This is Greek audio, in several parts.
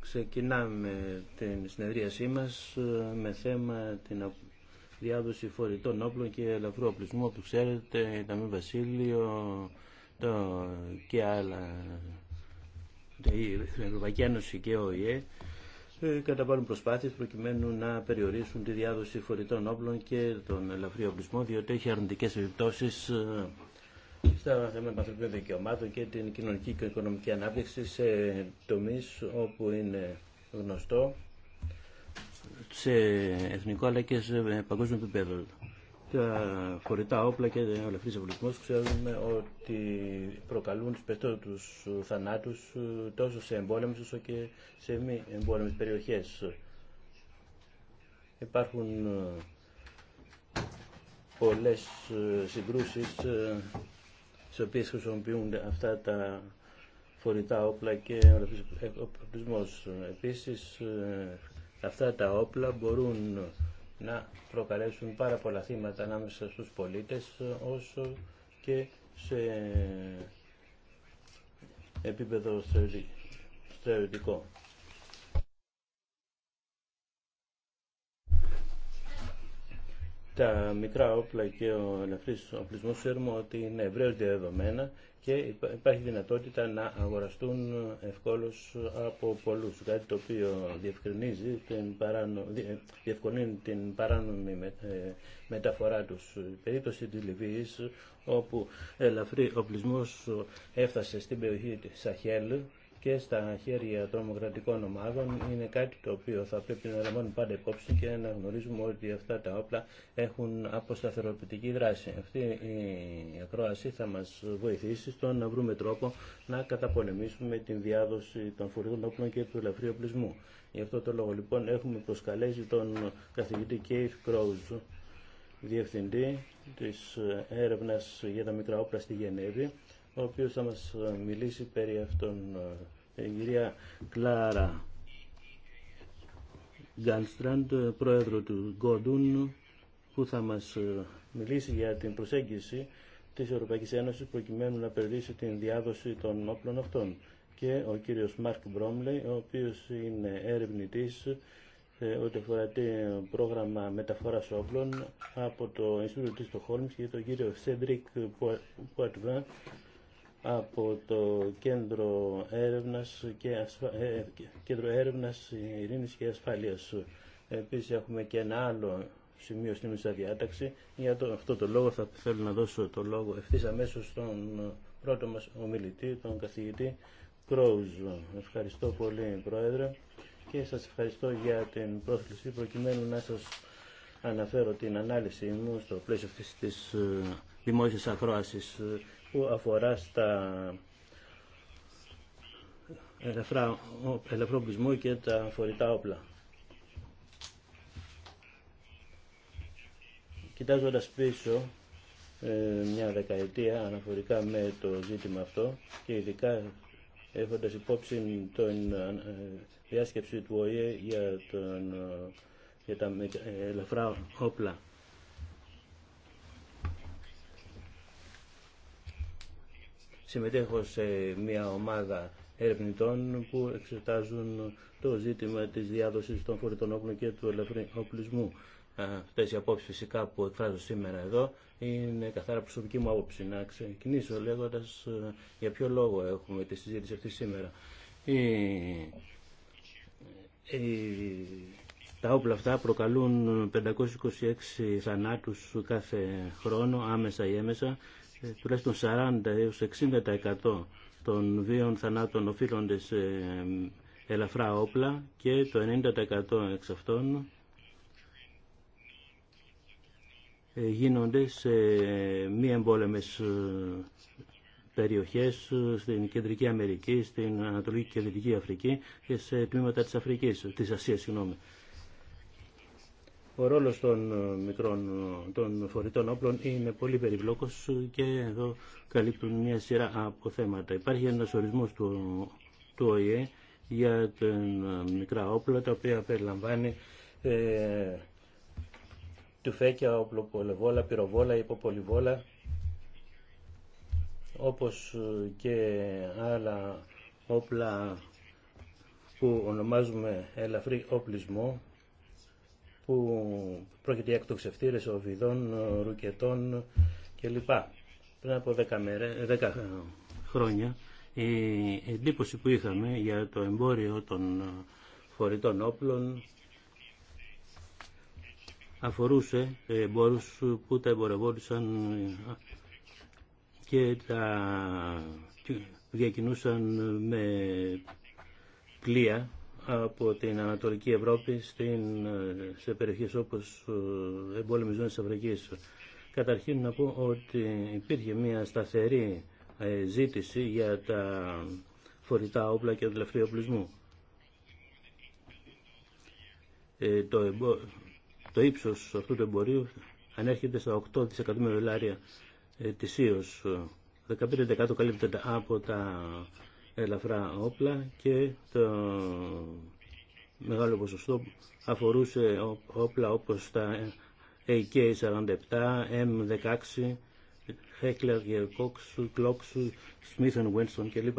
Ξεκινάμε την συνεδρίασή μας ε, με θέμα την διάδοση φορητών όπλων και ελαφρού οπλισμού, Όπως ξέρετε, τα Μη Βασίλειο το... και άλλα, ε, η Ευρωπαϊκή Ένωση και ο ΙΕ, ε, καταβάλουν προσπάθειες προκειμένου να περιορίσουν τη διάδοση φορητών όπλων και τον ελαφρύ οπλισμό διότι έχει αρνητικές επιπτώσεις στα θέματα ανθρωπίνων δικαιωμάτων και την κοινωνική και οικονομική ανάπτυξη σε τομεί όπου είναι γνωστό σε εθνικό αλλά και σε παγκόσμιο επίπεδο. Τα φορητά όπλα και ο ελευθερή ευλογισμός ξέρουμε ότι προκαλούν του περισσότερου θανάτους τόσο σε εμπόλεμε όσο και σε μη εμπόλεμε περιοχέ. Υπάρχουν πολλές συγκρούσεις στις οποίες χρησιμοποιούνται αυτά τα φορητά όπλα και ο οπλισμός. Επίσης, ε, αυτά τα όπλα μπορούν να προκαλέσουν πάρα πολλά θύματα ανάμεσα στους πολίτες όσο και σε επίπεδο στρατιωτικό. τα μικρά όπλα και ο ελαφρύ οπλισμός ξέρουμε ότι είναι ευρέως διαδεδομένα και υπάρχει δυνατότητα να αγοραστούν ευκόλως από πολλούς. Κάτι το οποίο διευκρινίζει την ε, διευκολύνει την παράνομη ε, μεταφορά τους. Η περίπτωση τη Λιβύη, όπου ελαφρύ οπλισμός έφτασε στην περιοχή τη Σαχέλ και στα χέρια των ομάδων είναι κάτι το οποίο θα πρέπει να λαμβάνουν πάντα υπόψη και να γνωρίζουμε ότι αυτά τα όπλα έχουν αποσταθεροποιητική δράση. Αυτή η ακρόαση θα μας βοηθήσει στο να βρούμε τρόπο να καταπολεμήσουμε την διάδοση των φορικών όπλων και του ελαφρύ οπλισμού. Γι' αυτό το λόγο λοιπόν έχουμε προσκαλέσει τον καθηγητή Κέιφ Κρόουζ, διευθυντή της έρευνας για τα μικρά όπλα στη Γενέβη, ο οποίος θα μας ε, μιλήσει περί αυτών ε, ε, η κυρία Κλάρα Γκάλστραντ, πρόεδρο του Γκόντουν, που θα μας μιλήσει για την προσέγγιση της Ευρωπαϊκής Ένωσης προκειμένου να περιορίσει την διάδοση των όπλων αυτών και ο κύριος Μάρκ Μπρόμλε, ο οποίος είναι ερευνητής ό,τι αφορά το πρόγραμμα μεταφοράς όπλων από το Ινστιτούτο της Στοχόλμης και τον κύριο Σέντρικ από το Κέντρο Έρευνας, και Ασφα... Ε, κέντρο Έρευνας και Ασφάλειας. Επίσης έχουμε και ένα άλλο σημείο στην μισά διάταξη. Για το, αυτό το λόγο θα θέλω να δώσω το λόγο ευθύ αμέσω στον πρώτο μας ομιλητή, τον καθηγητή Κρόουζ. Ευχαριστώ πολύ Πρόεδρε και σας ευχαριστώ για την πρόσκληση προκειμένου να σας αναφέρω την ανάλυση μου στο πλαίσιο αυτής της ε, δημόσιας ακρόασης που αφορά στα ελευρά, ελευρό και τα φορητά όπλα. Κοιτάζοντας πίσω ε, μια δεκαετία αναφορικά με το ζήτημα αυτό και ειδικά έχοντας υπόψη την ε, διάσκεψη του ΟΗΕ για, τον, ε, για τα ελαφρά όπλα συμμετέχω σε μια ομάδα ερευνητών που εξετάζουν το ζήτημα της διάδοσης των φορητών όπλων και του οπλισμού. Αυτέ οι απόψει φυσικά που εκφράζω σήμερα εδώ είναι καθαρά προσωπική μου άποψη. Να ξεκινήσω λέγοντα ε, για ποιο λόγο έχουμε τη συζήτηση αυτή σήμερα. Ε, τα όπλα αυτά προκαλούν 526 θανάτους κάθε χρόνο, άμεσα ή έμεσα, ε, τουλάχιστον 40 έως 60% των βίων θανάτων οφείλονται σε ε, ελαφρά όπλα και το 90% εξ αυτών ε, γίνονται σε μη εμπόλεμες περιοχές στην Κεντρική Αμερική, στην Ανατολική και Δυτική Αφρική και σε τμήματα της Αφρικής, της Ασίας, συγγνώμη. Ο ρόλος των ε, μικρών ε, των φορητών όπλων είναι πολύ περιβλόκος και εδώ καλύπτουν μια σειρά από θέματα. Υπάρχει ένας ορισμός του, του ΟΗΕ για τα ε, μικρά όπλα τα οποία περιλαμβάνει ε, τουφέκια, όπλο πυροβόλα, υποπολιβόλα όπως και άλλα όπλα που ονομάζουμε ελαφρύ όπλισμό που πρόκειται για εκτοξευτήρες οβιδών, ρουκετών κλπ. Πριν από 10, χρόνια η εντύπωση που είχαμε για το εμπόριο των φορητών όπλων αφορούσε εμπόρους που τα εμπορευόντουσαν και τα διακινούσαν με πλοία από την Ανατολική Ευρώπη στην, σε περιοχές όπως ε, εμπόλεμη ζώνη της Αφρικής. Καταρχήν να πω ότι υπήρχε μια σταθερή ε, ζήτηση για τα φορητά όπλα και τον ελευθερία οπλισμού. Ε, το, εμπο... το ύψος αυτού του εμπορίου ανέρχεται στα 8 δισεκατομμύρια δολάρια ετησίως. 15% καλύπτεται από τα ελαφρά όπλα και το μεγάλο ποσοστό αφορούσε όπλα όπως τα AK-47, M16, Heckler και Glock, Smith Wesson κλπ.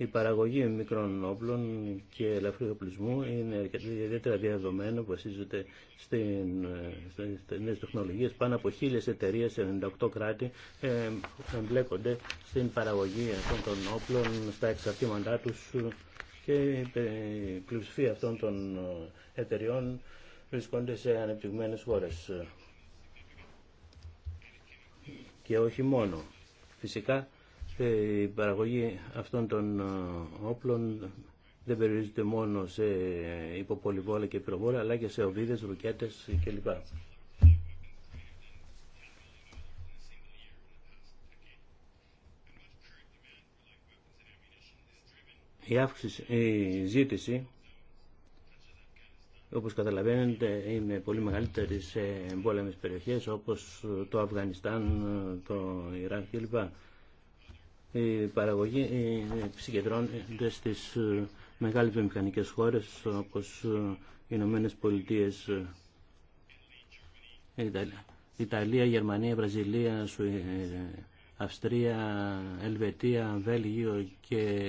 Η παραγωγή μικρών όπλων και ελαφρύ οπλισμού είναι ιδιαίτερα διαδομένο που βασίζεται ε, στις νέε τεχνολογίες. Πάνω από χίλιες εταιρείε σε 98 κράτη ε, εμπλέκονται στην παραγωγή αυτών των όπλων, στα εξαρτήματά τους και η ε, πλειοψηφία αυτών των εταιριών βρίσκονται σε ανεπτυγμένες χώρες. Και όχι μόνο. Φυσικά η παραγωγή αυτών των ε, όπλων δεν περιορίζεται μόνο σε υποπολιβόλα και πυροβόλα, αλλά και σε οβίδες, ρουκέτες κλπ. Η, αύξηση, η ζήτηση όπως καταλαβαίνετε είναι πολύ μεγαλύτερη σε εμπόλεμες περιοχές όπως το Αφγανιστάν, το Ιράκ κλπ η παραγωγή συγκεντρώνεται στις ε, μεγάλες βιομηχανικές χώρες όπως ε, οι Ηνωμένε Πολιτείε, ε, Ιταλία, Γερμανία, Βραζιλία, Αυστρία, Ελβετία, Βέλγιο και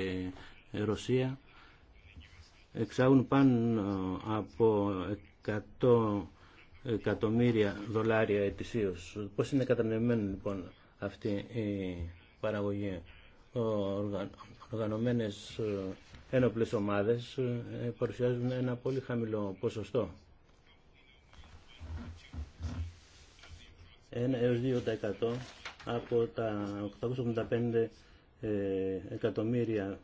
Ρωσία εξάγουν πάνω από 100 εκατομμύρια δολάρια ετησίως. Πώς είναι κατανεμμένοι λοιπόν αυτοί οι παραγωγή. Οργανωμένες ε, ένοπλες ομάδες ε, παρουσιάζουν ένα πολύ χαμηλό ποσοστό. Ένα έως 2% από τα 885 ε, εκατομμύρια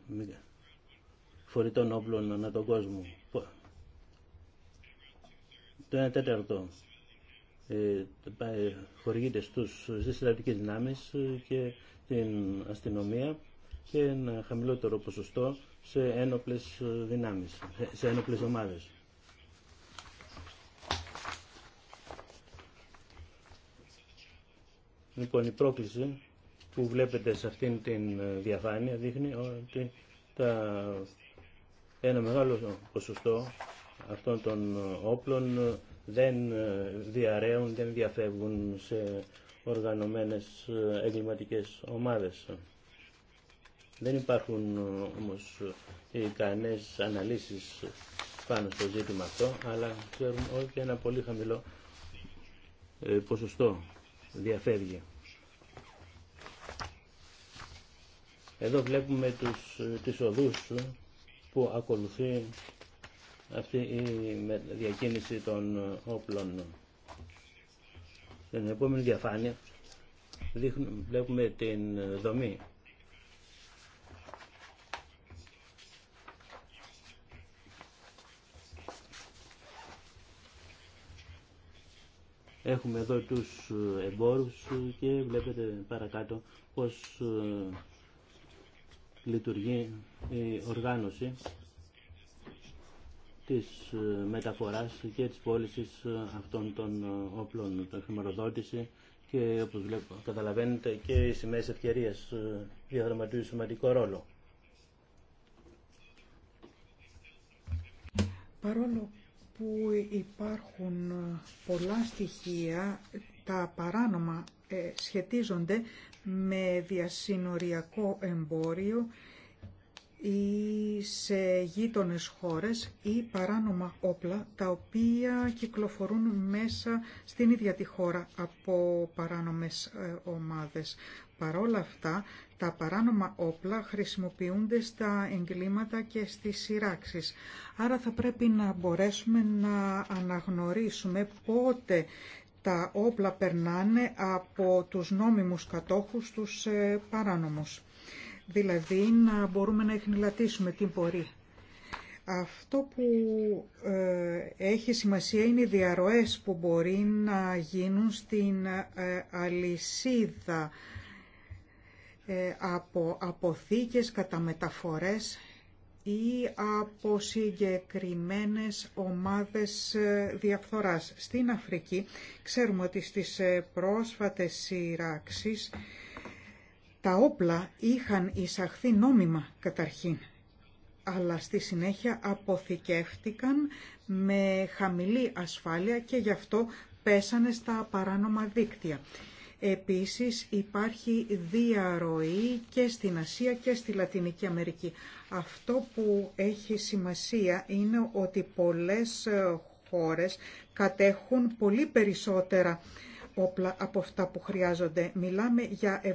φορητών όπλων ανά τον κόσμο. Το 1 τέταρτο χορηγείται στους, στις δυνάμεις και την αστυνομία και ένα χαμηλότερο ποσοστό σε ένοπλες ε, δυνάμεις, σε ένοπλες ομάδες. Λοιπόν, η πρόκληση που βλέπετε σε αυτήν την ε, διαφάνεια δείχνει ότι τα... ένα μεγάλο ποσοστό αυτών των ε, όπλων δεν διαραίουν, δεν διαφεύγουν σε οργανωμένες ε, εγκληματικές ομάδες. Δεν υπάρχουν ε, όμως ε, ικανές αναλύσεις πάνω στο ζήτημα αυτό, αλλά ξέρουν ότι ένα πολύ χαμηλό ποσοστό διαφεύγει. Εδώ βλέπουμε τους, τις οδούς που ακολουθεί αυτή η διακίνηση των όπλων. Στην επόμενη διαφάνεια βλέπουμε την δομή. Έχουμε εδώ τους εμπόρους και βλέπετε παρακάτω πως ε, λειτουργεί η οργάνωση της ε, μεταφοράς και της πώλησης ε, αυτών των ε, όπλων, τα χρηματοδότηση και όπως βλέπω, καταλαβαίνετε και οι σημαίες ευκαιρίες διαδραματίζουν σημαντικό ρόλο. Παρόλο που υπάρχουν πολλά στοιχεία, τα παράνομα σχετίζονται με διασυνοριακό εμπόριο, ή σε γείτονες χώρες ή παράνομα όπλα τα οποία κυκλοφορούν μέσα στην ίδια τη χώρα από παράνομες ε, ομάδες. Παρόλα αυτά, τα παράνομα όπλα χρησιμοποιούνται στα εγκλήματα και στις σειράξεις. Άρα θα πρέπει να μπορέσουμε να αναγνωρίσουμε πότε τα όπλα περνάνε από τους νόμιμους κατόχους τους ε, παράνομους δηλαδή να μπορούμε να εχνηλατήσουμε την πορεία. Αυτό που ε, έχει σημασία είναι οι διαρροές που μπορεί να γίνουν στην ε, αλυσίδα ε, από αποθήκες, κατά μεταφορές ή από συγκεκριμένες ομάδες διαφθοράς. Στην Αφρική ξέρουμε ότι στις πρόσφατες σειράξεις τα όπλα είχαν εισαχθεί νόμιμα καταρχήν, αλλά στη συνέχεια αποθηκεύτηκαν με χαμηλή ασφάλεια και γι' αυτό πέσανε στα παράνομα δίκτυα. Επίσης υπάρχει διαρροή και στην Ασία και στη Λατινική Αμερική. Αυτό που έχει σημασία είναι ότι πολλές ε, χώρες κατέχουν πολύ περισσότερα όπλα από αυτά που χρειάζονται. Μιλάμε για 76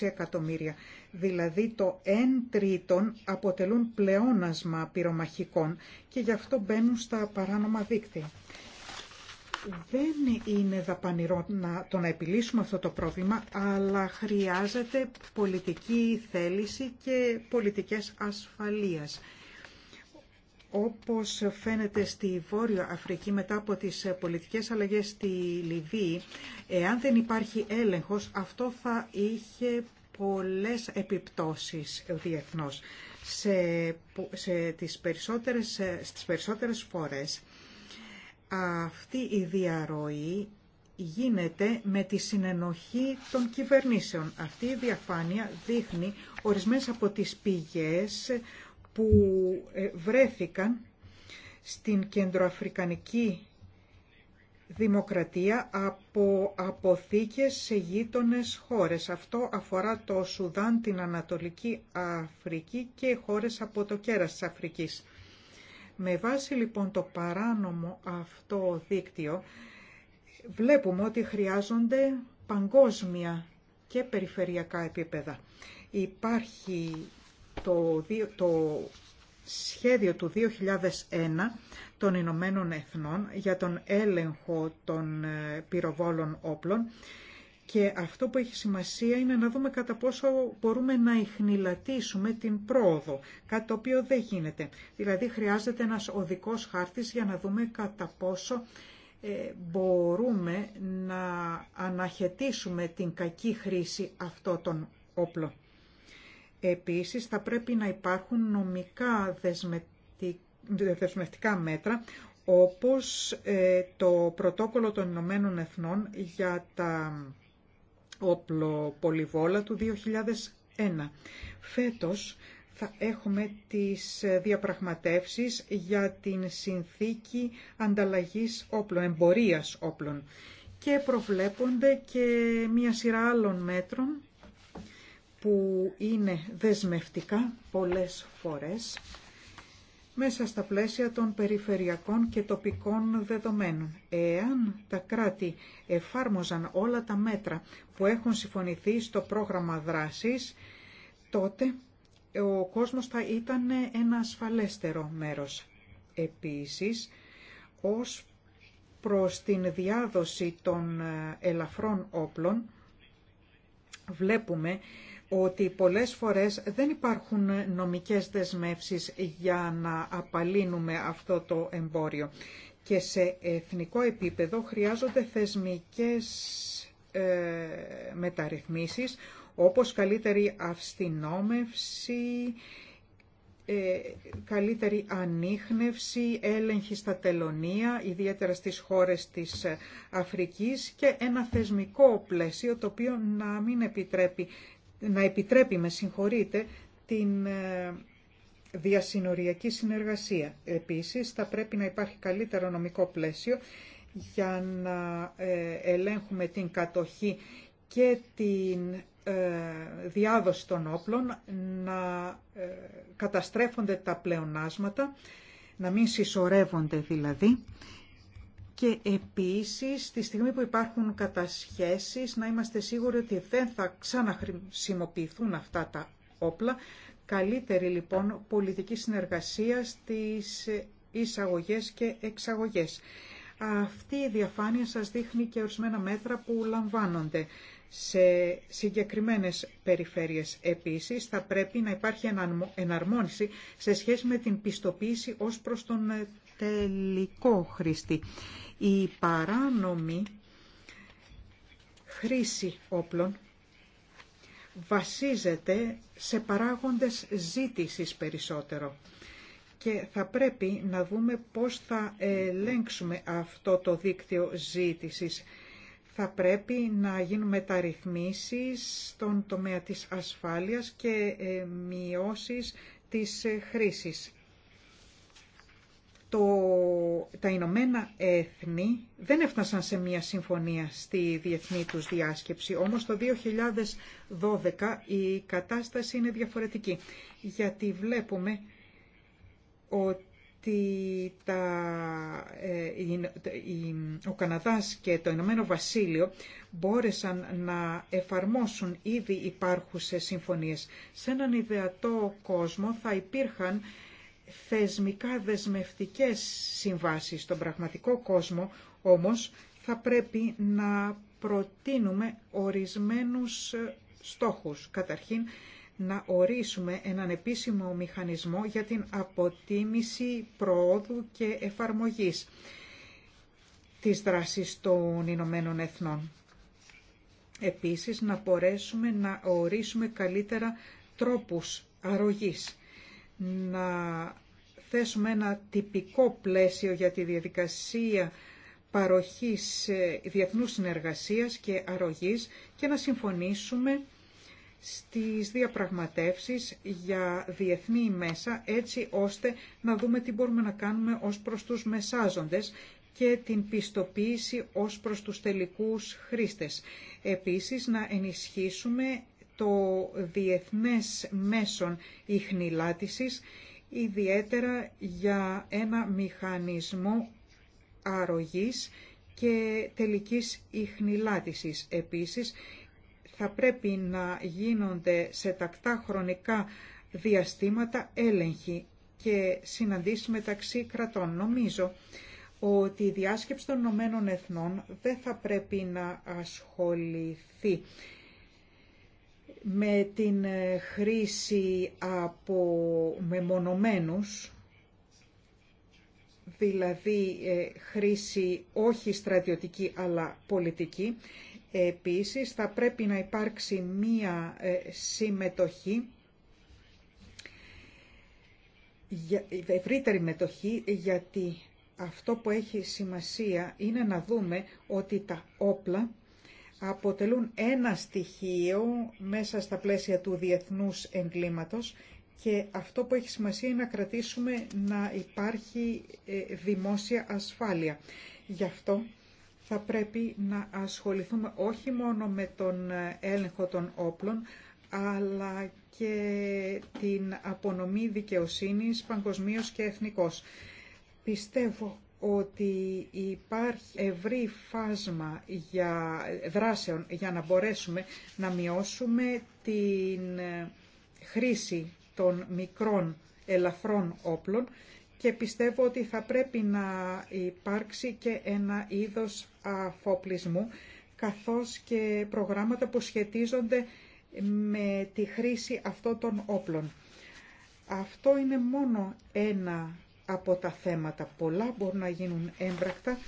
εκατομμύρια, δηλαδή το 1 τρίτον αποτελούν πλεόνασμα πυρομαχικών και γι' αυτό μπαίνουν στα παράνομα δίκτυα. Δεν είναι δαπανηρό να, το να επιλύσουμε αυτό το πρόβλημα, αλλά χρειάζεται πολιτική θέληση και πολιτικές ασφαλείας. Όπως φαίνεται στη Βόρεια Αφρική μετά από τις πολιτικές αλλαγές στη Λιβύη, εάν δεν υπάρχει έλεγχος, αυτό θα είχε πολλές επιπτώσεις διεθνώς. Σε, σε τις περισσότερες, στις περισσότερες φορές αυτή η διαρροή γίνεται με τη συνενοχή των κυβερνήσεων. Αυτή η διαφάνεια δείχνει ορισμένες από τις πηγές που ε, βρέθηκαν στην κεντροαφρικανική δημοκρατία από αποθήκες σε γείτονες χώρες. Αυτό αφορά το Σουδάν, την Ανατολική Αφρική και χώρες από το κέρας της Αφρικής. Με βάση λοιπόν το παράνομο αυτό δίκτυο, βλέπουμε ότι χρειάζονται παγκόσμια και περιφερειακά επίπεδα. Υπάρχει το, το σχέδιο του 2001 των Ηνωμένων Εθνών για τον έλεγχο των ε, πυροβόλων όπλων και αυτό που έχει σημασία είναι να δούμε κατά πόσο μπορούμε να χνηλατήσουμε την πρόοδο, κάτι το οποίο δεν γίνεται. Δηλαδή χρειάζεται ένας οδικός χάρτης για να δούμε κατά πόσο ε, μπορούμε να αναχαιτήσουμε την κακή χρήση αυτών των όπλων. Επίσης θα πρέπει να υπάρχουν νομικά δεσμευτικά μέτρα όπως ε, το πρωτόκολλο των Ηνωμένων Εθνών για τα πολυβόλα του 2001. Φέτος θα έχουμε τις ε, διαπραγματεύσεις για την συνθήκη ανταλλαγής όπλων, εμπορίας όπλων και προβλέπονται και μία σειρά άλλων μέτρων που είναι δεσμευτικά πολλές φορές μέσα στα πλαίσια των περιφερειακών και τοπικών δεδομένων. Εάν τα κράτη εφάρμοζαν όλα τα μέτρα που έχουν συμφωνηθεί στο πρόγραμμα δράσης, τότε ο κόσμος θα ήταν ένα ασφαλέστερο μέρος. Επίσης, ως προς την διάδοση των ε, ελαφρών όπλων, βλέπουμε ότι πολλές φορές δεν υπάρχουν νομικές δεσμεύσεις για να απαλύνουμε αυτό το εμπόριο. Και σε εθνικό επίπεδο χρειάζονται θεσμικές ε, μεταρρυθμίσεις, όπως καλύτερη αυστηνόμευση, ε, καλύτερη ανείχνευση, έλεγχη στα τελωνία, ιδιαίτερα στις χώρες της ε, Αφρικής και ένα θεσμικό πλαίσιο το οποίο να μην επιτρέπει να επιτρέπει, με συγχωρείτε, την ε, διασυνοριακή συνεργασία. Επίσης, θα πρέπει να υπάρχει καλύτερο νομικό πλαίσιο για να ε, ελέγχουμε την κατοχή και την ε, διάδοση των όπλων, να καταστρέφονται τα πλεονάσματα, να μην συσσωρεύονται δηλαδή και επίσης, τη στιγμή που υπάρχουν κατασχέσεις, να είμαστε σίγουροι ότι δεν θα ξαναχρησιμοποιηθούν αυτά τα όπλα. Καλύτερη λοιπόν πολιτική συνεργασία στις εισαγωγές και εξαγωγές. Αυτή η διαφάνεια σας δείχνει και ορισμένα μέτρα που λαμβάνονται σε συγκεκριμένες περιφέρειες. Επίσης, θα πρέπει να υπάρχει εναρμόνιση σε σχέση με την πιστοποίηση ως προς τον τελικό χρήστη η παράνομη χρήση όπλων βασίζεται σε παράγοντες ζήτησης περισσότερο και θα πρέπει να δούμε πώς θα ελέγξουμε αυτό το δίκτυο ζήτησης. Θα πρέπει να γίνουν μεταρρυθμίσεις στον τομέα της ασφάλειας και ε, μειώσεις της ε, χρήσης τα Ηνωμένα Έθνη δεν έφτασαν σε μια συμφωνία στη διεθνή τους διάσκεψη, όμως το 2012 η κατάσταση είναι διαφορετική, γιατί βλέπουμε ότι τα, ε, ο Καναδάς και το Ηνωμένο Βασίλειο μπόρεσαν να εφαρμόσουν ήδη υπάρχουσες συμφωνίες. Σε έναν ιδεατό κόσμο θα υπήρχαν θεσμικά δεσμευτικές συμβάσεις. Στον πραγματικό κόσμο όμως θα πρέπει να προτείνουμε ορισμένους ε, στόχους. Καταρχήν να ορίσουμε έναν επίσημο μηχανισμό για την αποτίμηση προόδου και εφαρμογής της δράσης των Ηνωμένων Εθνών. Επίσης, να μπορέσουμε να ορίσουμε καλύτερα τρόπους αρρωγής να θέσουμε ένα τυπικό πλαίσιο για τη διαδικασία παροχής ε, διεθνούς συνεργασίας και αρρωγής και να συμφωνήσουμε στις διαπραγματεύσεις για διεθνή μέσα έτσι ώστε να δούμε τι μπορούμε να κάνουμε ως προς τους μεσάζοντες και την πιστοποίηση ως προς τους τελικούς χρήστες. Επίσης να ενισχύσουμε το διεθνές μέσον ιχνηλάτησης, ιδιαίτερα για ένα μηχανισμό αρρωγής και τελικής ιχνηλάτησης. Επίσης, θα πρέπει να γίνονται σε τακτά χρονικά διαστήματα έλεγχη και συναντήσεις μεταξύ κρατών. Νομίζω ότι η διάσκεψη των Ηνωμένων Εθνών δεν θα πρέπει να ασχοληθεί με την ε, χρήση από μεμονωμένους, δηλαδή ε, χρήση όχι στρατιωτική αλλά πολιτική. Επίσης θα πρέπει να υπάρξει μία ε, συμμετοχή, ευρύτερη μετοχή, γιατί αυτό που έχει σημασία είναι να δούμε ότι τα όπλα αποτελούν ένα στοιχείο μέσα στα πλαίσια του διεθνούς εγκλήματος και αυτό που έχει σημασία είναι να κρατήσουμε να υπάρχει ε, δημόσια ασφάλεια. Γι' αυτό θα πρέπει να ασχοληθούμε όχι μόνο με τον ε, έλεγχο των όπλων, αλλά και την απονομή δικαιοσύνης παγκοσμίως και εθνικός. Πιστεύω ότι υπάρχει ευρύ φάσμα για δράσεων για να μπορέσουμε να μειώσουμε την ε, χρήση των μικρών ελαφρών όπλων και πιστεύω ότι θα πρέπει να υπάρξει και ένα είδος αφοπλισμού καθώς και προγράμματα που σχετίζονται με τη χρήση αυτών των όπλων. Αυτό είναι μόνο ένα από τα θέματα. Πολλά μπορούν να γίνουν έμπρακτα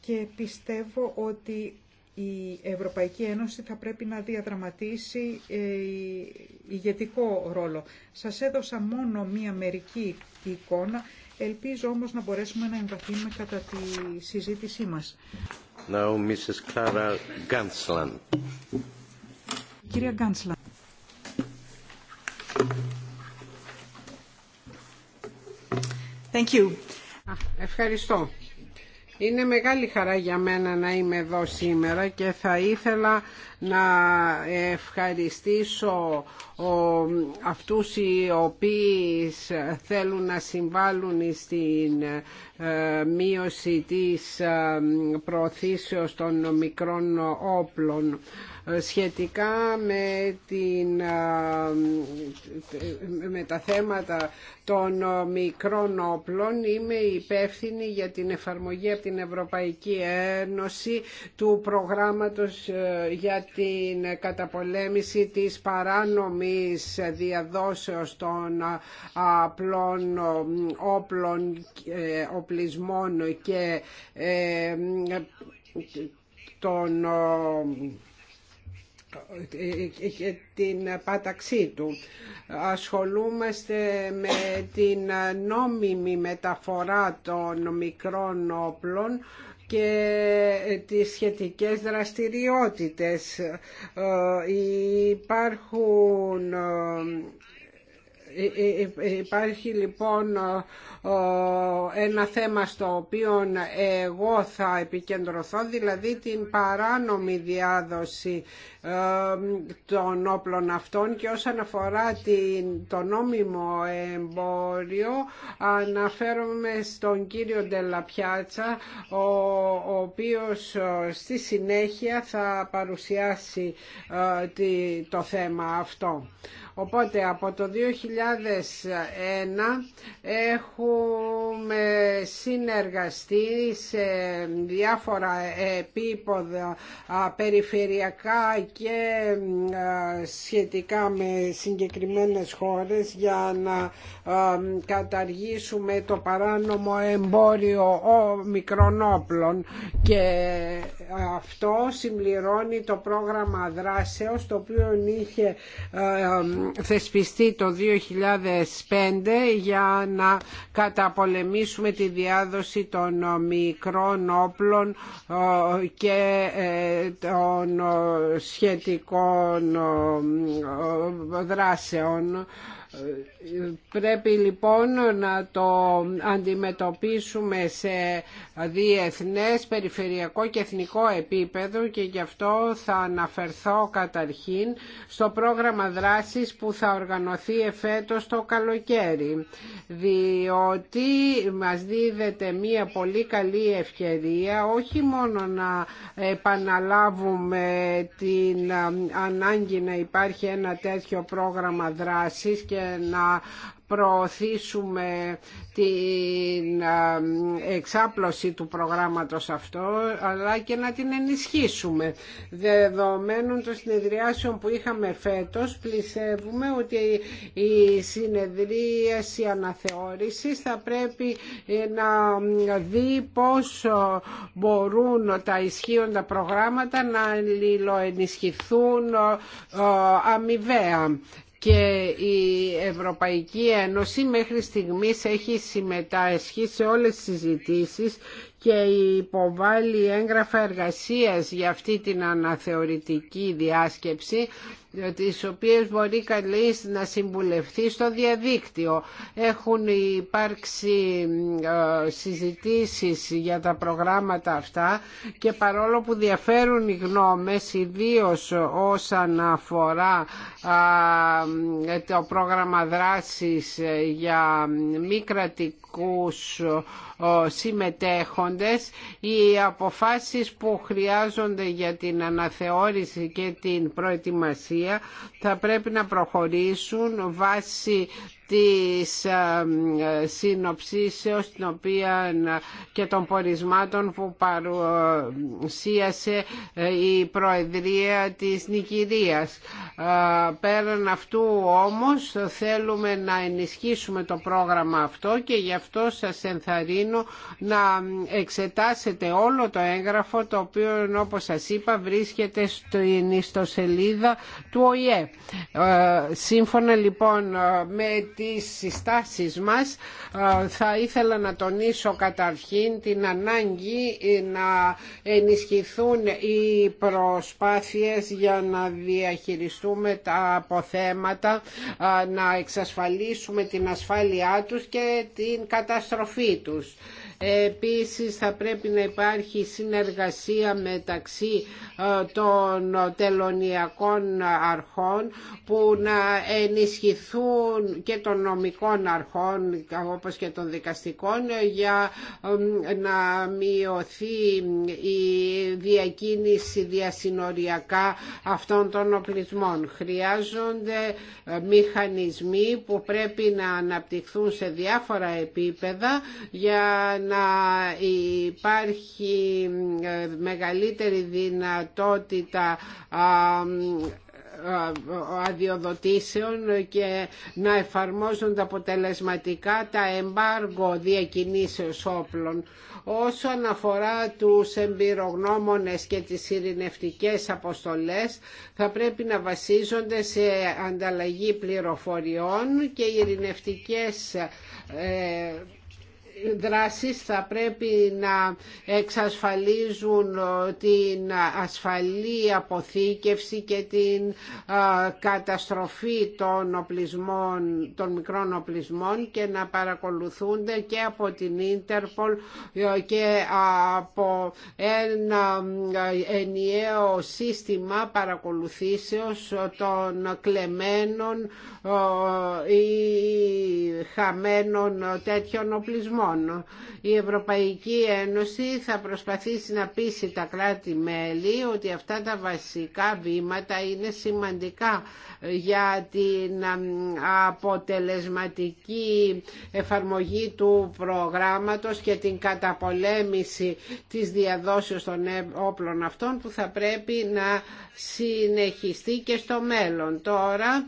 και πιστεύω ότι η Ευρωπαϊκή Ένωση θα πρέπει να διαδραματίσει ε, ηγετικό ρόλο. Σας έδωσα μόνο μία μερική εικόνα, ελπίζω όμως να μπορέσουμε να εμβαθύνουμε κατά τη συζήτησή μας. Now, Mrs. Clara Gansland. Κυρία Ευχαριστώ. Είναι μεγάλη χαρά για μένα να είμαι εδώ σήμερα και θα ήθελα να ευχαριστήσω αυτούς οι οποίοι θέλουν να συμβάλλουν στην ε, μείωση της ε, προωθήσεως των μικρών όπλων ε, σχετικά με, την, με τα θέματα των μικρών όπλων είμαι υπεύθυνη για την εφαρμογή από την Ευρωπαϊκή Ένωση του προγράμματος για την καταπολέμηση της παράνομης διαδόσεως των απλών όπλων, ε, οπλισμών και ε, των ε, την πάταξή του. Ασχολούμαστε με την νόμιμη μεταφορά των μικρών όπλων και ε, τις σχετικές δραστηριότητες. Ε, υπάρχουν ε, ε, ε, ε, υπάρχει λοιπόν ένα θέμα στο οποίο εγώ θα επικεντρωθώ, δηλαδή την παράνομη διάδοση των όπλων αυτών και όσον αφορά την, το νόμιμο εμπόριο αναφέρομαι στον κύριο Ντελαπιάτσα ο, ο οποίος στη συνέχεια θα παρουσιάσει το θέμα αυτό. Οπότε από το 2001 έχουμε συνεργαστεί σε διάφορα επίποδα περιφερειακά και σχετικά με συγκεκριμένες χώρες για να καταργήσουμε το παράνομο εμπόριο μικρών όπλων και αυτό συμπληρώνει το πρόγραμμα δράσεως το οποίο είχε θεσπιστεί το 2005 για να καταπολεμήσουμε τη διάδοση των μικρών όπλων ε, και ε, των σχετικών ε, δράσεων Πρέπει λοιπόν να το αντιμετωπίσουμε σε διεθνές, περιφερειακό και εθνικό επίπεδο και γι' αυτό θα αναφερθώ καταρχήν στο πρόγραμμα δράσης που θα οργανωθεί εφέτος το καλοκαίρι διότι μας δίδεται μία πολύ καλή ευκαιρία όχι μόνο να επαναλάβουμε την ανάγκη να υπάρχει ένα τέτοιο πρόγραμμα δράσης και να προωθήσουμε την εξάπλωση του προγράμματος αυτό αλλά και να την ενισχύσουμε. Δεδομένων των συνεδριάσεων που είχαμε φέτος πλησεύουμε ότι η συνεδρίαση αναθεώρησης θα πρέπει ε, να δει πώς μπορούν τα ισχύοντα προγράμματα να λιλοενισχυθούν ε, αμοιβαία και η Ευρωπαϊκή Ένωση μέχρι στιγμής έχει συμμετάσχει σε όλες τις συζητήσεις και υποβάλλει έγγραφα εργασίας για αυτή την αναθεωρητική διάσκεψη τις οποίες μπορεί καλής να συμβουλευτεί στο διαδίκτυο. Έχουν υπάρξει ε, συζητήσεις για τα προγράμματα αυτά και παρόλο που διαφέρουν οι γνώμες, ιδίω όσον αφορά το πρόγραμμα δράσης για μη κρατικούς συμμετέχοντες, οι αποφάσεις που χρειάζονται για την αναθεώρηση και την προετοιμασία θα πρέπει να προχωρήσουν βάσει της ε, ε, σύνοψης την οποία ε, και των πορισμάτων που παρουσίασε η Προεδρία της Νικηρίας. Πέραν αυτού όμως θέλουμε να ενισχύσουμε το πρόγραμμα αυτό και γι' αυτό σας ενθαρρύνω να εξετάσετε όλο το έγγραφο το οποίο όπως σας είπα βρίσκεται στην ιστοσελίδα του ΟΗΕ. Σύμφωνα λοιπόν με τις συστάσεις μας θα ήθελα να τονίσω καταρχήν την ανάγκη να ενισχυθούν οι προσπάθειες για να διαχειριστούμε τα αποθέματα, να εξασφαλίσουμε την ασφάλειά τους και την καταστροφή τους. Επίσης θα πρέπει να υπάρχει συνεργασία μεταξύ ε, των τελωνιακών αρχών που να ενισχυθούν και των νομικών αρχών όπως και των δικαστικών για να μειωθεί η διακίνηση διασυνοριακά αυτών των οπλισμών. Χρειάζονται ε, μηχανισμοί που πρέπει να αναπτυχθούν σε διάφορα επίπεδα για να να υπάρχει ε, μεγαλύτερη δυνατότητα αδειοδοτήσεων και να εφαρμόζονται αποτελεσματικά τα εμπάργο διακινήσεως όπλων. Όσον αφορά τους εμπειρογνώμονες και τις ειρηνευτικές αποστολές θα πρέπει να βασίζονται σε ανταλλαγή πληροφοριών και ειρηνευτικές ε, δράσεις θα πρέπει να εξασφαλίζουν ε, την ασφαλή αποθήκευση και την ε, καταστροφή των, οπλισμών, των μικρών οπλισμών και να παρακολουθούνται και από την Ίντερπολ ε, και από ένα ενιαίο σύστημα παρακολουθήσεως των κλεμμένων ή χαμένων τέτοιων οπλισμών. Λοιπόν, η Ευρωπαϊκή Ένωση θα προσπαθήσει να πείσει τα κράτη-μέλη ότι αυτά τα βασικά βήματα είναι σημαντικά για την αποτελεσματική εφαρμογή του προγράμματος και την καταπολέμηση της διαδόσεως των ε, όπλων αυτών που θα πρέπει να συνεχιστεί και στο μέλλον. Τώρα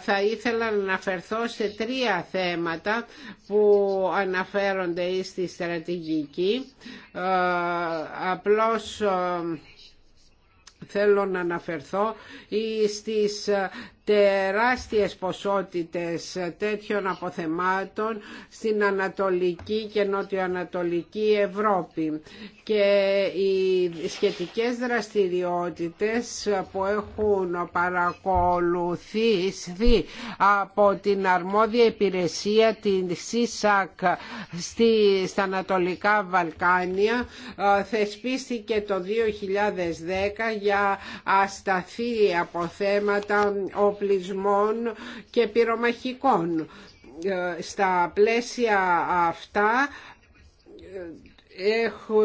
θα ήθελα να αναφερθώ σε τρία θέματα που αναφέρονται αναφέρονται στη στρατηγική. Ε, απλώς ε, θέλω να αναφερθώ στις ε, τεράστιες ποσότητες τέτοιων αποθεμάτων στην Ανατολική και Νοτιοανατολική Ευρώπη και οι σχετικές δραστηριότητες που έχουν παρακολουθήσει από την αρμόδια υπηρεσία την ΣΥΣΑΚ στη, στα Ανατολικά Βαλκάνια θεσπίστηκε το 2010 για ασταθή αποθέματα εξοπλισμών και πυρομαχικών. Ε, στα πλαίσια αυτά Έχω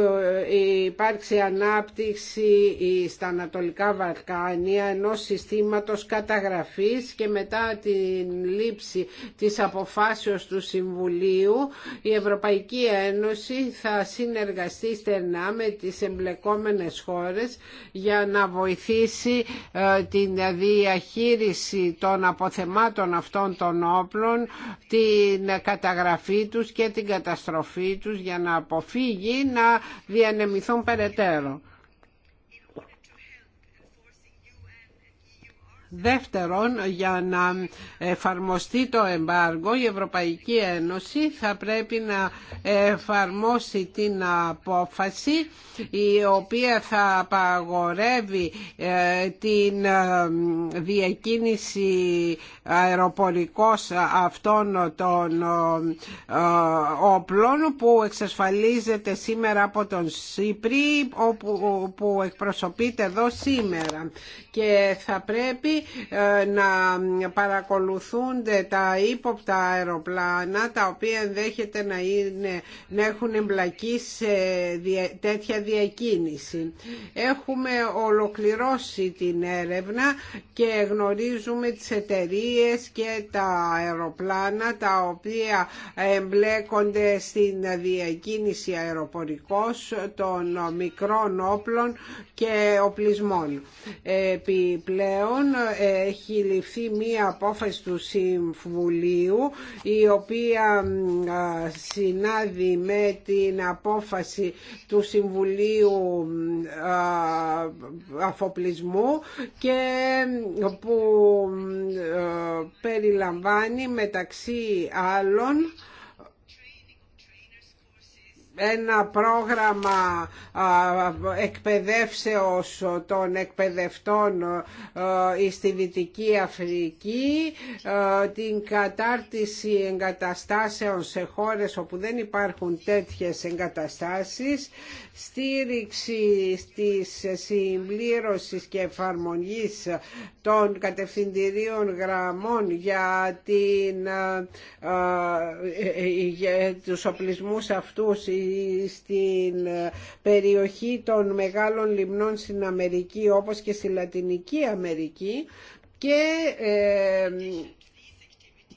ε, υπάρξει ανάπτυξη στα Ανατολικά Βαλκάνια ενός συστήματος καταγραφής και μετά την λήψη της αποφάσεως του Συμβουλίου η Ευρωπαϊκή Ένωση θα συνεργαστεί στενά με τις εμπλεκόμενες χώρες για να βοηθήσει ε, την διαχείριση των αποθεμάτων αυτών των όπλων, την καταγραφή τους και την καταστροφή τους για να αποφύγει να διανεμηθούν περαιτέρω. Δεύτερον, για να εφαρμοστεί το εμπάργο, η Ευρωπαϊκή Ένωση θα πρέπει να εφαρμόσει την απόφαση η οποία θα απαγορεύει ε, την ε, διακίνηση αεροπορικός αυτών των ε, όπλων που εξασφαλίζεται σήμερα από τον Σύπρη που εκπροσωπείται εδώ σήμερα και θα πρέπει ε, να παρακολουθούνται τα ύποπτα αεροπλάνα τα οποία ενδέχεται να, είναι, να έχουν εμπλακεί σε τέτοια διακίνηση. Έχουμε ολοκληρώσει την έρευνα και γνωρίζουμε τις εταιρείε και τα αεροπλάνα τα οποία εμπλέκονται στην διακίνηση αεροπορικός των μικρών όπλων και οπλισμών. Επιπλέον έχει ληφθεί μία απόφαση του Συμβουλίου η οποία συνάδει με την απόφαση του Συμβουλίου Αφοπλισμού και που περιλαμβάνει μεταξύ άλλων ένα πρόγραμμα εκπαιδεύσεως των εκπαιδευτών στη Δυτική Αφρική, την κατάρτιση εγκαταστάσεων σε χώρες όπου δεν υπάρχουν τέτοιες εγκαταστάσεις στήριξη της συμπλήρωσης και εφαρμογής των κατευθυντηρίων γραμμών για, την, ε, ε, ε, για τους οπλισμούς αυτούς στην περιοχή των μεγάλων λιμνών στην Αμερική όπως και στη Λατινική Αμερική και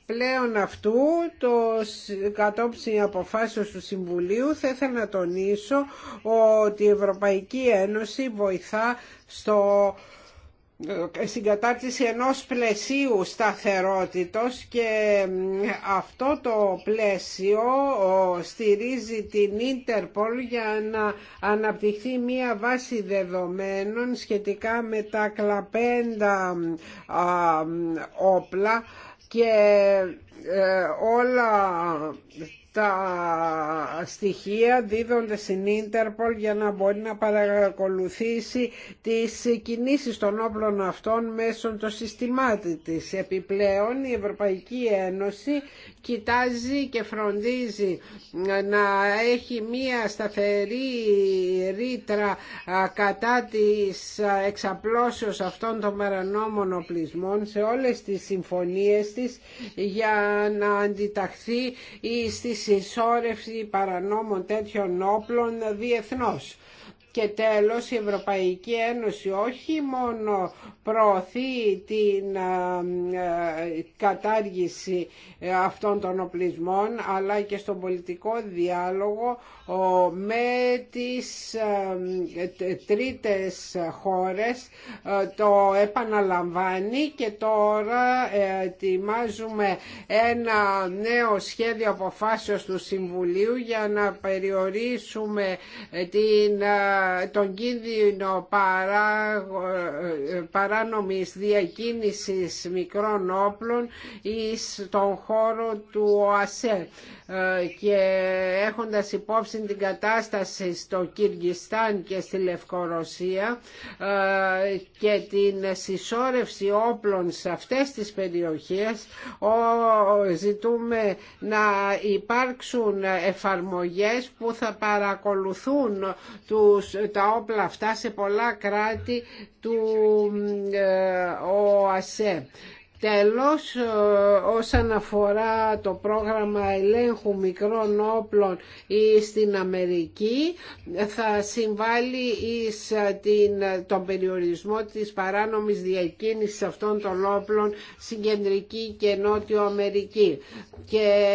Πλέον αυτού, το κατόψη αποφάσεως του Συμβουλίου, θα ήθελα να τονίσω ότι η Ευρωπαϊκή Ένωση βοηθά στο ε, στην κατάρτιση ενός πλαισίου σταθερότητος και αυτό το πλαίσιο στηρίζει την Interpol για να αναπτυχθεί μία βάση δεδομένων σχετικά με τα κλαπέντα όπλα και ε, όλα τα στοιχεία δίδονται στην Ίντερπολ για να μπορεί να παρακολουθήσει τις κινήσεις των όπλων αυτών μέσω των συστημάτων της. Επιπλέον η Ευρωπαϊκή Ένωση κοιτάζει και φροντίζει να έχει μία σταθερή ρήτρα κατά της εξαπλώσεως αυτών των παρανόμων οπλισμών σε όλες τις συμφωνίες της για να αντιταχθεί στις συσσόρευση παρανόμων τέτοιων όπλων διεθνώς. Και τέλος η Ευρωπαϊκή Ένωση όχι μόνο προωθεί την ε, ε, κατάργηση ε, αυτών των οπλισμών αλλά και στον πολιτικό διάλογο με τις τρίτες χώρες το επαναλαμβάνει και τώρα ετοιμάζουμε ένα νέο σχέδιο αποφάσεως του Συμβουλίου για να περιορίσουμε την τον κίνδυνο παρά, ε, παράνομης διακίνησης μικρών όπλων εις τον χώρο του ΟΑΣΕ. Ε, και έχοντας υπόψη την κατάσταση στο Κυργιστάν και στη Λευκορωσία ε, και την συσσόρευση όπλων σε αυτές τις περιοχές ζητούμε να υπάρξουν εφαρμογές που θα παρακολουθούν τα όπλα αυτά σε πολλά κράτη του ε, ΟΑΣΕ Τέλος, ε, όσον αφορά το πρόγραμμα ελέγχου μικρών όπλων ή στην Αμερική, θα συμβάλλει εις ε, την, ε, τον περιορισμό της παράνομης διακίνησης αυτών των όπλων στην Κεντρική και Νότιο Αμερική. Και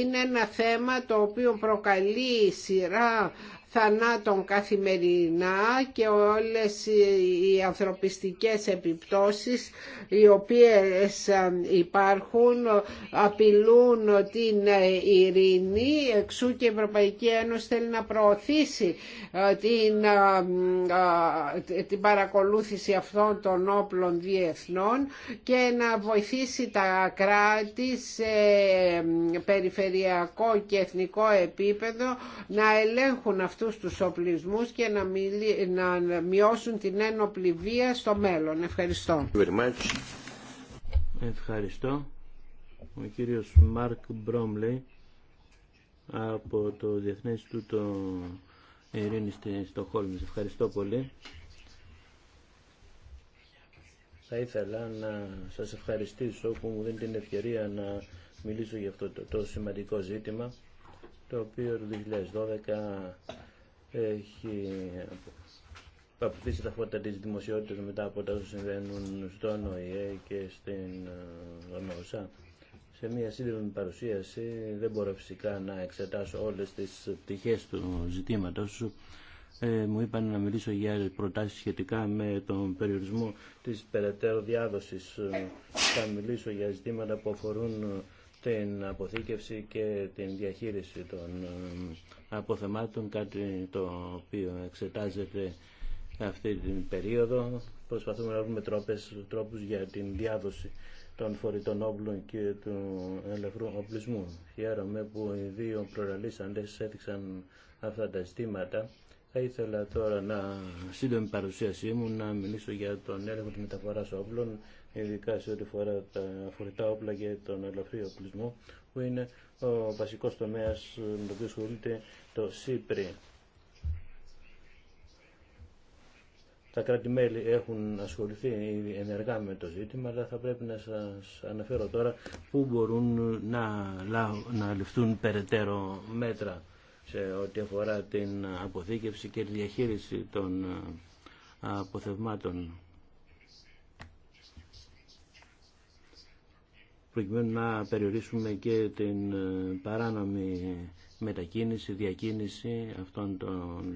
είναι ένα θέμα το οποίο προκαλεί σειρά θανάτων καθημερινά και όλες οι ανθρωπιστικές επιπτώσεις οι οποίες ε, υπάρχουν απειλούν την ε, ειρήνη εξού και η Ευρωπαϊκή Ένωση θέλει να προωθήσει ε, την, την παρακολούθηση αυτών των όπλων διεθνών και να βοηθήσει τα κράτη σε περιφερειακό και εθνικό επίπεδο να ελέγχουν αυτού αυτούς τους οπλισμούς και να, μίλη να μειώσουν την ένοπλη βία στο μέλλον. Ευχαριστώ. Ευχαριστώ. Ο κύριος Μάρκ Μπρόμλεϊ από το Διεθνές το Ειρήνη στη Στοχόλμη. Ευχαριστώ πολύ. Θα ήθελα να σας ευχαριστήσω που μου δίνει την ευκαιρία να μιλήσω για αυτό το, το σημαντικό ζήτημα το οποίο το 2012 έχει αποφύσει τα φώτα της δημοσιότητας μετά από τα όσα συμβαίνουν στον ΟΗΕ και στην ΟΝΟΣΑ. Ε, Σε μια σύντομη παρουσίαση δεν μπορώ φυσικά να εξετάσω όλες τις πτυχές του ζητήματος. Ε, μου είπαν να μιλήσω για προτάσεις σχετικά με τον περιορισμό της περαιτέρω διάδοσης. Θα μιλήσω για ζητήματα που αφορούν την αποθήκευση και την διαχείριση των ε, αποθεμάτων, κάτι το οποίο εξετάζεται αυτή την περίοδο. Προσπαθούμε να βρούμε τρόπες, τρόπους για την διάδοση των φορητών όπλων και του ελευθερού οπλισμού. Χαίρομαι που οι δύο προραλήσαντες έδειξαν αυτά τα αισθήματα. Θα ήθελα τώρα να σύντομη παρουσίασή μου να μιλήσω για τον έλεγχο της μεταφοράς όπλων ειδικά σε ό,τι φορά τα φορητά όπλα και τον ελαφρύ οπλισμό, που είναι ο βασικός τομέας με τον οποίο ασχολείται το ΣΥΠΡΙ. Τα κράτη-μέλη έχουν ασχοληθεί ενεργά με το ζήτημα, αλλά θα πρέπει να σας αναφέρω τώρα πού μπορούν να, να ληφθούν περαιτέρω μέτρα σε ό,τι αφορά την αποθήκευση και τη διαχείριση των αποθευμάτων. προκειμένου να περιορίσουμε και την ε, παράνομη μετακίνηση, διακίνηση αυτών των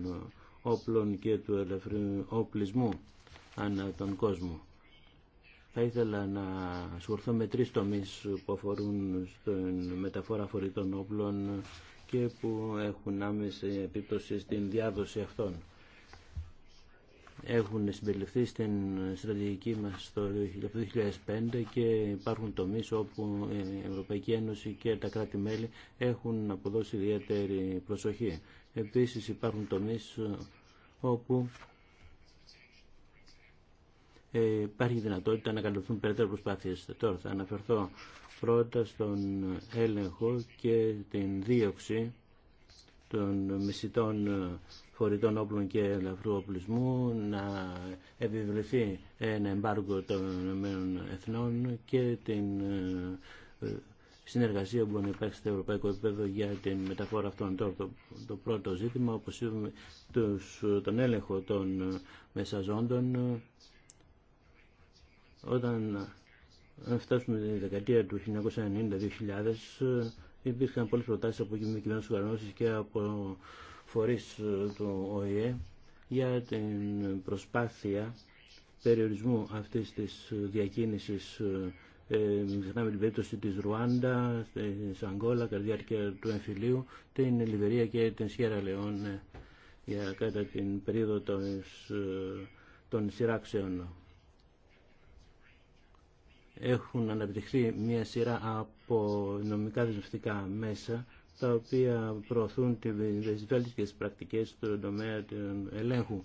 όπλων και του ελεύθερου όπλισμού ανά τον κόσμο. Θα ήθελα να ασχοληθώ με τρεις τομείς που αφορούν στην μεταφορά φορητών όπλων και που έχουν άμεση επίπτωση στην διάδοση αυτών έχουν συμπεριληφθεί στην στρατηγική μας το 2005 και υπάρχουν τομείς όπου η Ευρωπαϊκή Ένωση και τα κράτη-μέλη έχουν αποδώσει ιδιαίτερη προσοχή. Επίσης υπάρχουν τομείς όπου υπάρχει δυνατότητα να καλυφθούν περαιτέρω προσπάθειες. Τώρα θα αναφερθώ πρώτα στον έλεγχο και την δίωξη των μεσητών φορητών όπλων και ελαφρού οπλισμού, να επιβληθεί ένα εμπάργκο των ΗΕ και την ε, ε, συνεργασία που μπορεί να υπάρξει στο ευρωπαϊκό επίπεδο για την μεταφορά αυτών. Τώρα το, πρώτο ζήτημα, όπως είπαμε, τον έλεγχο των ε, μεσαζόντων, όταν φτάσουμε τη δεκαετία του 1990-2000, υπήρχαν πολλέ προτάσεις από κυβερνήσεις και από φορείς ε, του ΟΗΕ για την προσπάθεια περιορισμού αυτής της διακίνησης ε, ε, μην ξεχνάμε την περίπτωση της Ρουάντα, της Αγγόλα, κατά τη διάρκεια του εμφυλίου, την Λιβερία και την Σιέρα Λεόν για κατά την περίοδο των ε, των σειράξεων. Έχουν αναπτυχθεί μια σειρά από νομικά δεσμευτικά μέσα τα οποία προωθούν τις βέλτιστες πρακτικές στον τομέα του ελέγχου,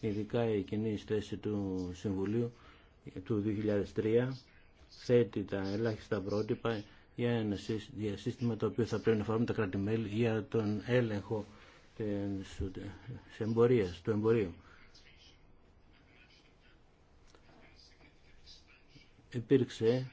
ειδικά η κοινή θέση του Συμβουλίου του 2003 θέτει τα ελάχιστα πρότυπα για ένα σύστημα το οποίο θα πρέπει να φάρουν τα κράτη-μέλη για τον έλεγχο της εμπορίας, του εμπορίου. Υπήρξε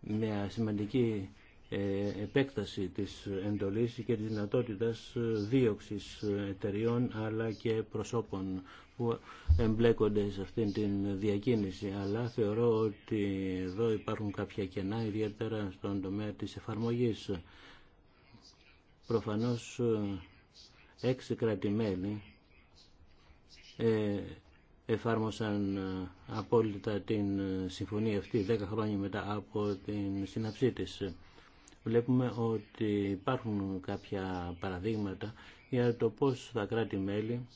μια σημαντική ε, επέκταση της εντολής και της δυνατότητας ε, δίωξης εταιριών αλλά και προσώπων που εμπλέκονται σε αυτήν την διακίνηση. Αλλά θεωρώ ότι εδώ υπάρχουν κάποια κενά, ιδιαίτερα στον τομέα της εφαρμογής. Προφανώς ε, έξι κρατημένοι ε, εφάρμοσαν απόλυτα την συμφωνία αυτή 10 χρόνια μετά από την συναψή της βλέπουμε ότι υπάρχουν κάποια παραδείγματα για το πώς τα κράτη-μέλη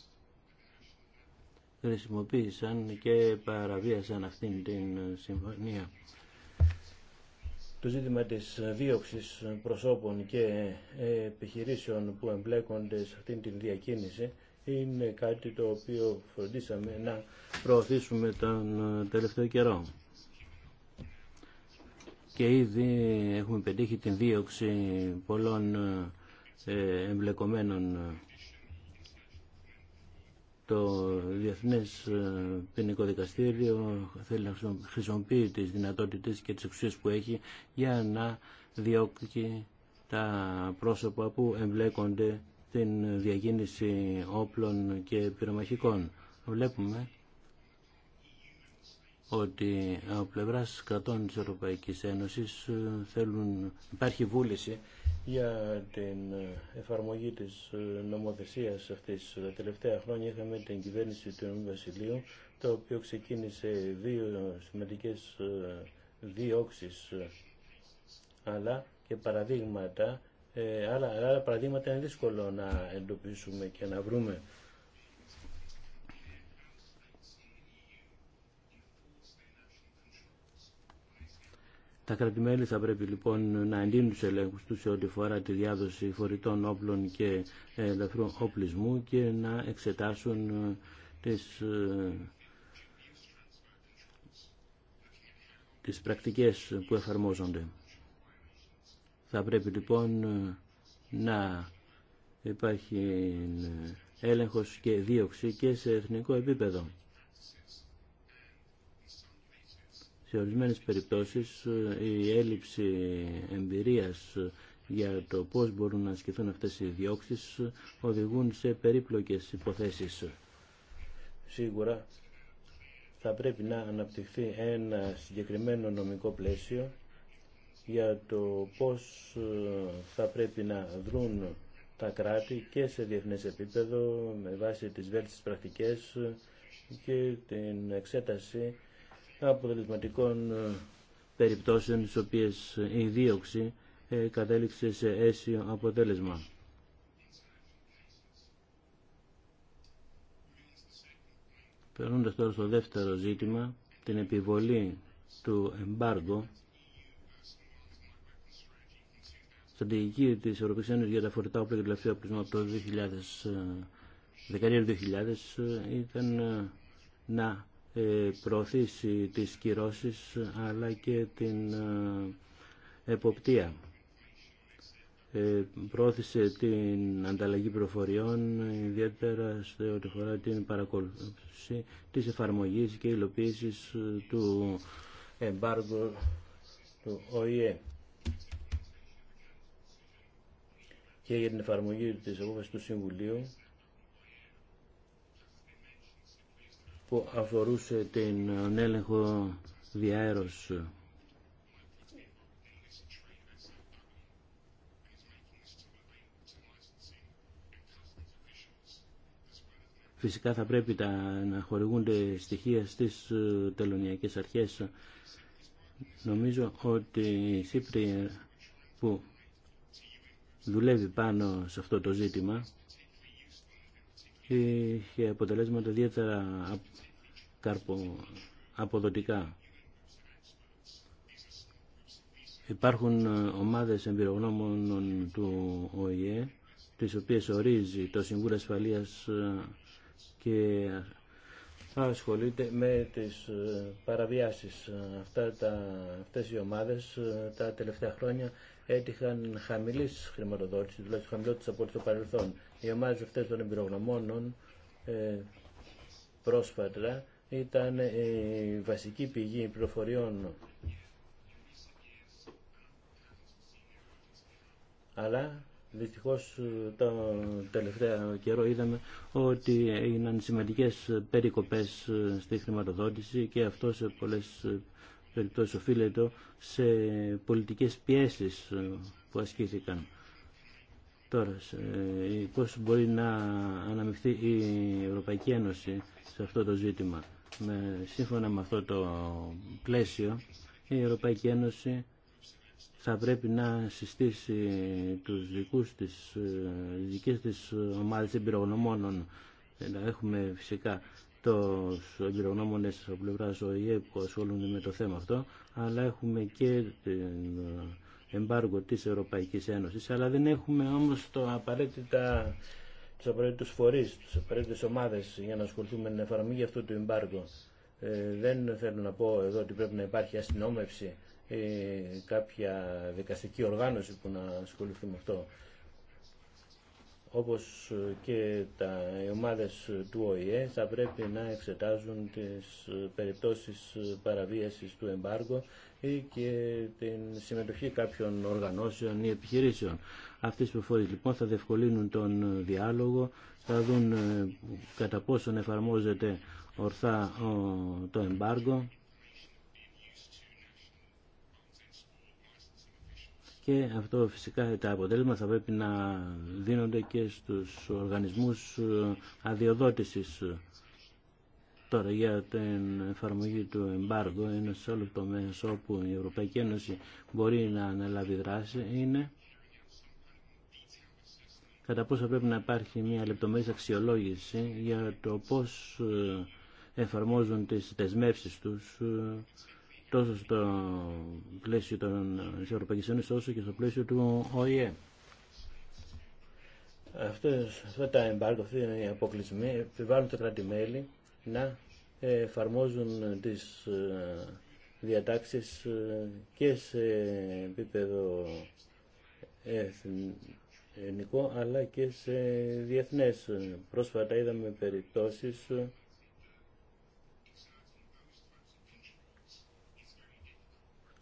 χρησιμοποίησαν και παραβίασαν αυτήν την συμφωνία. Το ζήτημα της δίωξης προσώπων και επιχειρήσεων που εμπλέκονται σε αυτήν την διακίνηση είναι κάτι το οποίο φροντίσαμε να προωθήσουμε τον τελευταίο καιρό και ήδη έχουμε πετύχει την δίωξη πολλών ε, εμπλεκομένων ε, το Διεθνές ε, Ποινικό Δικαστήριο θέλει να χρησιμοποιεί τις δυνατότητες και τις εξουσίες που έχει για να διώκει τα πρόσωπα που εμπλέκονται στην διακίνηση όπλων και πυρομαχικών. Βλέπουμε ότι από πλευρά κρατών της Ευρωπαϊκής Ένωσης ε, θέλουν, υπάρχει βούληση για την ε, εφαρμογή της ε, νομοθεσίας αυτής. Τα τελευταία χρόνια είχαμε την κυβέρνηση του Βασιλείου, το οποίο ξεκίνησε δύο σημαντικές διώξεις, αλλά και παραδείγματα, άλλα, άλλα παραδείγματα είναι δύσκολο να εντοπίσουμε και να βρούμε Τα κρατημέλη θα πρέπει λοιπόν να εντείνουν τους ελέγχους τους σε ό,τι φορά τη διάδοση φορητών όπλων και ελεύθερων όπλισμού και να εξετάσουν ε, τις, ε, τις πρακτικές που εφαρμόζονται. Θα πρέπει λοιπόν να υπάρχει ε, έλεγχος και δίωξη και σε εθνικό επίπεδο. σε ορισμένες περιπτώσεις ε, η έλλειψη εμπειρίας ε, για το πώς μπορούν να ασκηθούν αυτές οι διώξεις ε, οδηγούν σε περίπλοκες υποθέσεις. Σίγουρα θα πρέπει να αναπτυχθεί ένα συγκεκριμένο νομικό πλαίσιο για το πώς θα πρέπει να δρουν τα κράτη και σε διεθνές επίπεδο με βάση τις βέλτιστες πρακτικές και την εξέταση αποτελεσματικών ε, περιπτώσεων στις οποίες ε, η δίωξη ε, κατέληξε σε αίσιο αποτέλεσμα. Περνώντας τώρα στο δεύτερο ζήτημα, την επιβολή του εμπάργου στρατηγική της Ευρωπαϊκής για τα φορητά όπλα και δηλαδή από το 2000, 2000 ήταν να ε, προωθήσει τις κυρώσεις αλλά και την ε, εποπτεία. Ε, Πρόθεσε την ανταλλαγή προφοριών ιδιαίτερα σε ό,τι φορά την παρακολούθηση της εφαρμογής και υλοποίησης του εμπάργου του ΟΗΕ. Και για την εφαρμογή της απόφασης του Συμβουλίου που αφορούσε την έλεγχο διάερος Φυσικά θα πρέπει να χορηγούνται στοιχεία στις ε, τελωνιακές αρχές. Νομίζω ότι η σύπρι που δουλεύει πάνω σε αυτό το ζήτημα είχε αποτελέσματα ιδιαίτερα καρπο, αποδοτικά. Υπάρχουν ε, ομάδες εμπειρογνώμων του ΟΗΕ, τις οποίες ορίζει το Συμβούλιο Ασφαλείας ε, και ασχολείται με τις ε, παραβιάσεις. Αυτά τα, αυτές οι ομάδες τα τελευταία χρόνια έτυχαν χαμηλής χρηματοδότησης, δηλαδή χαμηλότητας από το παρελθόν. Οι ομάδες αυτές των εμπειρογνωμόνων ε, πρόσφατα ήταν ε, η βασική πηγή πληροφοριών αλλά δυστυχώς το τελευταίο καιρό είδαμε ότι έγιναν σημαντικές περικοπές ε, στη χρηματοδότηση και αυτό σε πολλές περιπτώσεις οφείλεται σε πολιτικές πιέσεις που ασκήθηκαν. Τώρα, ε, πώς μπορεί να αναμειχθεί η Ευρωπαϊκή Ένωση σε αυτό το ζήτημα. Με, σύμφωνα με αυτό το πλαίσιο, η Ευρωπαϊκή Ένωση θα πρέπει να συστήσει τους δικούς της, ε, δικές της ομάδες εμπειρογνωμόνων. Ε, έχουμε φυσικά τους εμπειρογνώμονες από πλευράς ΟΗΕ που ασχολούνται με το θέμα αυτό, αλλά έχουμε και εμπάργο της Ευρωπαϊκής Ένωσης, αλλά δεν έχουμε όμως το απαραίτητα τους απαραίτητους φορείς, τους απαραίτητες ομάδες για να ασχοληθούμε με την εφαρμογή αυτού του εμπάργου. Ε, δεν θέλω να πω εδώ ότι πρέπει να υπάρχει αστυνόμευση ή κάποια δικαστική οργάνωση που να ασχοληθεί με αυτό. Όπως και τα, οι ομάδες του ΟΗΕ θα πρέπει να εξετάζουν τις περιπτώσεις παραβίασης του εμπάργου ή και την συμμετοχή κάποιων οργανώσεων ή επιχειρήσεων. Αυτέ οι προφορίε λοιπόν θα διευκολύνουν τον διάλογο, θα δουν ε, κατά πόσον εφαρμόζεται ορθά το εμπάργκο και αυτό φυσικά τα αποτέλεσμα θα πρέπει να δίνονται και στους οργανισμούς ε, αδειοδότησης Τώρα για την εφαρμογή του εμπάργου, ένα το τομέες όπου η Ευρωπαϊκή Ένωση μπορεί να αναλάβει δράση είναι κατά πόσο πρέπει να υπάρχει μια λεπτομερής αξιολόγηση για το πώς ε, εφαρμόζουν τις δεσμεύσεις τους ε, τόσο στο πλαίσιο των Ευρωπαϊκής Ένωσης όσο και στο πλαίσιο του ΟΗΕ. Αυτές, αυτά τα εμπάρκο, είναι οι αποκλεισμοί επιβάλλουν τα κράτη-μέλη να εφαρμόζουν τις ε, διατάξεις ε, και σε επίπεδο εθνικό αλλά και σε διεθνές. Πρόσφατα είδαμε περιπτώσεις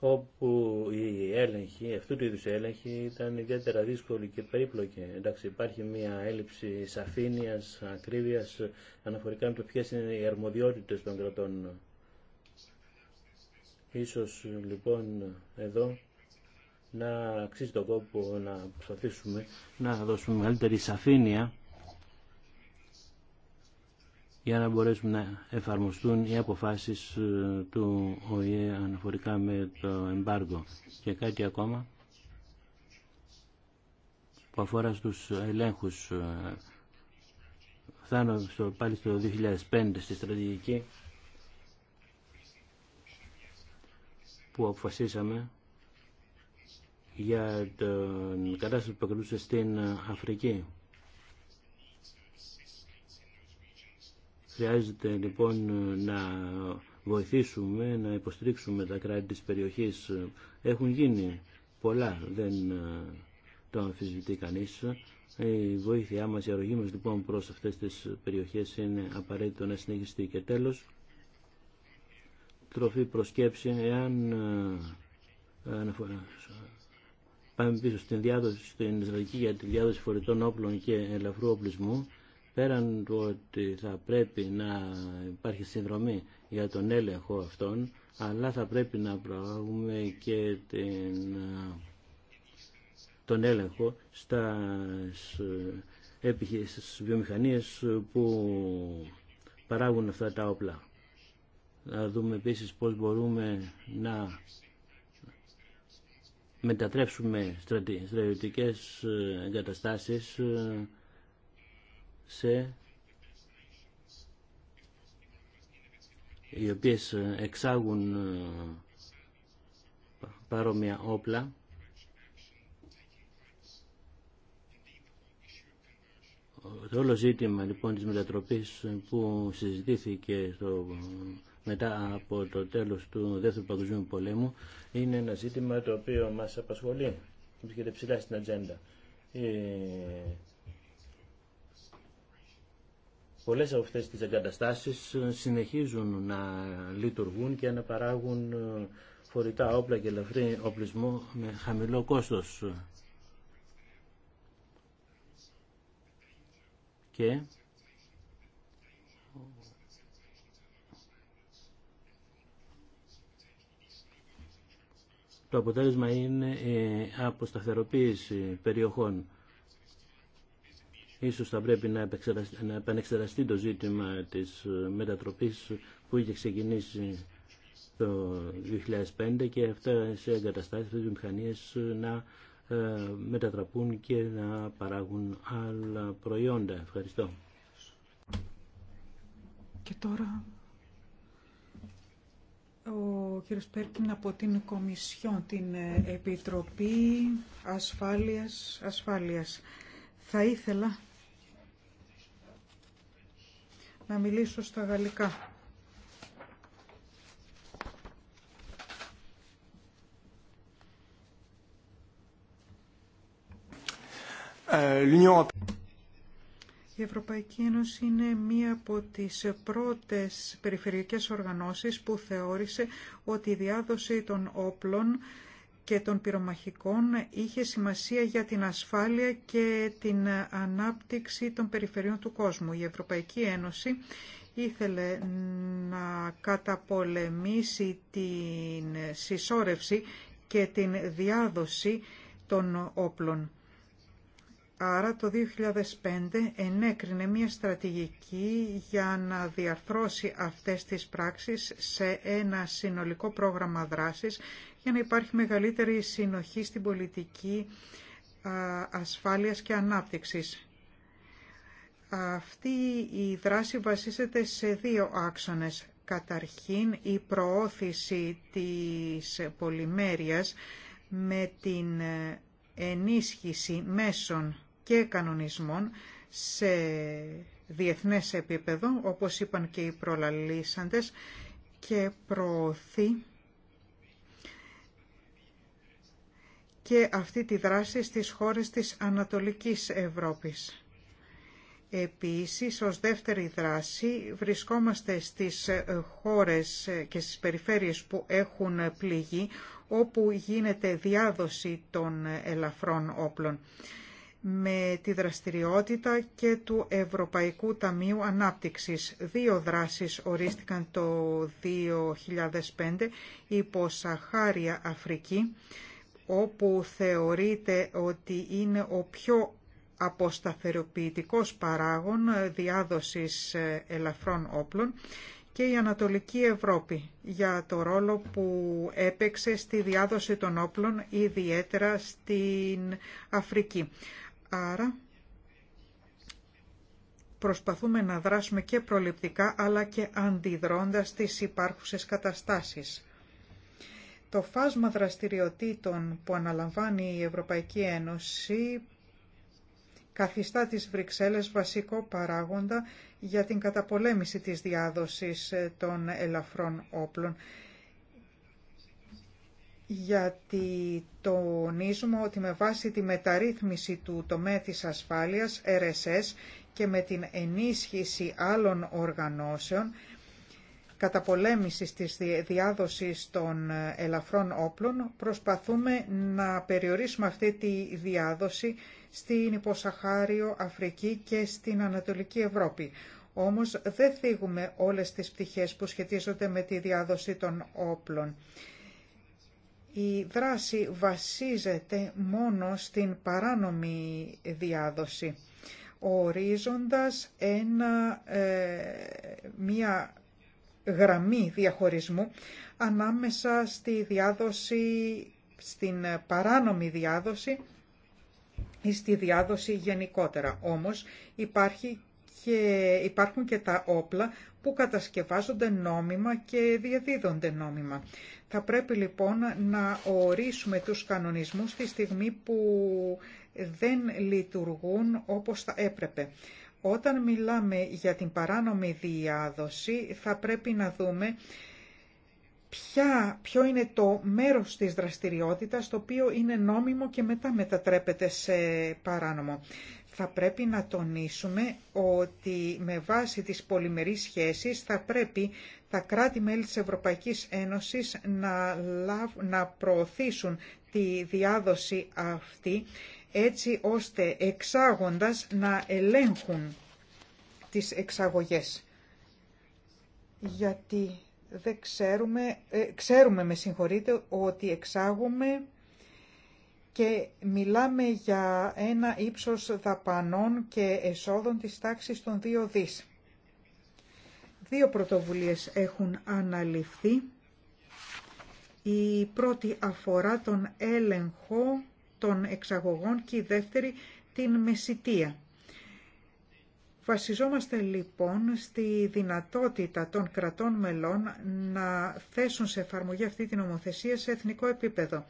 όπου η έλεγχη, αυτού του είδους έλεγχη ήταν ιδιαίτερα δύσκολη και περίπλοκη. Εντάξει, υπάρχει μια έλλειψη σαφήνειας, ακρίβειας αναφορικά με το ποιε είναι οι αρμοδιότητες των κρατών. Ίσως λοιπόν εδώ να αξίζει τον κόπο να προσπαθήσουμε να δώσουμε μεγαλύτερη σαφήνεια για να μπορέσουν να εφαρμοστούν οι αποφάσεις ε, του ΟΗΕ αναφορικά με το εμπάργο. Και κάτι ακόμα που αφορά στους ελέγχους. Ε, φτάνω στο, πάλι στο 2005 στη στρατηγική που αποφασίσαμε για την κατάσταση που ακολουθούσε στην Αφρική Χρειάζεται λοιπόν να βοηθήσουμε, να υποστηρίξουμε τα κράτη της περιοχής. Έχουν γίνει πολλά, δεν ε, το αμφισβητεί κανείς. Η βοήθειά μας, η αρρωγή μας λοιπόν προς αυτές τις περιοχές είναι απαραίτητο να συνεχιστεί. Και τέλος, τροφή προσκέψη, εάν ε, πάμε πίσω στην, διάδοση, στην Ισραηλική για τη διάδοση φορητών όπλων και ελαφρού οπλισμού, πέραν του ότι θα πρέπει να υπάρχει συνδρομή για τον έλεγχο αυτών, αλλά θα πρέπει να προάγουμε και τον έλεγχο στα στις βιομηχανίες που παράγουν αυτά τα όπλα. Θα δούμε επίσης πώς μπορούμε να μετατρέψουμε στρατιωτικές ε, εγκαταστάσεις ε, σε οι οποίες εξάγουν ε, παρόμοια όπλα Το όλο ζήτημα λοιπόν της μετατροπής που συζητήθηκε μετά από το τέλος του Δεύτερου Παγκοσμίου Πολέμου είναι ένα ζήτημα το οποίο μας απασχολεί, βρίσκεται ψηλά στην ατζέντα. Πολλές από αυτές τις εγκαταστάσεις ε, συνεχίζουν να λειτουργούν και να παράγουν ε, φορητά όπλα και ελαφρύ οπλισμό με χαμηλό κόστος. Και το αποτέλεσμα είναι η ε, αποσταθεροποίηση περιοχών. Ίσως θα πρέπει να, να επανεξεταστεί το ζήτημα της ε, μετατροπής που είχε ξεκινήσει το 2005 και αυτά σε εγκαταστάσεις, αυτές μηχανίες ε, να ε, μετατραπούν και να παράγουν άλλα προϊόντα. Ευχαριστώ. Και τώρα ο κύριος Πέρκιν από την Κομισιόν, την Επιτροπή Ασφάλειας, Ασφάλειας. Θα ήθελα να μιλήσω στα γαλλικά. Ε, η Ευρωπαϊκή Ένωση είναι μία από τις πρώτες περιφερειακές οργανώσεις που θεώρησε ότι η διάδοση των όπλων και των πυρομαχικών είχε σημασία για την ασφάλεια και την ανάπτυξη των περιφερειών του κόσμου. Η Ευρωπαϊκή Ένωση ήθελε να καταπολεμήσει την συσσόρευση και την διάδοση των όπλων. Άρα το 2005 ενέκρινε μια στρατηγική για να διαρθρώσει αυτές τις πράξεις σε ένα συνολικό πρόγραμμα δράσης για να υπάρχει μεγαλύτερη συνοχή στην πολιτική ασφάλειας και ανάπτυξης. Αυτή η δράση βασίζεται σε δύο άξονες. Καταρχήν, η προώθηση της πολυμέρειας με την ενίσχυση μέσων και κανονισμών σε διεθνές επίπεδο, όπως είπαν και οι προλαλήσαντες, και προωθεί και αυτή τη δράση στις χώρες της Ανατολικής Ευρώπης. Επίσης, ως δεύτερη δράση, βρισκόμαστε στις χώρες και στις περιφέρειες που έχουν πληγεί, όπου γίνεται διάδοση των ελαφρών όπλων με τη δραστηριότητα και του Ευρωπαϊκού Ταμείου Ανάπτυξης. Δύο δράσεις ορίστηκαν το 2005 υπό Σαχάρια Αφρική όπου θεωρείται ότι είναι ο πιο αποσταθεροποιητικός παράγων διάδοσης ε, ελαφρών όπλων και η Ανατολική Ευρώπη για το ρόλο που έπαιξε στη διάδοση των όπλων, ιδιαίτερα στην Αφρική. Άρα προσπαθούμε να δράσουμε και προληπτικά αλλά και αντιδρώντας τις υπάρχουσες καταστάσεις. Το φάσμα δραστηριοτήτων που αναλαμβάνει η Ευρωπαϊκή Ένωση καθιστά τις Βρυξέλλες βασικό παράγοντα για την καταπολέμηση της διάδοσης των ελαφρών όπλων. Γιατί τονίζουμε ότι με βάση τη μεταρρύθμιση του τομέα της ασφάλειας, RSS, και με την ενίσχυση άλλων οργανώσεων, καταπολέμησης της διάδοσης των ε, ελαφρών όπλων προσπαθούμε να περιορίσουμε αυτή τη διάδοση στην υποσαχάριο Αφρική και στην Ανατολική Ευρώπη. Όμως δεν θίγουμε όλες τις πτυχές που σχετίζονται με τη διάδοση των όπλων. Η δράση βασίζεται μόνο στην παράνομη διάδοση ορίζοντας ένα, ε, μία γραμμή διαχωρισμού ανάμεσα στη διάδοση, στην παράνομη διάδοση ή στη διάδοση γενικότερα. Όμως υπάρχει και υπάρχουν και τα όπλα που κατασκευάζονται νόμιμα και διαδίδονται νόμιμα. Θα πρέπει λοιπόν να ορίσουμε τους κανονισμούς τη στιγμή που δεν λειτουργούν όπως θα έπρεπε. Όταν μιλάμε για την παράνομη διάδοση θα πρέπει να δούμε ποια, ποιο είναι το μέρος της δραστηριότητας το οποίο είναι νόμιμο και μετά μετατρέπεται σε παράνομο. Θα πρέπει να τονίσουμε ότι με βάση τις πολυμερείς σχέσεις θα πρέπει τα κράτη-μέλη της Ευρωπαϊκής Ένωσης να, να προωθήσουν τη διάδοση αυτή έτσι ώστε εξάγοντας να ελέγχουν τις εξαγωγές. Γιατί δεν ξέρουμε, ε, ξέρουμε με συγχωρείτε, ότι εξάγουμε και μιλάμε για ένα ύψος δαπανών και εσόδων της τάξης των δύο δις. Δύο πρωτοβουλίες έχουν αναλυφθεί. Η πρώτη αφορά τον έλεγχο των εξαγωγών και η δεύτερη την μεσητεία. Βασιζόμαστε λοιπόν στη δυνατότητα των κρατών μελών να θέσουν σε εφαρμογή αυτή την ομοθέσια σε εθνικό επίπεδο.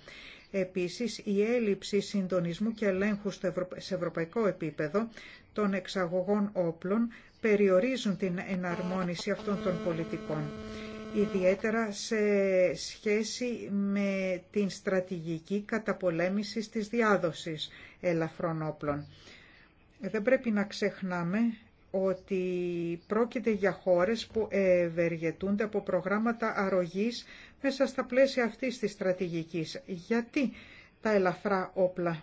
Επίσης, η έλλειψη συντονισμού και ελέγχου σε ευρωπαϊκό επίπεδο των εξαγωγών όπλων περιορίζουν την εναρμόνιση αυτών των πολιτικών ιδιαίτερα σε σχέση με την στρατηγική καταπολέμηση της διάδοσης ελαφρών όπλων. Δεν πρέπει να ξεχνάμε ότι πρόκειται για χώρες που ευεργετούνται από προγράμματα αρρωγής μέσα στα πλαίσια αυτής της στρατηγικής. Γιατί τα ελαφρά όπλα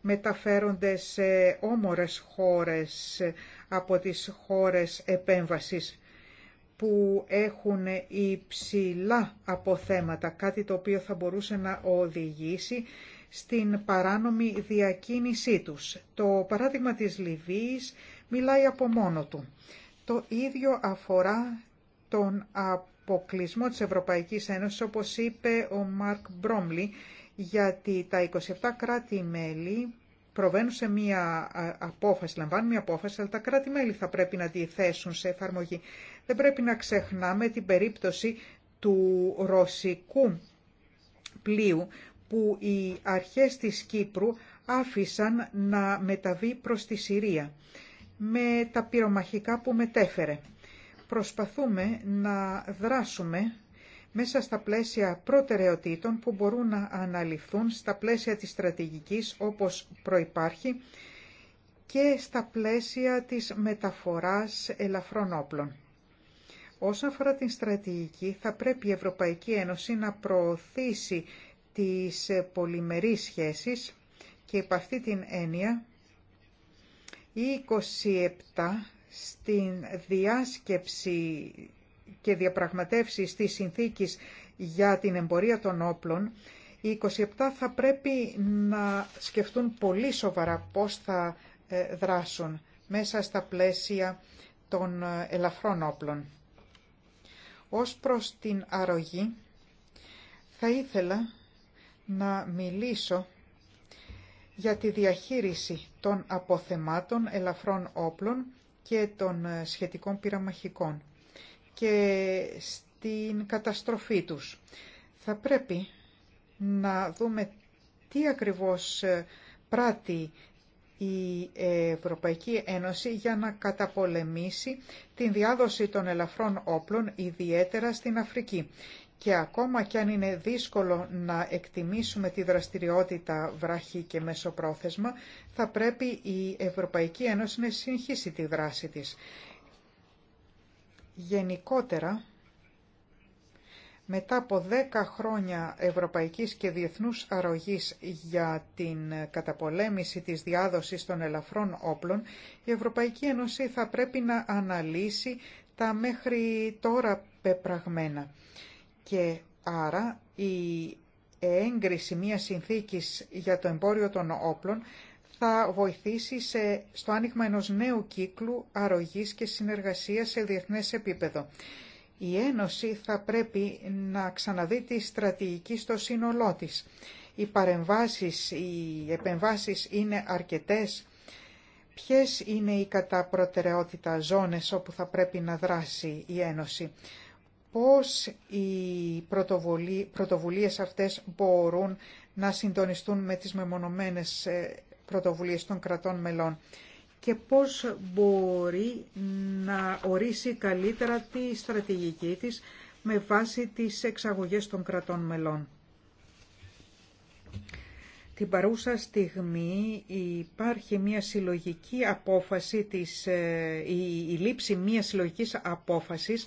μεταφέρονται σε όμορες χώρες από τις χώρες επέμβασης που έχουν υψηλά αποθέματα, κάτι το οποίο θα μπορούσε να οδηγήσει στην παράνομη διακίνησή τους. Το παράδειγμα της Λιβύης μιλάει από μόνο του. Το ίδιο αφορά τον αποκλεισμό της Ευρωπαϊκής Ένωσης, όπως είπε ο Μαρκ Μπρόμλι, γιατί τα 27 κράτη-μέλη προβαίνουν σε μία απόφαση, λαμβάνουν μία απόφαση, αλλά τα κράτη-μέλη θα πρέπει να τη θέσουν σε εφαρμογή. Δεν πρέπει να ξεχνάμε την περίπτωση του ρωσικού πλοίου που οι αρχές της Κύπρου άφησαν να μεταβεί προς τη Συρία με τα πυρομαχικά που μετέφερε. Προσπαθούμε να δράσουμε μέσα στα πλαίσια προτεραιοτήτων που μπορούν να αναλυφθούν στα πλαίσια της στρατηγικής όπως προϋπάρχει και στα πλαίσια της μεταφοράς ελαφρών όπλων. Όσον αφορά την στρατηγική, θα πρέπει η Ευρωπαϊκή Ένωση να προωθήσει τις πολυμερείς σχέσεις και υπ' αυτή την έννοια η 27 στην διάσκεψη και διαπραγματεύσεις της συνθήκης για την εμπορία των όπλων, οι 27 θα πρέπει να σκεφτούν πολύ σοβαρά πώς θα ε, δράσουν μέσα στα πλαίσια των ε, ελαφρών όπλων. Ως προς την αρρωγή, θα ήθελα να μιλήσω για τη διαχείριση των αποθεμάτων ελαφρών όπλων και των ε, σχετικών πυραμαχικών και στην καταστροφή τους. Θα πρέπει να δούμε τι ακριβώς πράττει η Ευρωπαϊκή Ένωση για να καταπολεμήσει την διάδοση των ελαφρών όπλων, ιδιαίτερα στην Αφρική. Και ακόμα κι αν είναι δύσκολο να εκτιμήσουμε τη δραστηριότητα βράχη και μεσοπρόθεσμα, θα πρέπει η Ευρωπαϊκή Ένωση να συνεχίσει τη δράση της γενικότερα μετά από 10 χρόνια ευρωπαϊκής και διεθνούς αρρωγής για την καταπολέμηση της διάδοσης των ελαφρών όπλων, η Ευρωπαϊκή Ένωση θα πρέπει να αναλύσει τα μέχρι τώρα πεπραγμένα. Και άρα η έγκριση μιας συνθήκης για το εμπόριο των όπλων θα βοηθήσει σε, στο άνοιγμα ενός νέου κύκλου αρρωγής και συνεργασίας σε διεθνές επίπεδο. Η Ένωση θα πρέπει να ξαναδεί τη στρατηγική στο σύνολό της. Οι παρεμβάσεις, οι επεμβάσεις είναι αρκετές. Ποιες είναι οι κατά προτεραιότητα ζώνες όπου θα πρέπει να δράσει η Ένωση. Πώς οι πρωτοβουλίες αυτές μπορούν να συντονιστούν με τις μεμονωμένες ε, πρωτοβουλίες των κρατών μελών και πώς μπορεί να ορίσει καλύτερα τη στρατηγική της με βάση τις εξαγωγές των κρατών μελών. Την παρούσα στιγμή υπάρχει μια συλλογική απόφαση, της, ε, η, η λήψη μια συλλογικής απόφασης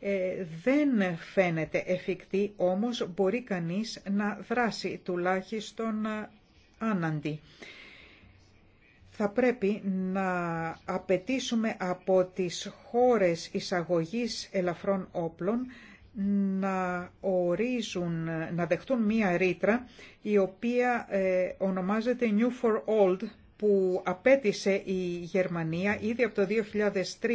ε, δεν φαίνεται εφικτή, όμως μπορεί κανείς να δράσει τουλάχιστον ε, άναντι θα πρέπει να απαιτήσουμε από τις χώρες εισαγωγής ελαφρών όπλων να ορίζουν, να δεχτούν μία ρήτρα η οποία ε, ονομάζεται New for Old που απέτησε η Γερμανία ήδη από το 2003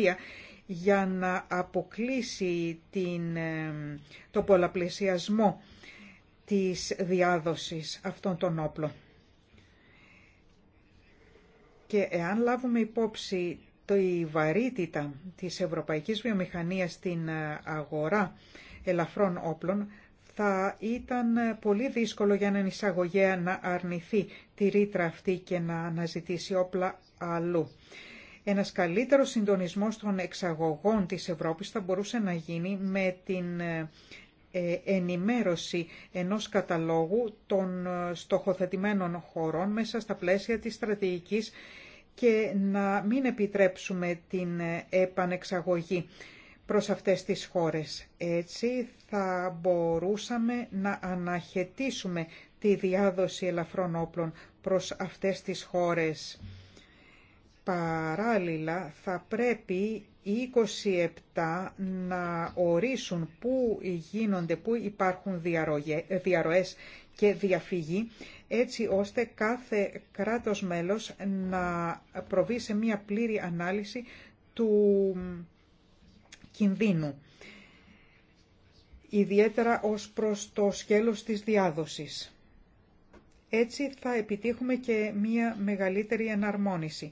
για να αποκλείσει την, ε, το πολλαπλησιασμό της διάδοσης αυτών των όπλων. Και εάν λάβουμε υπόψη το η βαρύτητα της ευρωπαϊκής βιομηχανίας στην ε, αγορά ελαφρών όπλων, θα ήταν ε, πολύ δύσκολο για έναν εισαγωγέα να αρνηθεί τη ρήτρα αυτή και να αναζητήσει όπλα αλλού. Ένας καλύτερος συντονισμός των εξαγωγών της Ευρώπης θα μπορούσε να γίνει με την ε, ενημέρωση ενός καταλόγου των στοχοθετημένων χωρών μέσα στα πλαίσια της στρατηγικής και να μην επιτρέψουμε την επανεξαγωγή προς αυτές τις χώρες. Έτσι θα μπορούσαμε να αναχαιτήσουμε τη διάδοση ελαφρών όπλων προς αυτές τις χώρες. Παράλληλα θα πρέπει οι 27 να ορίσουν πού γίνονται, πού υπάρχουν διαρροές και διαφυγή έτσι ώστε κάθε κράτος μέλος να προβεί σε μία πλήρη ανάλυση του κινδύνου, ιδιαίτερα ως προς το σκέλος της διάδοσης. Έτσι θα επιτύχουμε και μία μεγαλύτερη εναρμόνιση.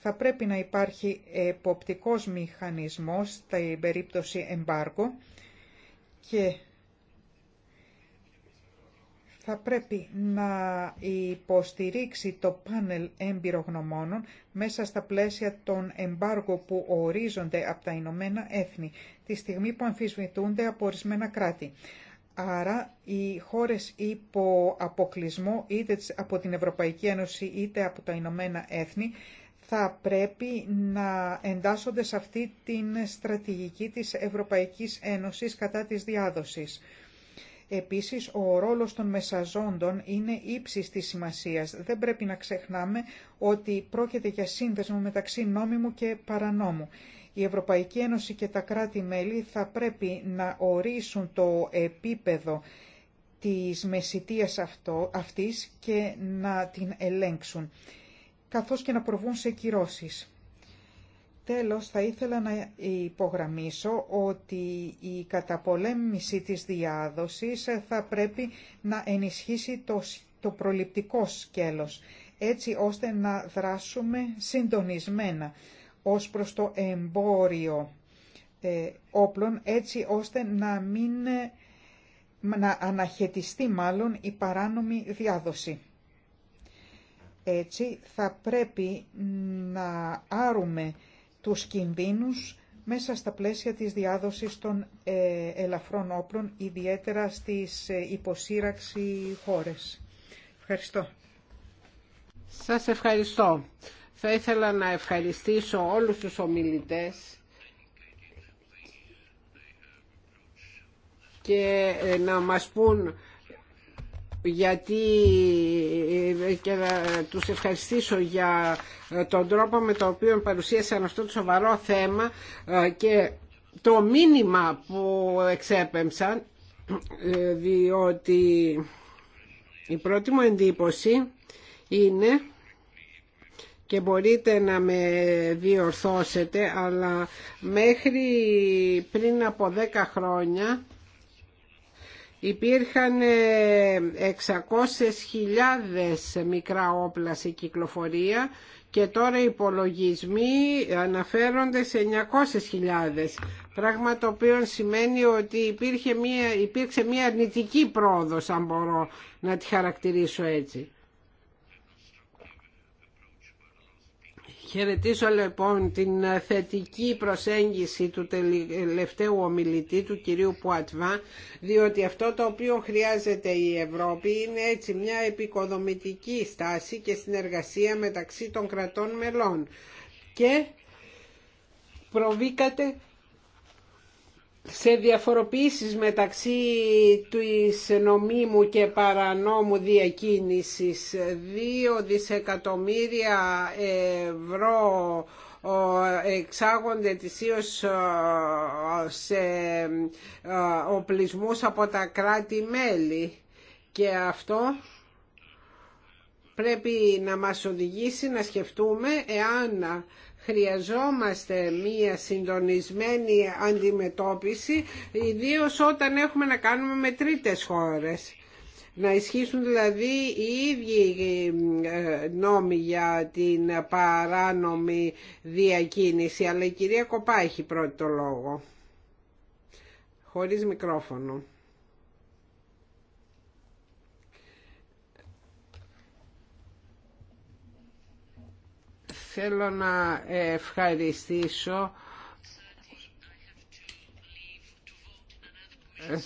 Θα πρέπει να υπάρχει εποπτικός μηχανισμός στην περίπτωση εμπάργο και θα πρέπει να υποστηρίξει το πάνελ εμπειρογνωμόνων μέσα στα πλαίσια των εμπάργων που ορίζονται από τα Ηνωμένα Έθνη, τη στιγμή που αμφισβητούνται από ορισμένα κράτη. Άρα οι χώρες υπό αποκλεισμό είτε από την Ευρωπαϊκή Ένωση είτε από τα Ηνωμένα Έθνη θα πρέπει να εντάσσονται σε αυτή την στρατηγική της Ευρωπαϊκής Ένωσης κατά της διάδοσης. Επίσης, ο ρόλος των μεσαζόντων είναι ύψης της σημασίας. Δεν πρέπει να ξεχνάμε ότι πρόκειται για σύνδεσμο μεταξύ νόμιμου και παρανόμου. Η Ευρωπαϊκή Ένωση και τα κράτη-μέλη θα πρέπει να ορίσουν το επίπεδο της μεσητείας αυτό, αυτής και να την ελέγξουν, καθώς και να προβούν σε κυρώσεις. Τέλος, θα ήθελα να υπογραμμίσω ότι η καταπολέμηση της διάδοσης θα πρέπει να ενισχύσει το, το προληπτικό σκέλος, έτσι ώστε να δράσουμε συντονισμένα ως προς το εμπόριο ε, όπλων, έτσι ώστε να μην να αναχαιτιστεί μάλλον η παράνομη διάδοση. Έτσι θα πρέπει να άρουμε τους κινδύνους μέσα στα πλαίσια της διάδοσης των ε, ελαφρών όπλων, ιδιαίτερα στις ε, υποσύραξη χώρες. Ευχαριστώ. Σας ευχαριστώ. Θα ήθελα να ευχαριστήσω όλους τους ομιλητές και ε, να μας πούν γιατί ε, και να τους ευχαριστήσω για ε, τον τρόπο με τον οποίο παρουσίασαν αυτό το σοβαρό θέμα ε, και το μήνυμα που εξέπεμψαν διότι η πρώτη μου εντύπωση είναι και μπορείτε να με διορθώσετε αλλά μέχρι πριν από δέκα χρόνια Υπήρχαν 600.000 ε, μικρά όπλα σε κυκλοφορία και τώρα οι υπολογισμοί αναφέρονται σε 900.000 πράγμα το οποίο σημαίνει ότι υπήρχε μια, υπήρξε μια αρνητική πρόοδος αν μπορώ να τη χαρακτηρίσω έτσι. Χαιρετήσω λοιπόν την ε, θετική προσέγγιση του τελευταίου ομιλητή του κυρίου Πουατβά διότι αυτό το οποίο χρειάζεται η Ευρώπη είναι έτσι μια επικοδομητική στάση και συνεργασία μεταξύ των κρατών μελών και προβήκατε σε διαφοροποιήσεις μεταξύ της νομίμου και παρανόμου διακίνησης 2 δισεκατομμύρια ευρώ εξάγονται ετησίως σε οπλισμούς από τα κράτη-μέλη και αυτό πρέπει να μας οδηγήσει να σκεφτούμε εάν Χρειαζόμαστε μία συντονισμένη αντιμετώπιση, ιδίως όταν έχουμε να κάνουμε με τρίτες χώρες. Να ισχύσουν δηλαδή οι ίδιοι ε, νόμοι για την παράνομη διακίνηση. Αλλά η κυρία Κοπά έχει πρώτο λόγο. Χωρίς μικρόφωνο. θέλω να ευχαριστήσω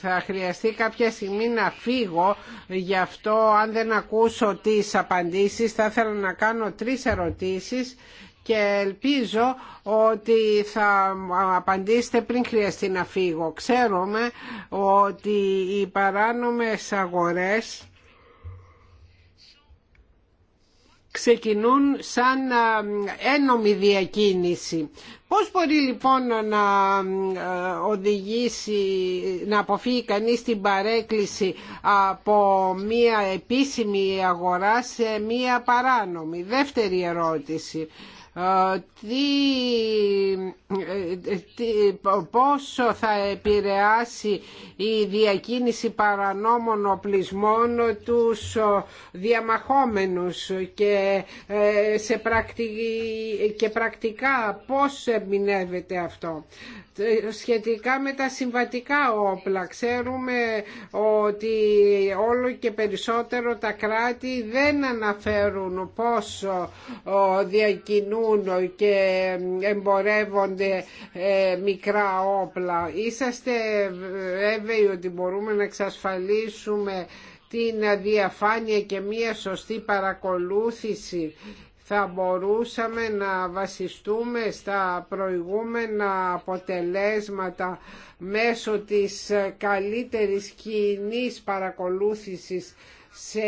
θα χρειαστεί κάποια στιγμή να φύγω γι' αυτό αν δεν ακούσω τις απαντήσεις θα ήθελα να κάνω τρεις ερωτήσεις και ελπίζω ότι θα απαντήσετε πριν χρειαστεί να φύγω. Ξέρουμε ότι οι παράνομες αγορές ξεκινούν σαν ένομη διακίνηση. Πώς μπορεί λοιπόν να οδηγήσει, να αποφύγει κανείς την παρέκκληση από μία επίσημη αγορά σε μία παράνομη. Δεύτερη ερώτηση. Ε, πόσο θα επηρεάσει η διακίνηση παρανόμων οπλισμών τους διαμαχόμενους και, ε, σε και πρακτικά πώς εμπινεύεται αυτό σχετικά με τα συμβατικά όπλα. Ξέρουμε ότι όλο και περισσότερο τα κράτη δεν αναφέρουν πόσο διακινούν και εμπορεύονται ε, μικρά όπλα. Είσαστε βέβαιοι ότι μπορούμε να εξασφαλίσουμε την αδιαφάνεια και μία σωστή παρακολούθηση θα μπορούσαμε να βασιστούμε στα προηγούμενα αποτελέσματα μέσω της καλύτερης κοινή παρακολούθησης σε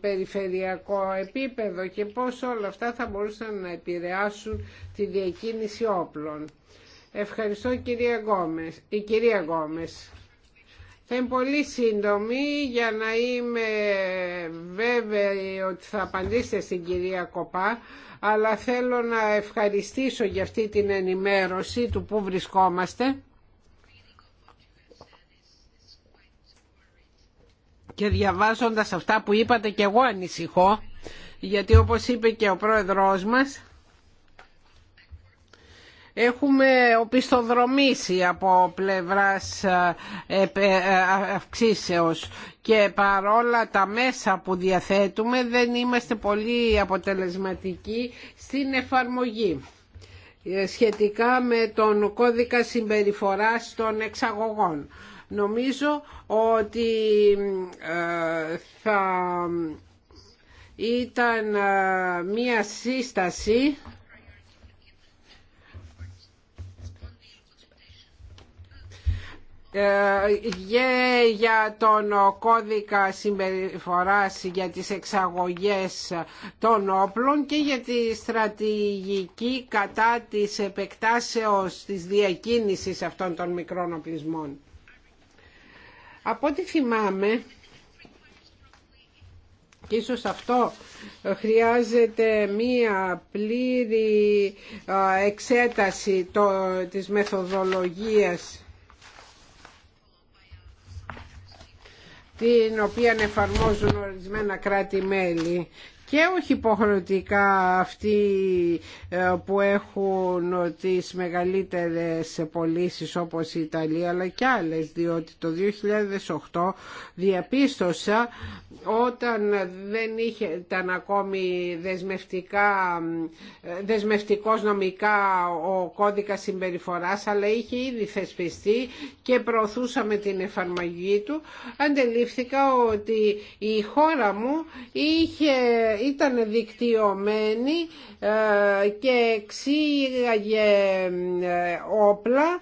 περιφερειακό επίπεδο και πώς όλα αυτά θα μπορούσαν να επηρεάσουν τη διακίνηση όπλων. Ευχαριστώ κυρία Γκόμες. Η κυρία Γκόμες. Θα πολύ σύντομη για να είμαι βέβαιη ότι θα απαντήσετε στην κυρία Κοπά αλλά θέλω να ευχαριστήσω για αυτή την ενημέρωση του που βρισκόμαστε και διαβάζοντας αυτά που είπατε και εγώ ανησυχώ γιατί όπως είπε και ο πρόεδρός μας Έχουμε οπισθοδρομήσει από πλευράς ε, ε, αυξήσεως και παρόλα τα μέσα που διαθέτουμε δεν είμαστε πολύ αποτελεσματικοί στην εφαρμογή ε, σχετικά με τον κώδικα συμπεριφοράς των εξαγωγών. Νομίζω ότι θα ήταν μία σύσταση Ε, για τον κώδικα συμπεριφοράς για τις εξαγωγές των όπλων και για τη στρατηγική κατά της επεκτάσεως της διακίνησης αυτών των μικρών οπλισμών. Από ό,τι θυμάμαι, και ίσως αυτό χρειάζεται μία πλήρη ε, εξέταση το, της μεθοδολογίας την οποία εφαρμόζουν ορισμένα κράτη-μέλη και όχι υποχρεωτικά αυτοί ε, που έχουν τις μεγαλύτερες πωλήσει όπως η Ιταλία αλλά και άλλες διότι το 2008 διαπίστωσα όταν δεν είχε, ήταν ακόμη δεσμευτικά, ε, δεσμευτικός νομικά ο κώδικας συμπεριφοράς αλλά είχε ήδη θεσπιστεί και προωθούσαμε την εφαρμογή του αντελήφθηκα ότι η χώρα μου είχε ήταν δικτυωμένη ε, και εξήγαγε ε, όπλα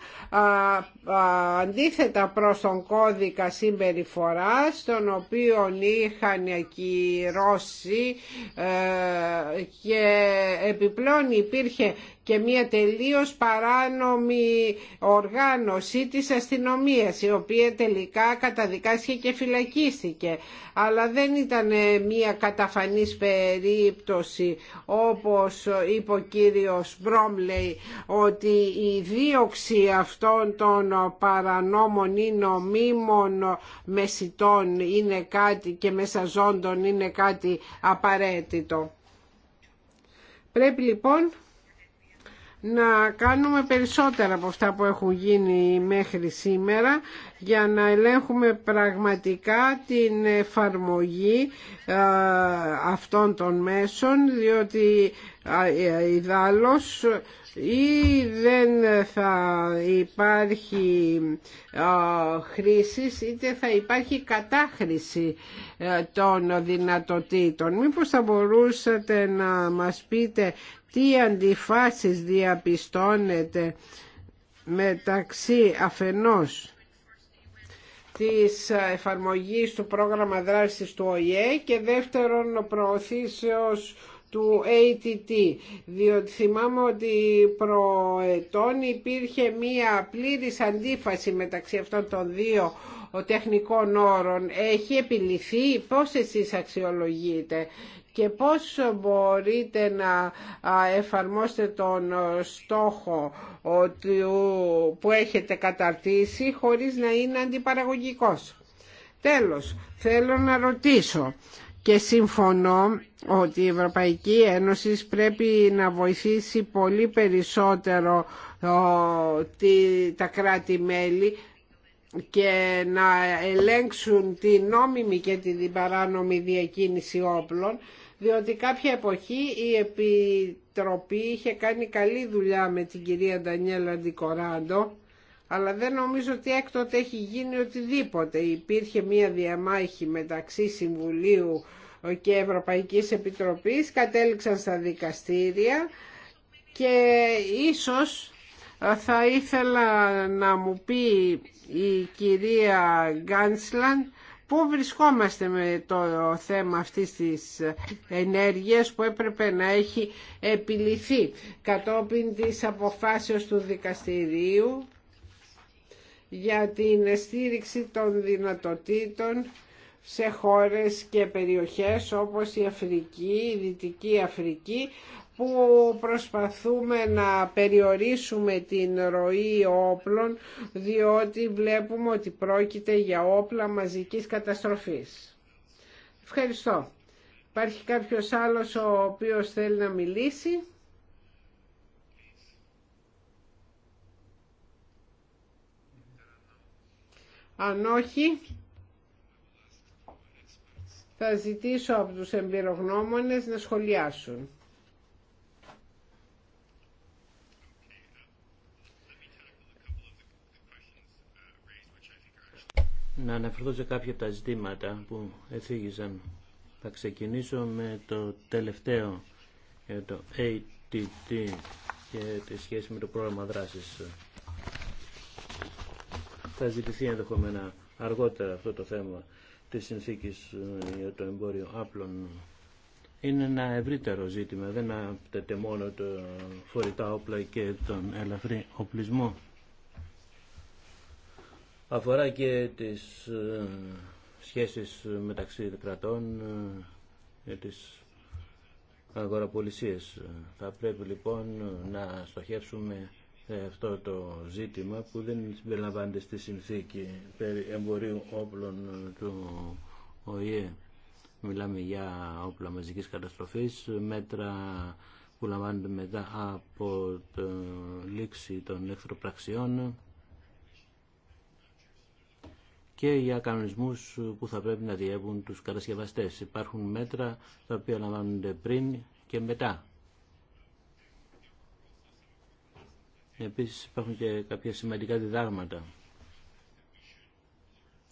αντίθετα προς τον κώδικα συμπεριφοράς τον οποίο είχαν ακυρώσει ε, και επιπλέον υπήρχε και μια τελείως παράνομη οργάνωση της αστυνομίας η οποία τελικά καταδικάστηκε και φυλακίστηκε αλλά δεν ήταν μια καταφανής περίπτωση όπως είπε ο κύριος Μπρόμλεϊ ότι η δίωξη αυτών των παρανόμων ή νομίμων μεσητών είναι κάτι και μεσαζόντων είναι κάτι απαραίτητο. Πρέπει λοιπόν να κάνουμε περισσότερα από αυτά που έχουν γίνει μέχρι σήμερα για να ελέγχουμε πραγματικά την εφαρμογή ε, αυτών των μέσων διότι ε, ιδάλλως ή δεν θα υπάρχει ε, χρήση είτε θα υπάρχει κατάχρηση των δυνατοτήτων. Μήπως θα μπορούσατε να μας πείτε τι αντιφάσεις διαπιστώνεται μεταξύ αφενός της εφαρμογής του πρόγραμμα δράσης του ΟΗΕ και δεύτερον προωθήσεως του ATT διότι θυμάμαι ότι προετών υπήρχε μία πλήρης αντίφαση μεταξύ αυτών των δύο τεχνικών όρων έχει επιληθεί, πώς εσείς αξιολογείτε και πώς μπορείτε να εφαρμόσετε τον στόχο που έχετε καταρτήσει χωρίς να είναι αντιπαραγωγικός. Τέλος, θέλω να ρωτήσω και συμφωνώ ότι η Ευρωπαϊκή Ένωση πρέπει να βοηθήσει πολύ περισσότερο τα κράτη-μέλη και να ελέγξουν την νόμιμη και την παράνομη διακίνηση όπλων διότι κάποια εποχή η Επιτροπή είχε κάνει καλή δουλειά με την κυρία Ντανιέλα Ντικοράντο αλλά δεν νομίζω ότι έκτοτε έχει γίνει οτιδήποτε. Υπήρχε μία διαμάχη μεταξύ Συμβουλίου και Ευρωπαϊκής Επιτροπής, κατέληξαν στα δικαστήρια και ίσως ε, θα ήθελα να μου πει η κυρία Γκάντσλαντ Πού βρισκόμαστε με το θέμα αυτής της ενέργειας που έπρεπε να έχει επιληθεί κατόπιν της αποφάσεως του δικαστηρίου για την στήριξη των δυνατοτήτων σε χώρες και περιοχές όπως η Αφρική, η Δυτική Αφρική που προσπαθούμε να περιορίσουμε την ροή όπλων διότι βλέπουμε ότι πρόκειται για όπλα μαζικής καταστροφής. Ευχαριστώ. Υπάρχει κάποιος άλλος ο οποίος θέλει να μιλήσει. Αν όχι, θα ζητήσω από τους εμπειρογνώμονες να σχολιάσουν. να αναφερθώ σε κάποια από τα ζητήματα που εφήγησαν. Θα ξεκινήσω με το τελευταίο, ε, το ATT και τη σχέση με το πρόγραμμα δράσης. Θα ζητηθεί ενδεχομένα αργότερα αυτό το θέμα της συνθήκης ε, για το εμπόριο άπλων. Είναι ένα ευρύτερο ζήτημα, δεν απαιτείται μόνο το φορητά όπλα και τον ελαφρύ οπλισμό αφορά και τις ε, σχέσεις μεταξύ κρατών και ε, τις αγοραπολισίες. Θα πρέπει λοιπόν να στοχεύσουμε αυτό το ζήτημα που δεν συμπεριλαμβάνεται στη συνθήκη περί εμπορίου όπλων του ΟΗΕ. Μιλάμε για όπλα μαζικής καταστροφής, μέτρα που λαμβάνονται μετά από τη λήξη των εχθροπραξιών και για κανονισμού που θα πρέπει να διεύουν τους κατασκευαστέ. Υπάρχουν μέτρα τα οποία λαμβάνονται πριν και μετά. Επίσης υπάρχουν και κάποια σημαντικά διδάγματα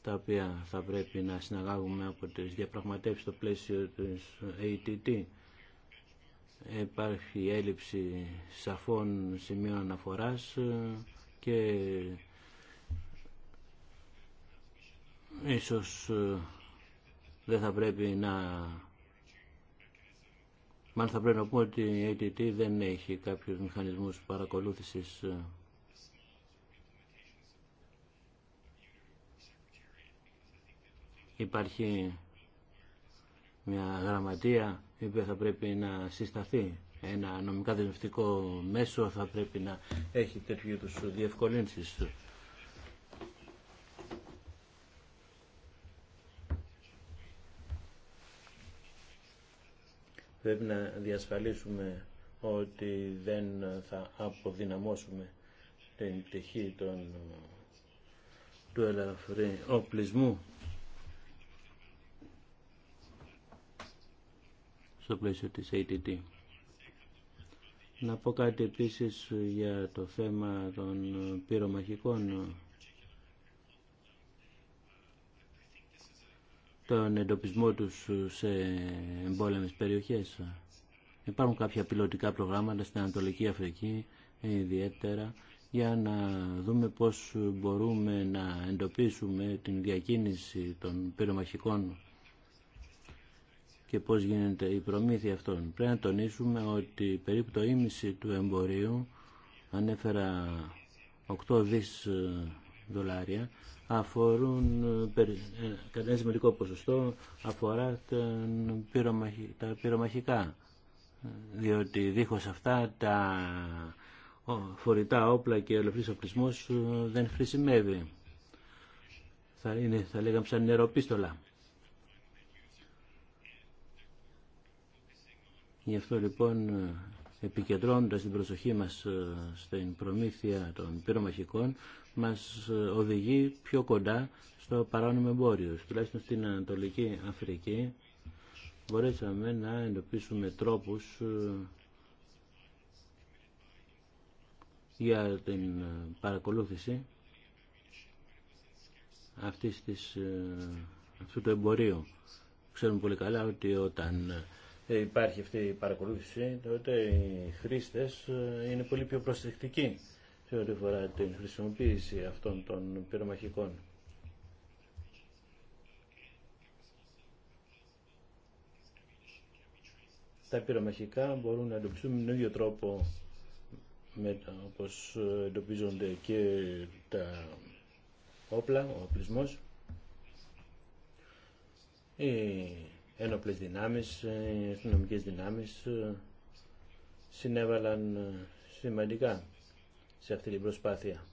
τα οποία θα πρέπει να συναγάγουμε από τις διαπραγματεύσεις στο πλαίσιο της ATT. Υπάρχει έλλειψη σαφών σημείων αναφοράς και Ίσως ε, δεν θα πρέπει να... Μάλλον θα πρέπει να πούμε ότι η ATT δεν έχει κάποιους μηχανισμούς παρακολούθησης ε. Υπάρχει μια γραμματεία η οποία θα πρέπει να συσταθεί. Ένα νομικά δεσμευτικό μέσο θα πρέπει να έχει τέτοιου είδου διευκολύνσεις. Πρέπει να διασφαλίσουμε ότι δεν θα αποδυναμώσουμε την πτυχή των, του ελαφρύ οπλισμού στο πλαίσιο της ATT. Να πω κάτι επίσης για το θέμα των πυρομαχικών τον εντοπισμό τους σε εμπόλεμες περιοχές. Υπάρχουν κάποια πιλωτικά προγράμματα στην Ανατολική Αφρική ιδιαίτερα για να δούμε πώς μπορούμε να εντοπίσουμε την διακίνηση των πυρομαχικών και πώς γίνεται η προμήθεια αυτών. Πρέπει να τονίσουμε ότι περίπου το ίμιση του εμπορίου ανέφερα 8 δις δολάρια αφορούν ε, ένα σημαντικό ποσοστό αφορά τα πυρομαχικά διότι δίχως αυτά τα φορητά όπλα και ολοκλήρης οπλισμός ε, δεν χρησιμεύει θα, είναι, θα λέγαμε σαν νεροπίστολα γι' αυτό λοιπόν επικεντρώνοντας την προσοχή μας ε, στην προμήθεια των πυρομαχικών μας ε, οδηγεί πιο κοντά στο παράνομο εμπόριο. Τουλάχιστον στην Ανατολική Αφρική μπορέσαμε να εντοπίσουμε τρόπους ε, για την παρακολούθηση αυτής της, αυτού του εμπορίου. Ξέρουμε πολύ καλά ότι όταν ε, υπάρχει αυτή η παρακολούθηση, τότε οι χρήστες ε, είναι πολύ πιο προσεκτικοί σε ό,τι αφορά την χρησιμοποίηση αυτών των πυρομαχικών. Τα πυρομαχικά μπορούν να εντοπιστούν με τον ίδιο τρόπο με, όπως εντοπίζονται και τα όπλα, ο οπλισμός ένοπλες δυνάμεις, ε, οι δυνάμει δυνάμεις ε, συνέβαλαν ε, σημαντικά σε αυτή την προσπάθεια.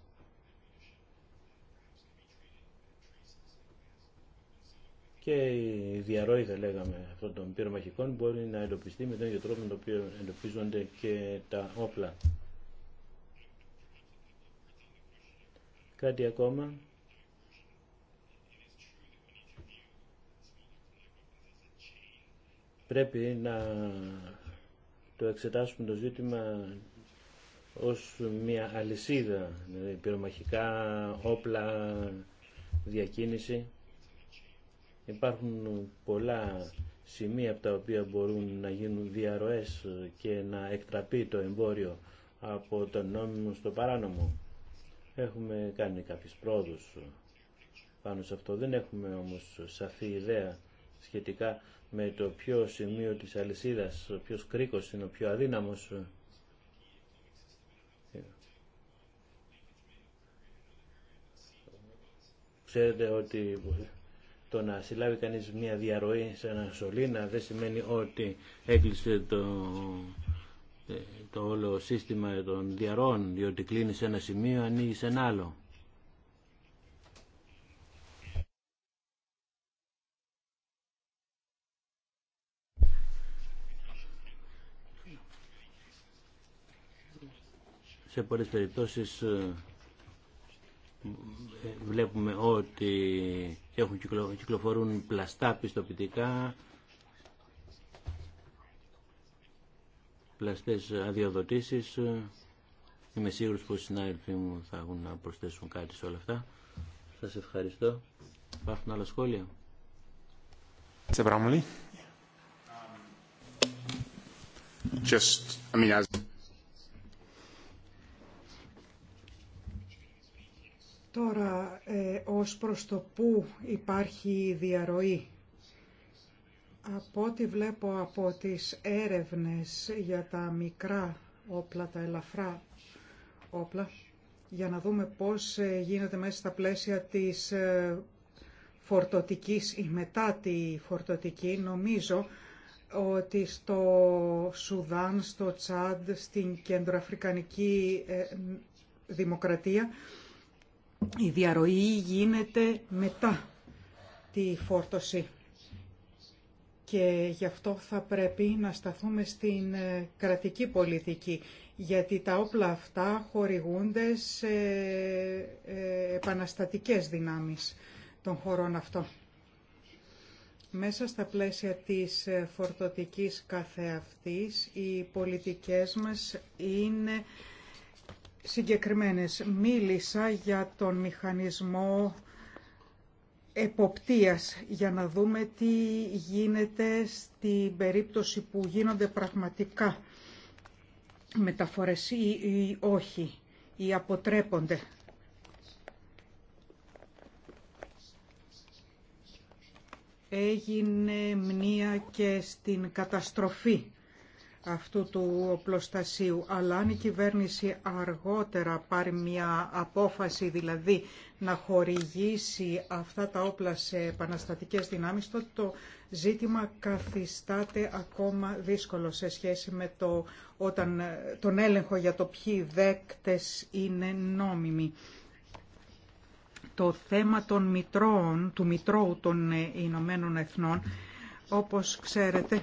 Και η διαρροή, θα λέγαμε, αυτών των πυρομαχικών μπορεί να εντοπιστεί με τον ίδιο τρόπο με τον οποίο εντοπίζονται και τα όπλα. Κάτι ακόμα πρέπει να το εξετάσουμε το ζήτημα ως μια αλυσίδα, δηλαδή πυρομαχικά, όπλα, διακίνηση. Υπάρχουν πολλά σημεία από τα οποία μπορούν να γίνουν διαρροές και να εκτραπεί το εμπόριο από τον νόμιμο στο παράνομο. Έχουμε κάνει κάποιες πρόοδους πάνω σε αυτό. Δεν έχουμε όμως σαφή ιδέα σχετικά με το πιο σημείο της αλυσίδας, ο πιο κρίκος είναι ο πιο αδύναμος. Ξέρετε ότι το να συλλάβει κανείς μια διαρροή σε ένα σωλήνα δεν σημαίνει ότι έκλεισε το, το όλο σύστημα των διαρροών, διότι κλείνει σε ένα σημείο, ανοίγει σε ένα άλλο. σε πολλές περιπτώσεις ε, βλέπουμε ότι έχουν κυκλοφορούν πλαστά πιστοποιητικά, πλαστές αδειοδοτήσεις. Ε, είμαι σίγουρος πως οι συνάδελφοί μου θα έχουν να προσθέσουν κάτι σε όλα αυτά. Σας ευχαριστώ. Υπάρχουν άλλα σχόλια. Just, I mean, προς το πού υπάρχει διαρροή. Από ό,τι βλέπω από τις έρευνες για τα μικρά όπλα, τα ελαφρά όπλα, για να δούμε πώς ε, γίνεται μέσα στα πλαίσια της ε, φορτωτικής ή μετά τη φορτωτική, νομίζω ότι στο Σουδάν, στο Τσάντ, στην Κεντροαφρικανική ε, Δημοκρατία η διαρροή γίνεται μετά τη φόρτωση και γι' αυτό θα πρέπει να σταθούμε στην ε, κρατική πολιτική γιατί τα όπλα αυτά χορηγούνται σε ε, επαναστατικές δυνάμεις των χωρών αυτών. Μέσα στα πλαίσια της ε, φορτωτικής καθεαυτής οι πολιτικές μας είναι συγκεκριμένες. Μίλησα για τον μηχανισμό εποπτείας για να δούμε τι γίνεται στην περίπτωση που γίνονται πραγματικά μεταφορές ή όχι ή αποτρέπονται. Έγινε μνήα και στην καταστροφή αυτού του οπλοστασίου. Αλλά αν η κυβέρνηση αργότερα πάρει μια απόφαση, δηλαδή να χορηγήσει αυτά τα όπλα σε επαναστατικές δυνάμεις, το ζήτημα καθιστάται ακόμα δύσκολο σε σχέση με το, όταν, τον έλεγχο για το ποιοι δέκτες είναι νόμιμοι. Το θέμα των μητρώων, του Μητρώου των Ηνωμένων Εθνών, όπως ξέρετε,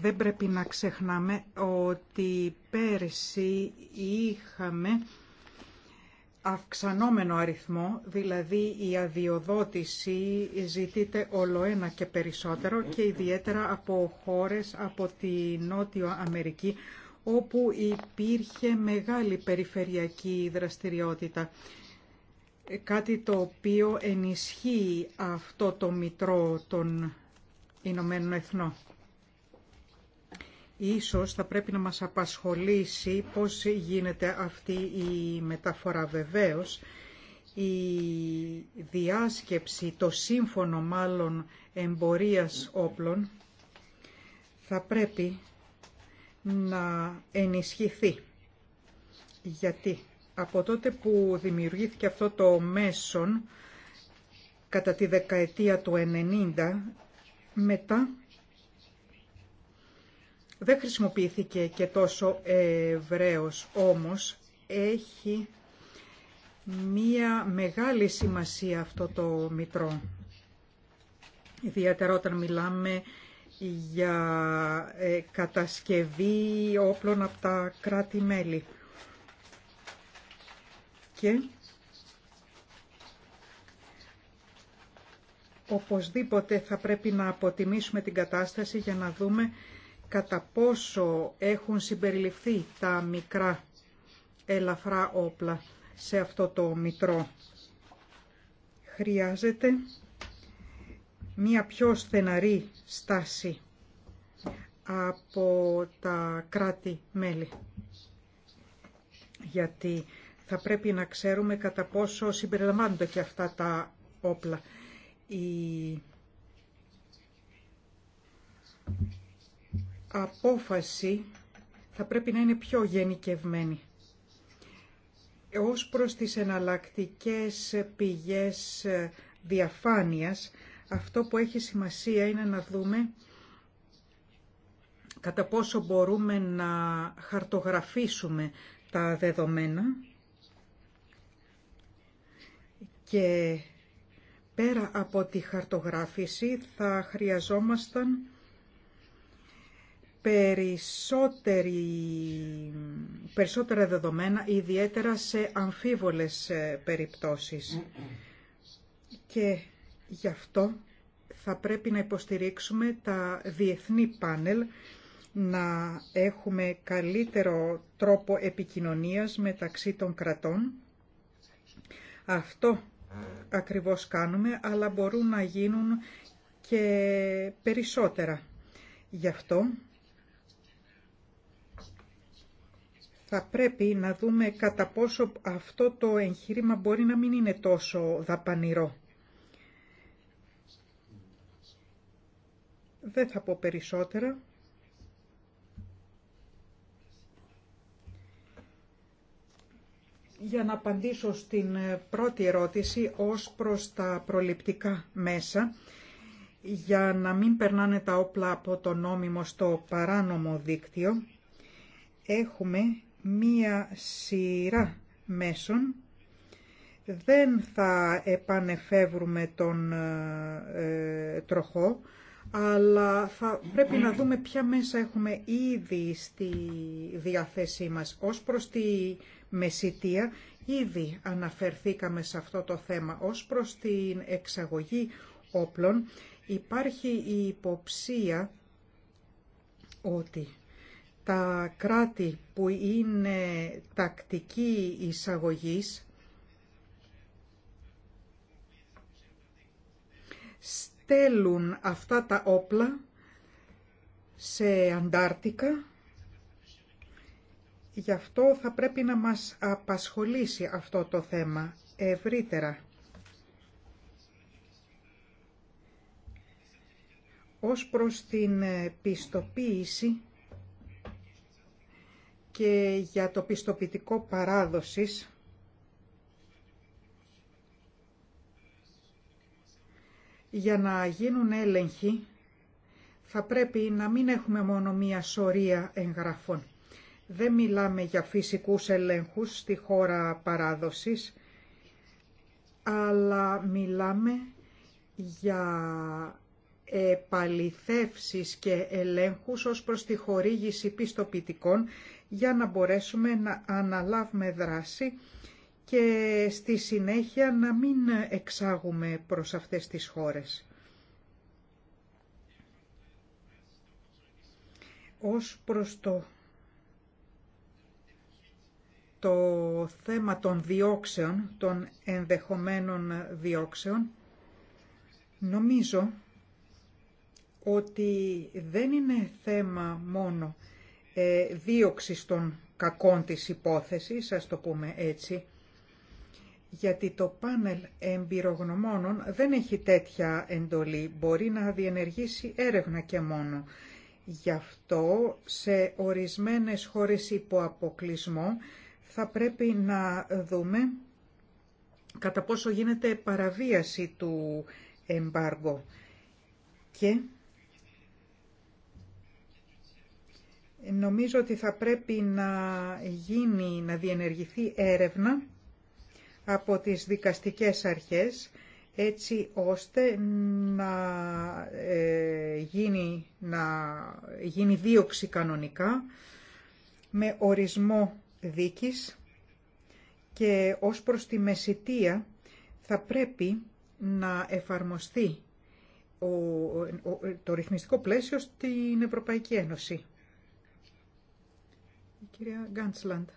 δεν πρέπει να ξεχνάμε ότι πέρσι είχαμε αυξανόμενο αριθμό, δηλαδή η αδειοδότηση ζητείται όλο ένα και περισσότερο και ιδιαίτερα από χώρες από τη Νότιο Αμερική όπου υπήρχε μεγάλη περιφερειακή δραστηριότητα. Κάτι το οποίο ενισχύει αυτό το μητρό των Ηνωμένων Εθνών. Ίσως θα πρέπει να μας απασχολήσει πώς γίνεται αυτή η μεταφορά βεβαίως. Η διάσκεψη, το σύμφωνο μάλλον εμπορίας όπλων θα πρέπει να ενισχυθεί. Γιατί από τότε που δημιουργήθηκε αυτό το μέσον κατά τη δεκαετία του 90 μετά δεν χρησιμοποιήθηκε και τόσο ευραίος, όμως έχει μία μεγάλη σημασία αυτό το μητρό. Ιδιαίτερα όταν μιλάμε για ε, κατασκευή όπλων από τα κράτη-μέλη. Και οπωσδήποτε θα πρέπει να αποτιμήσουμε την κατάσταση για να δούμε κατά πόσο έχουν συμπεριληφθεί τα μικρά ελαφρά όπλα σε αυτό το μητρό. Χρειάζεται μία πιο στεναρή στάση από τα κράτη-μέλη. Γιατί θα πρέπει να ξέρουμε κατά πόσο συμπεριλαμβάνονται και αυτά τα όπλα απόφαση θα πρέπει να είναι πιο γενικευμένη. Ως προς τις εναλλακτικές πηγές διαφάνειας, αυτό που έχει σημασία είναι να δούμε κατά πόσο μπορούμε να χαρτογραφήσουμε τα δεδομένα και πέρα από τη χαρτογράφηση θα χρειαζόμασταν περισσότερα δεδομένα, ιδιαίτερα σε αμφίβολες ε, περιπτώσεις. Και γι' αυτό θα πρέπει να υποστηρίξουμε τα διεθνή πάνελ, να έχουμε καλύτερο τρόπο επικοινωνίας μεταξύ των κρατών. Αυτό ακριβώς κάνουμε, αλλά μπορούν να γίνουν και περισσότερα. Γι' αυτό θα πρέπει να δούμε κατά πόσο αυτό το εγχείρημα μπορεί να μην είναι τόσο δαπανηρό. Δεν θα πω περισσότερα. Για να απαντήσω στην ε, πρώτη ερώτηση ως προς τα προληπτικά μέσα, για να μην περνάνε τα όπλα από το νόμιμο στο παράνομο δίκτυο, έχουμε μία σειρά μέσων. Δεν θα επανεφεύρουμε τον ε, ε, τροχό, αλλά θα πρέπει να δούμε ποια μέσα έχουμε ήδη στη διαθέσή μας. Ως προς τη μεσητεία, ήδη αναφερθήκαμε σε αυτό το θέμα. Ως προς την εξαγωγή όπλων, υπάρχει η υποψία ότι τα κράτη που είναι τακτική εισαγωγής στέλνουν αυτά τα όπλα σε αντάρτικα. Γι' αυτό θα πρέπει να μας απασχολήσει αυτό το θέμα ευρύτερα. Ως προς την πιστοποίηση και για το πιστοποιητικό παράδοσης για να γίνουν έλεγχοι θα πρέπει να μην έχουμε μόνο μία σωρία εγγραφών. Δεν μιλάμε για φυσικούς ελέγχους στη χώρα παράδοσης, αλλά μιλάμε για επαληθεύσεις και ελέγχους ως προς τη χορήγηση πιστοποιητικών για να μπορέσουμε να αναλάβουμε δράση και στη συνέχεια να μην εξάγουμε προς αυτές τις χώρες. Ως προς το, το θέμα των διώξεων, των ενδεχομένων διώξεων, νομίζω ότι δεν είναι θέμα μόνο ε, δίωξη των κακών της υπόθεσης, ας το πούμε έτσι, γιατί το πάνελ εμπειρογνωμόνων δεν έχει τέτοια εντολή, μπορεί να διενεργήσει έρευνα και μόνο. Γι' αυτό σε ορισμένες χώρες υπό θα πρέπει να δούμε κατά πόσο γίνεται παραβίαση του εμπάργου και Νομίζω ότι θα πρέπει να γίνει, να διενεργηθεί έρευνα από τις δικαστικές αρχές έτσι ώστε να, ε, γίνει, να γίνει δίωξη κανονικά με ορισμό δίκης και ως προς τη μεσητεία θα πρέπει να εφαρμοστεί το ρυθμιστικό πλαίσιο στην Ευρωπαϊκή Ένωση. Η κυρία Γκάντσλαντ.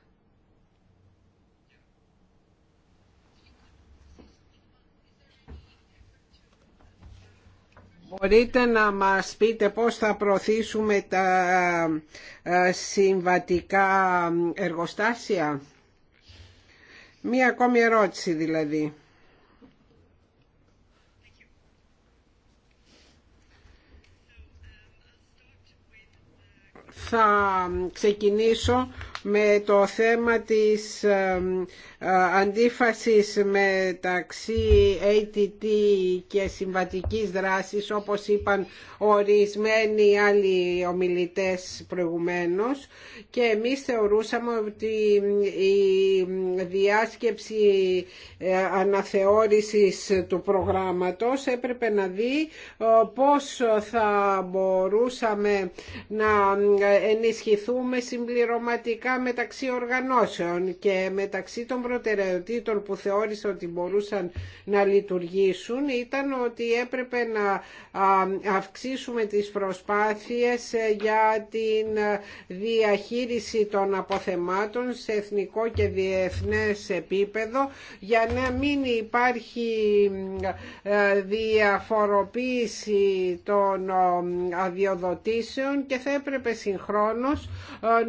Μπορείτε να μας πείτε πώς θα προωθήσουμε τα ε, συμβατικά εργοστάσια. Μία ακόμη ερώτηση δηλαδή. θα ξεκινήσω με το θέμα της ε, ε, αντίφασης μεταξύ ATT και συμβατικής δράσης όπως είπαν ορισμένοι άλλοι ομιλητές προηγουμένως και εμείς θεωρούσαμε ότι η διάσκεψη ε, αναθεώρησης του προγράμματος έπρεπε να δει πώς θα μπορούσαμε να ενισχυθούμε συμπληρωματικά μεταξύ οργανώσεων και μεταξύ των προτεραιοτήτων που θεώρησα ότι μπορούσαν να λειτουργήσουν ήταν ότι έπρεπε να αυξήσουμε τις προσπάθειες για την διαχείριση των αποθεμάτων σε εθνικό και διεθνές επίπεδο για να μην υπάρχει διαφοροποίηση των αδειοδοτήσεων και θα έπρεπε συγχρόνως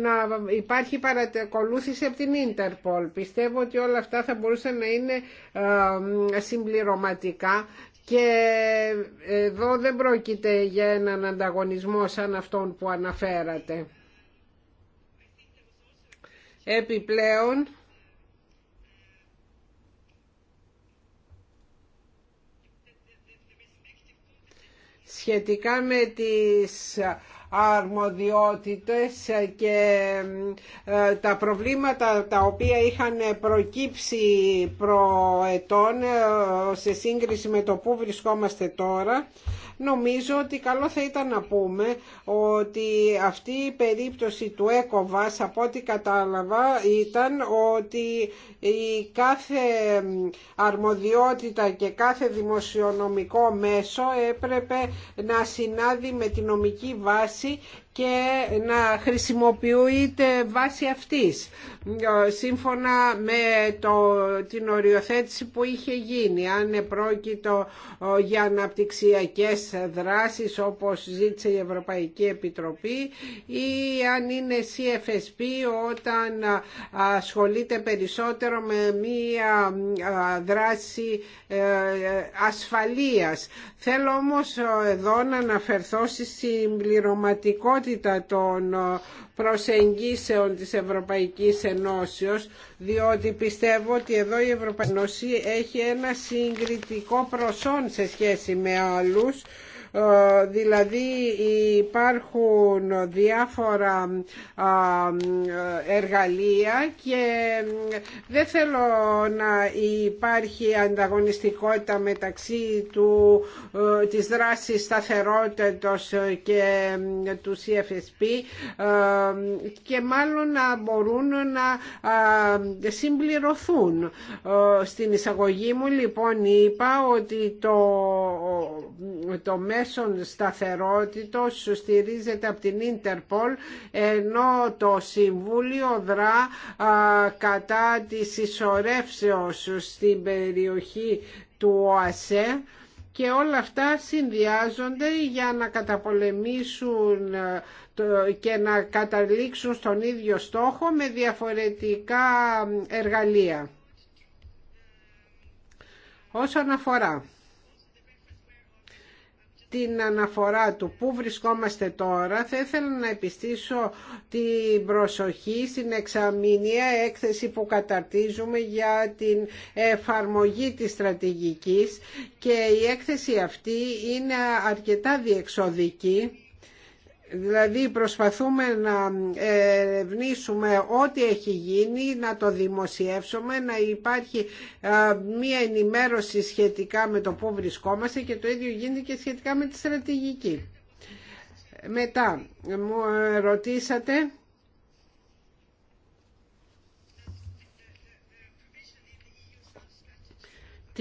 να υπάρχει έχει παρακολούθηση από την Ίντερπολ. Πιστεύω ότι όλα αυτά θα μπορούσαν να είναι ε, συμπληρωματικά και εδώ δεν πρόκειται για έναν ανταγωνισμό σαν αυτόν που αναφέρατε. Επιπλέον, σχετικά με τις αρμοδιότητες και ε, τα προβλήματα τα οποία είχαν προκύψει προετών ε, σε σύγκριση με το που βρισκόμαστε τώρα νομίζω ότι καλό θα ήταν να πούμε ότι αυτή η περίπτωση του ΕΚΟΒΑΣ από ό,τι κατάλαβα ήταν ότι η κάθε αρμοδιότητα και κάθε δημοσιονομικό μέσο έπρεπε να συνάδει με τη νομική βάση και να χρησιμοποιείται βάσει αυτής ε, σύμφωνα με το, την οριοθέτηση που είχε γίνει αν πρόκειτο ε, για αναπτυξιακές δράσεις όπως ζήτησε η Ευρωπαϊκή Επιτροπή ή αν είναι CFSP όταν ε, ασχολείται περισσότερο με μία δράση ασφαλείας. Θέλω όμως εδώ να αναφερθώ στη συμπληρωματικότητα ποιότητα των ε, προσεγγίσεων της Ευρωπαϊκής Ενώσεως διότι πιστεύω ότι εδώ η Ευρωπαϊκή Ενώση έχει ένα συγκριτικό προσόν σε σχέση με άλλους ε, δηλαδή υπάρχουν διάφορα εργαλεία και δεν θέλω να υπάρχει ανταγωνιστικότητα μεταξύ του, ε, της δράσης σταθερότητας και του CFSP ε, και μάλλον να μπορούν να συμπληρωθούν. Στην εισαγωγή μου λοιπόν είπα ότι το, το μέσων σταθερότητος στηρίζεται από την Ίντερπολ ενώ το Συμβούλιο δρά κατά της ισορρεύσεως στην περιοχή του ΟΑΣΕ και όλα αυτά συνδυάζονται για να καταπολεμήσουν και να καταλήξουν στον ίδιο στόχο με διαφορετικά εργαλεία. Όσον αφορά την αναφορά του που βρισκόμαστε τώρα θα ήθελα να επιστήσω την προσοχή στην εξαμηνία έκθεση που καταρτίζουμε για την εφαρμογή της στρατηγικής και η έκθεση αυτή είναι αρκετά διεξοδική Δηλαδή προσπαθούμε να ερευνήσουμε ό,τι έχει γίνει, να το δημοσιεύσουμε, να υπάρχει μία ενημέρωση σχετικά με το πού βρισκόμαστε και το ίδιο γίνεται και σχετικά με τη στρατηγική. Μετά, μου ε, ρωτήσατε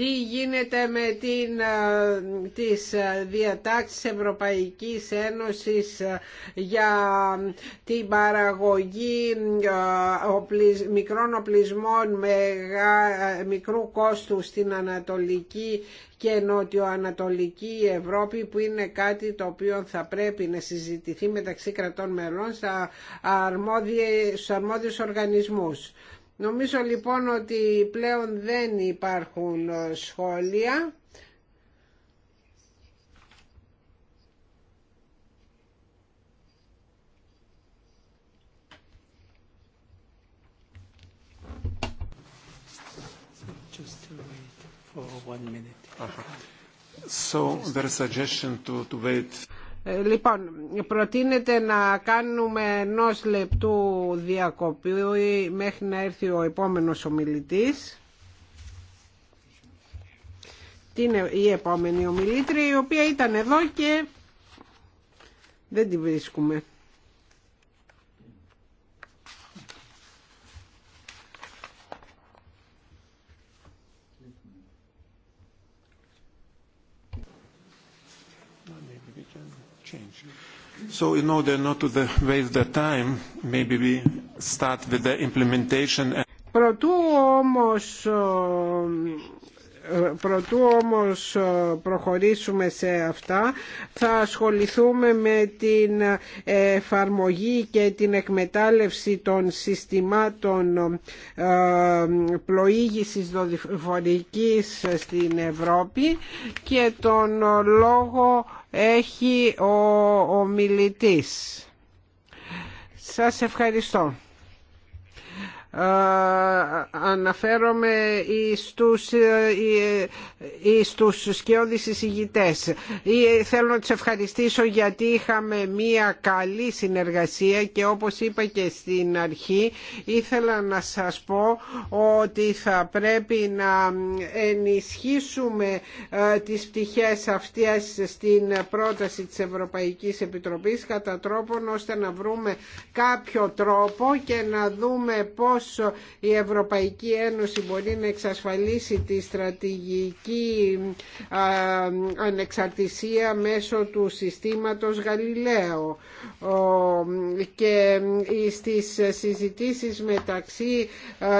τι γίνεται με την, ε, τις ε, διατάξεις Ευρωπαϊκής Ένωσης ε, για την παραγωγή μικρών οπλισμών με μικρού κόστου στην Ανατολική και ανατολική Ευρώπη που είναι κάτι το οποίο θα πρέπει να συζητηθεί μεταξύ κρατών μελών στα αρμόδιες, στους αρμόδιους οργανισμούς. Νομίζω λοιπόν ότι πλέον δεν υπάρχουν σχόλια. Uh-huh. So, their suggestion to, to wait. Ε, λοιπόν, προτείνεται να κάνουμε ενό λεπτού διακοπή μέχρι να έρθει ο επόμενος ομιλητής. Τι είναι η επόμενη ομιλήτρια η οποία ήταν εδώ και δεν τη βρίσκουμε. in Προτού όμως ε, ε, προχωρήσουμε σε αυτά θα ασχοληθούμε με την εφαρμογή και την εκμετάλλευση των συστημάτων ε, πλοήγησης δοδηφορικής στην Ευρώπη και τον λόγο έχει ο ομιλητής. Σας ευχαριστώ αναφέρομαι στους, στους ε, ε, σκιώδεις εισηγητές. Ε, θέλω να τους ευχαριστήσω γιατί είχαμε μία καλή συνεργασία και όπως είπα και στην αρχή ήθελα να σας πω ότι θα πρέπει να ενισχύσουμε τις πτυχές αυτές στην πρόταση της Ευρωπαϊκής Επιτροπής κατά τρόπον ώστε να βρούμε κάποιο τρόπο και να δούμε πώς η Ευρωπαϊκή Ένωση μπορεί να εξασφαλίσει τη στρατηγική ανεξαρτησία μέσω του συστήματος Γαλιλαίο και ε, στις συζητήσεις μεταξύ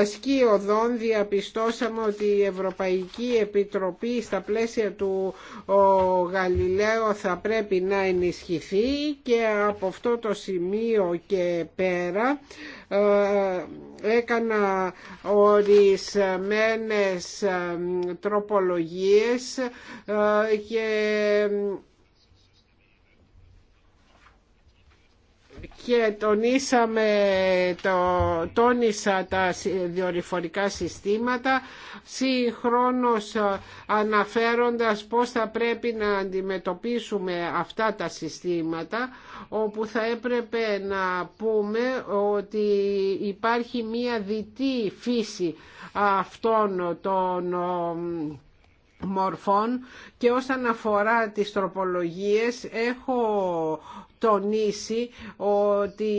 ε, σκιωδών διαπιστώσαμε ότι η Ευρωπαϊκή Επιτροπή στα πλαίσια του Γαλιλαίου θα πρέπει να ενισχυθεί και από αυτό το σημείο και πέρα ε, έκανα ορισμένες ε, τροπολογίες ε, και και τονίσαμε, το, τόνισα τα διορυφορικά συστήματα συγχρόνως αναφέροντας πώς θα πρέπει να αντιμετωπίσουμε αυτά τα συστήματα όπου θα έπρεπε να πούμε ότι υπάρχει μία διτή φύση αυτών των μορφών και όσον αφορά τις τροπολογίες έχω τονίσει ότι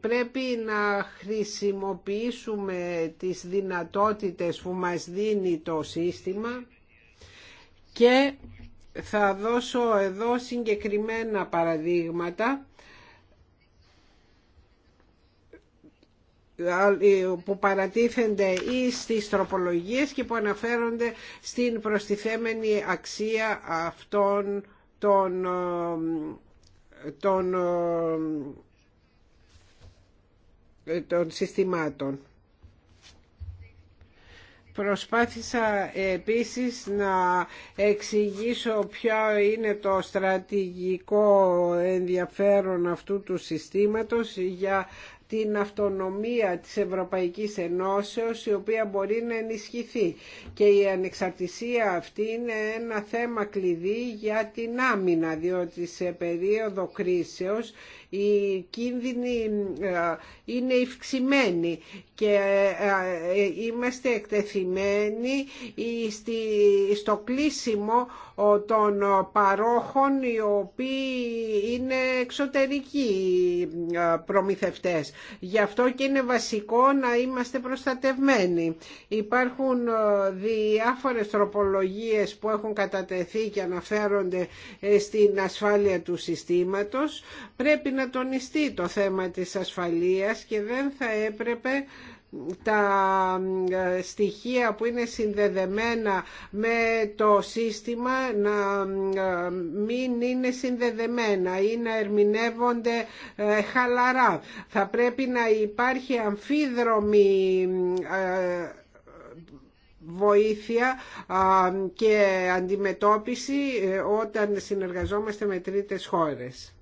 πρέπει να χρησιμοποιήσουμε τις δυνατότητες που μας δίνει το σύστημα και θα δώσω εδώ συγκεκριμένα παραδείγματα που παρατίθενται ή στις τροπολογίες και που αναφέρονται στην προστιθέμενη αξία αυτών των, των, των συστημάτων. Προσπάθησα επίσης να εξηγήσω ποιο είναι το στρατηγικό ενδιαφέρον αυτού του συστήματος για την αυτονομία της Ευρωπαϊκής Ενώσεως η οποία μπορεί να ενισχυθεί και η ανεξαρτησία αυτή είναι ένα θέμα κλειδί για την άμυνα διότι σε περίοδο κρίσεως οι κίνδυνοι ε, είναι υυξημένοι και ε, ε, είμαστε εκτεθειμένοι στο κλείσιμο των παρόχων οι οποίοι είναι εξωτερικοί ε, προμηθευτές. Γι' αυτό και είναι βασικό να είμαστε προστατευμένοι. Υπάρχουν διάφορες τροπολογίες που έχουν κατατεθεί και αναφέρονται στην ασφάλεια του συστήματος. Πρέπει να τονιστεί το θέμα της ασφαλείας και δεν θα έπρεπε τα ε, στοιχεία που είναι συνδεδεμένα με το σύστημα να ε, μην είναι συνδεδεμένα ή να ερμηνεύονται ε, χαλαρά. Θα πρέπει να υπάρχει αμφίδρομη βοήθεια και αντιμετώπιση όταν συνεργαζόμαστε με τρίτες χώρες.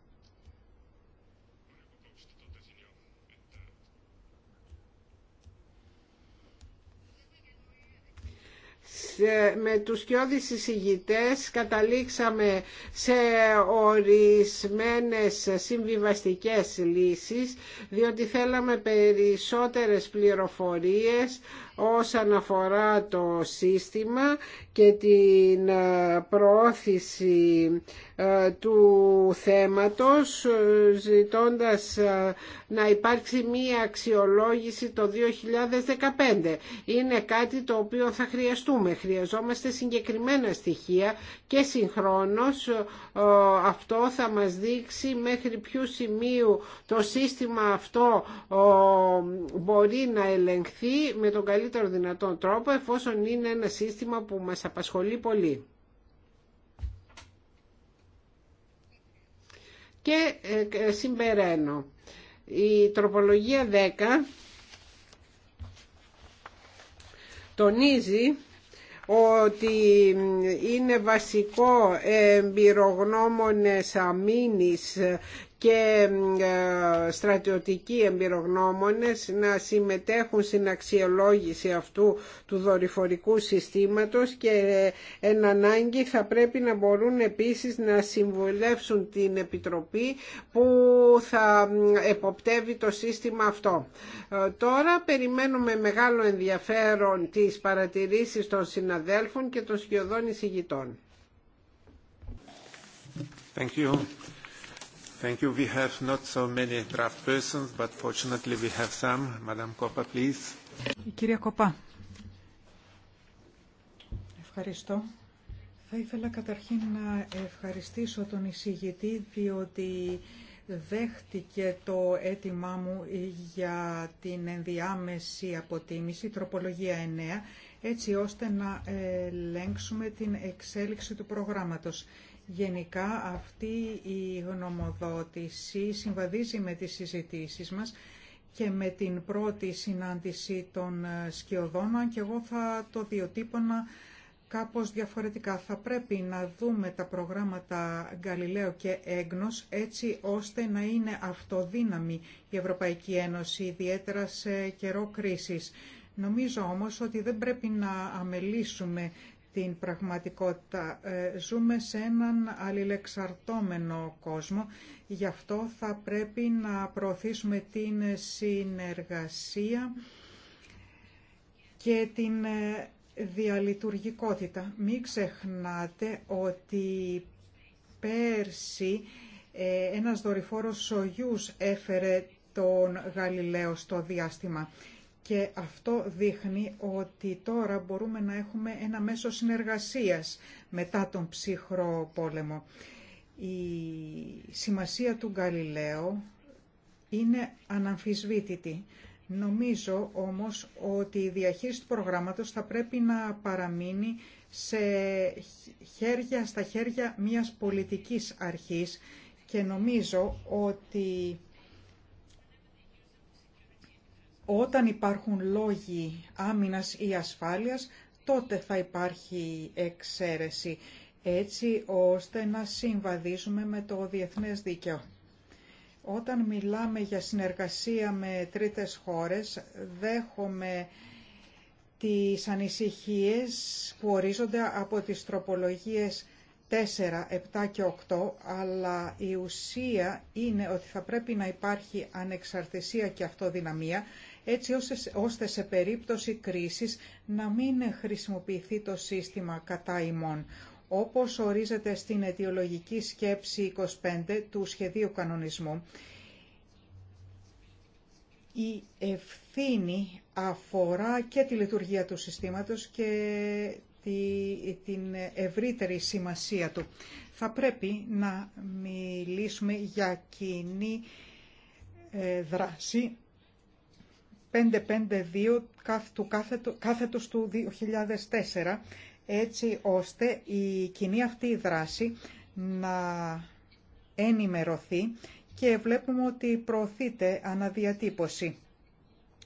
Ε, με τους κοιόδης εισηγητές καταλήξαμε σε ορισμένες συμβιβαστικές λύσεις διότι θέλαμε περισσότερες πληροφορίες όσον αφορά το σύστημα και την ε, προώθηση ε, του θέματος ε, ζητώντας να υπάρξει μία αξιολόγηση το 2015. Είναι κάτι το οποίο θα χρειαστούμε. Χρειαζόμαστε συγκεκριμένα στοιχεία και συγχρόνως αυτό θα μας δείξει μέχρι ποιου σημείου το σύστημα αυτό μπορεί να ελεγχθεί με τον καλύτερο καλύτερο δυνατόν τρόπο εφόσον είναι ένα σύστημα που μας απασχολεί πολύ. Και ε, ε, συμπεραίνω. Η τροπολογία 10 τονίζει ότι ε, είναι βασικό εμπειρογνώμονες αμήνης και ε, στρατιωτικοί εμπειρογνώμονες να συμμετέχουν στην αξιολόγηση αυτού του δορυφορικού συστήματος και ε, εν ανάγκη θα πρέπει να μπορούν επίσης να συμβουλεύσουν την Επιτροπή που θα εποπτεύει το σύστημα αυτό. Ε, τώρα περιμένουμε μεγάλο ενδιαφέρον τις παρατηρήσεις των συναδέλφων και των σχεδόν εισηγητών. Thank Thank you. We have not so many draft persons, but fortunately we have Ευχαριστώ. Θα ήθελα καταρχήν να ευχαριστήσω τον εισηγητή διότι δέχτηκε το αίτημά μου για την ενδιάμεση αποτίμηση, τροπολογία 9, έτσι ώστε να ελέγξουμε την εξέλιξη του προγράμματος. Γενικά αυτή η γνωμοδότηση συμβαδίζει με τις συζητήσεις μας και με την πρώτη συνάντηση των ε, σκιωδών και εγώ θα το διοτύπωνα κάπως διαφορετικά. Θα πρέπει να δούμε τα προγράμματα Γαλιλαίο και Έγνος έτσι ώστε να είναι αυτοδύναμη η Ευρωπαϊκή Ένωση, ιδιαίτερα σε καιρό κρίσης. Νομίζω όμως ότι δεν πρέπει να αμελήσουμε την πραγματικότητα. Ε, ζούμε σε έναν αλληλεξαρτώμενο κόσμο, γι' αυτό θα πρέπει να προωθήσουμε την συνεργασία και την ε, διαλειτουργικότητα. Μην ξεχνάτε ότι πέρσι ε, ένας δορυφόρος Σογιούς έφερε τον Γαλιλαίο στο διάστημα. Και αυτό δείχνει ότι τώρα μπορούμε να έχουμε ένα μέσο συνεργασίας μετά τον ψυχρό πόλεμο. Η σημασία του Γκαλιλαίου είναι αναμφισβήτητη. Νομίζω όμως ότι η διαχείριση του προγράμματος θα πρέπει να παραμείνει σε χέρια, στα χέρια μιας πολιτικής αρχής και νομίζω ότι όταν υπάρχουν λόγοι άμυνας ή ασφάλειας, τότε θα υπάρχει εξαίρεση, έτσι ώστε να συμβαδίζουμε με το διεθνές δίκαιο. Όταν μιλάμε για συνεργασία με τρίτες χώρες, δέχομαι τις ανησυχίες που ορίζονται από τις τροπολογίες 4, 7 και 8, αλλά η ουσία είναι ότι θα πρέπει να υπάρχει ανεξαρτησία και αυτοδυναμία έτσι ώστε σε περίπτωση κρίσης να μην χρησιμοποιηθεί το σύστημα κατά ημών όπως ορίζεται στην αιτιολογική σκέψη 25 του σχεδίου κανονισμού. Η ευθύνη αφορά και τη λειτουργία του συστήματος και την ευρύτερη σημασία του. Θα πρέπει να μιλήσουμε για κοινή ε, δράση 552 του κάθετο, κάθετος του 2004, έτσι ώστε η κοινή αυτή η δράση να ενημερωθεί και βλέπουμε ότι προωθείται αναδιατύπωση.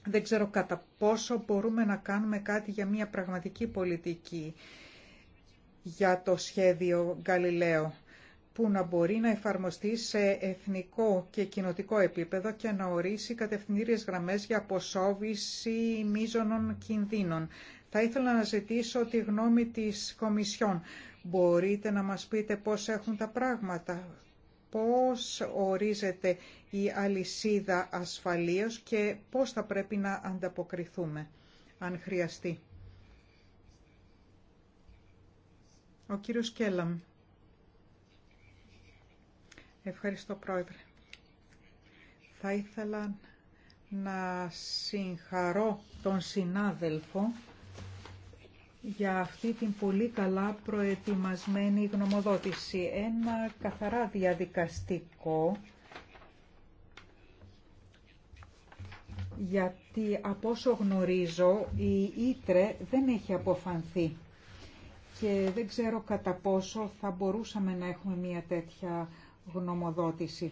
Δεν ξέρω κατά πόσο μπορούμε να κάνουμε κάτι για μια πραγματική πολιτική για το σχέδιο Γαλιλαίο που να μπορεί να εφαρμοστεί σε εθνικό και κοινοτικό επίπεδο και να ορίσει κατευθυντήριες γραμμές για αποσόβηση μίζωνων κινδύνων. Θα ήθελα να ζητήσω τη γνώμη της Κομισιόν. Μπορείτε να μας πείτε πώς έχουν τα πράγματα, πώς ορίζεται η αλυσίδα ασφαλείας και πώς θα πρέπει να ανταποκριθούμε, αν χρειαστεί. Ο κύριος Κέλαμ. Ευχαριστώ Πρόεδρε. Θα ήθελα να συγχαρώ τον συνάδελφο για αυτή την πολύ καλά προετοιμασμένη γνωμοδότηση. Ένα καθαρά διαδικαστικό, γιατί από όσο γνωρίζω η Ήτρε δεν έχει αποφανθεί και δεν ξέρω κατά πόσο θα μπορούσαμε να έχουμε μια τέτοια γνωμοδότηση.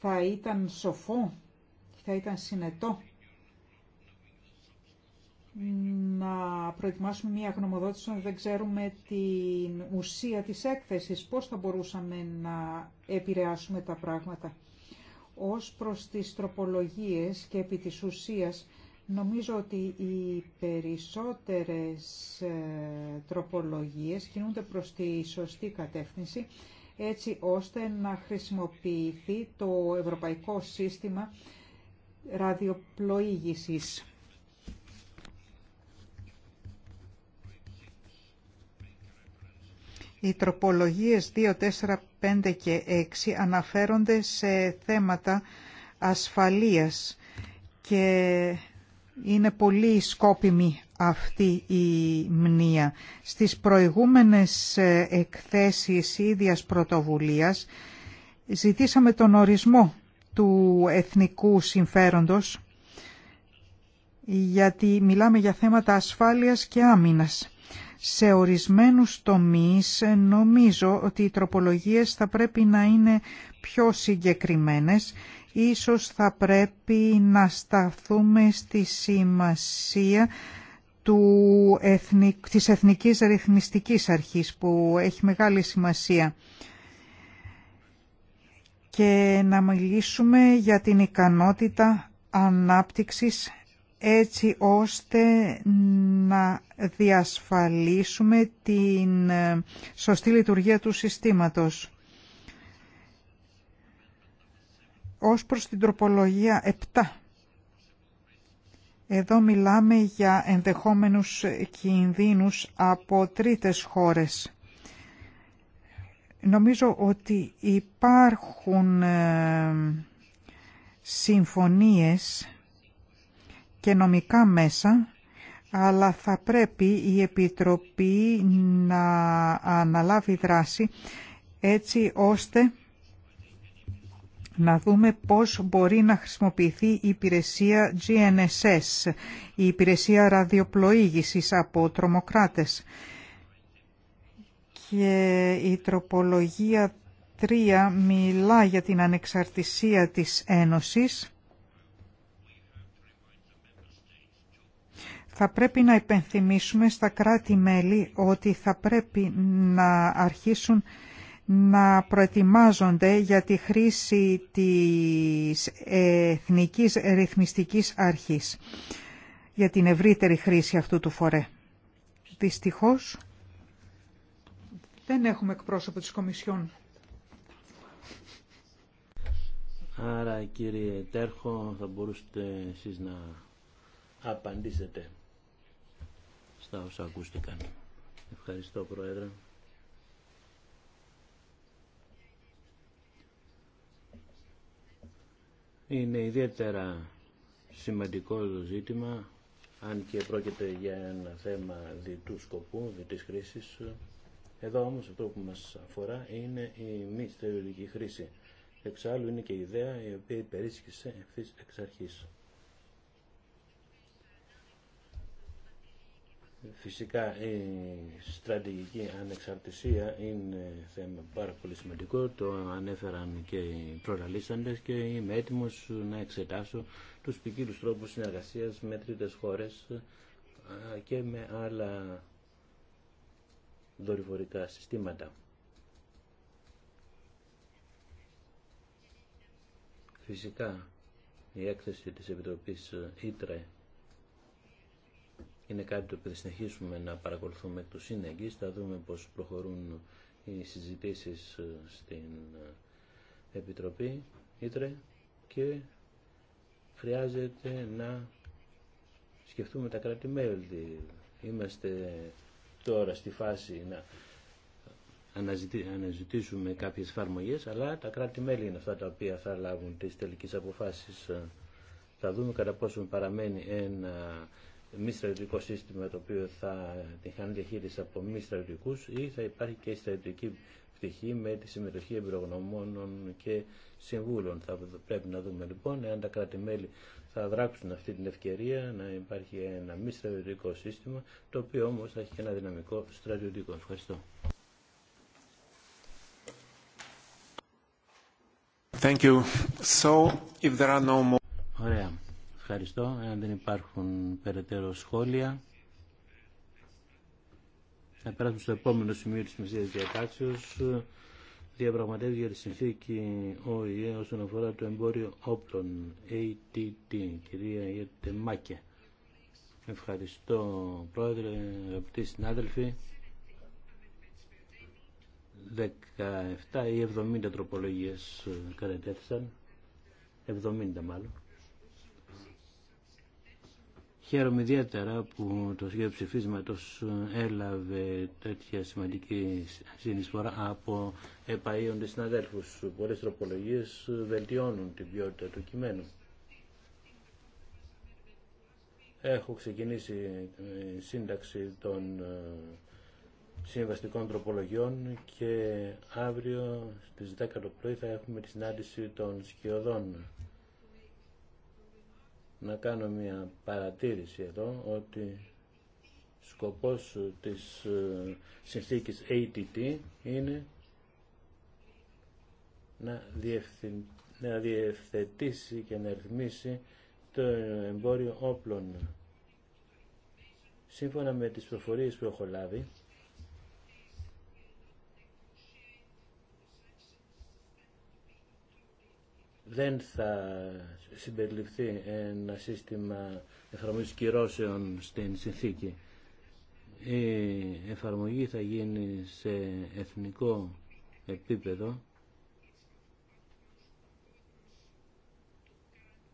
Θα ήταν σοφό, θα ήταν συνετό να προετοιμάσουμε μια γνωμοδότηση όταν δεν ξέρουμε την ουσία της έκθεσης, πώς θα μπορούσαμε να επηρεάσουμε τα πράγματα. Ως προς τις τροπολογίες και επί της ουσίας, νομίζω ότι οι περισσότερες ε, τροπολογίες κινούνται προς τη σωστή κατεύθυνση έτσι ώστε να χρησιμοποιηθεί το Ευρωπαϊκό Σύστημα Ραδιοπλοήγησης. Οι τροπολογίες 2, 4, 5 και 6 αναφέρονται σε θέματα ασφαλείας και είναι πολύ σκόπιμη αυτή η μνήα. Στις προηγούμενες ε, εκθέσεις ίδιας πρωτοβουλίας ζητήσαμε τον ορισμό του εθνικού συμφέροντος γιατί μιλάμε για θέματα ασφάλειας και άμυνας. Σε ορισμένους τομείς ε, νομίζω ότι οι τροπολογίες θα πρέπει να είναι πιο συγκεκριμένες. Ίσως θα πρέπει να σταθούμε στη σημασία του εθνικ, της Εθνικής Ρυθμιστικής Αρχής που έχει μεγάλη σημασία και να μιλήσουμε για την ικανότητα ανάπτυξης έτσι ώστε να διασφαλίσουμε την σωστή λειτουργία του συστήματος. Ως προς την τροπολογία 7 εδώ μιλάμε για ενδεχόμενους κινδύνους από τρίτες χώρες. Νομίζω ότι υπάρχουν ε, συμφωνίες και νομικά μέσα, αλλά θα πρέπει η Επιτροπή να αναλάβει δράση έτσι ώστε να δούμε πώς μπορεί να χρησιμοποιηθεί η υπηρεσία GNSS, η υπηρεσία ραδιοπλοήγησης από τρομοκράτες. Και η τροπολογία 3 μιλά για την ανεξαρτησία της Ένωσης. θα πρέπει να υπενθυμίσουμε στα κράτη-μέλη ότι θα πρέπει να αρχίσουν να προετοιμάζονται για τη χρήση της Εθνικής Ρυθμιστικής Αρχής για την ευρύτερη χρήση αυτού του φορέ. Δυστυχώς δεν έχουμε εκπρόσωπο της Κομισιόν. Άρα κύριε Τέρχο θα μπορούσατε εσείς να απαντήσετε στα όσα ακούστηκαν. Ευχαριστώ Πρόεδρε. Είναι ιδιαίτερα σημαντικό το ζήτημα, αν και πρόκειται για ένα θέμα διτού σκοπού, διτής χρήσης. Εδώ όμως αυτό που μας αφορά είναι η μη στερεολογική χρήση. Εξάλλου είναι και η ιδέα η οποία υπερίσχυσε ευθύ εξ αρχής. Φυσικά η στρατηγική ανεξαρτησία είναι θέμα πάρα πολύ σημαντικό, το ανέφεραν και οι προλαλήσαντες και είμαι έτοιμο να εξετάσω τους ποικίλου τρόπους συνεργασίας με τρίτες χώρες και με άλλα δορυφορικά συστήματα. Φυσικά η έκθεση της Επιτροπής Ήτρε είναι κάτι το οποίο θα συνεχίσουμε να παρακολουθούμε του συνεγγύς. Θα δούμε πώς προχωρούν οι συζητήσεις ε, στην ε, Επιτροπή Ήτρε και χρειάζεται να σκεφτούμε τα κράτη-μέλη. Είμαστε τώρα στη φάση να αναζητήσουμε κάποιες εφαρμογέ, αλλά τα κράτη-μέλη είναι αυτά τα οποία θα λάβουν τις τελικές αποφάσεις. Ε, θα δούμε κατά πόσο παραμένει ένα μη στρατιωτικό σύστημα το οποίο θα την χάνει διαχείριση από μη στρατιωτικού ή θα υπάρχει και η στρατιωτική πτυχή με τη συμμετοχή εμπειρογνωμόνων και συμβούλων. Θα πρέπει να δούμε λοιπόν εάν τα κράτη-μέλη θα δράξουν αυτή την ευκαιρία να υπάρχει ένα μη στρατιωτικό σύστημα το οποίο όμω θα έχει και ένα δυναμικό στρατιωτικό. Ευχαριστώ. Thank you. So, if there are no more... Ωραία. Ευχαριστώ. Αν δεν υπάρχουν περαιτέρω σχόλια, θα περάσουμε στο επόμενο σημείο της Μεσσίας Διατάξεως, διαπραγματεύει για τη συνθήκη ΟΗΕ όσον αφορά το εμπόριο όπλων, ATT, κυρία Ιετεμάκια. Ευχαριστώ, Πρόεδρε, αγαπητοί συνάδελφοι. 17 ή 70 τροπολογίες κατατέθησαν, 70 μάλλον. Χαίρομαι ιδιαίτερα που το σχέδιο ψηφίσματος έλαβε τέτοια σημαντική συνεισφορά από επαΐοντες συναδέλφους. Πολλές τροπολογίες βελτιώνουν την ποιότητα του κειμένου. Έχω ξεκινήσει σύνταξη των ε, συμβαστικών τροπολογιών και αύριο στις 10 το πρωί θα έχουμε τη συνάντηση των σκιωδών να κάνω μια παρατήρηση εδώ ότι σκοπός της ε, συνθήκης ATT είναι να, διευθυν, να διευθετήσει και να ρυθμίσει το εμπόριο όπλων. Σύμφωνα με τις προφορίες που έχω λάβει, δεν θα συμπεριληφθεί ένα σύστημα εφαρμογής κυρώσεων στην συνθήκη. Η εφαρμογή θα γίνει σε εθνικό επίπεδο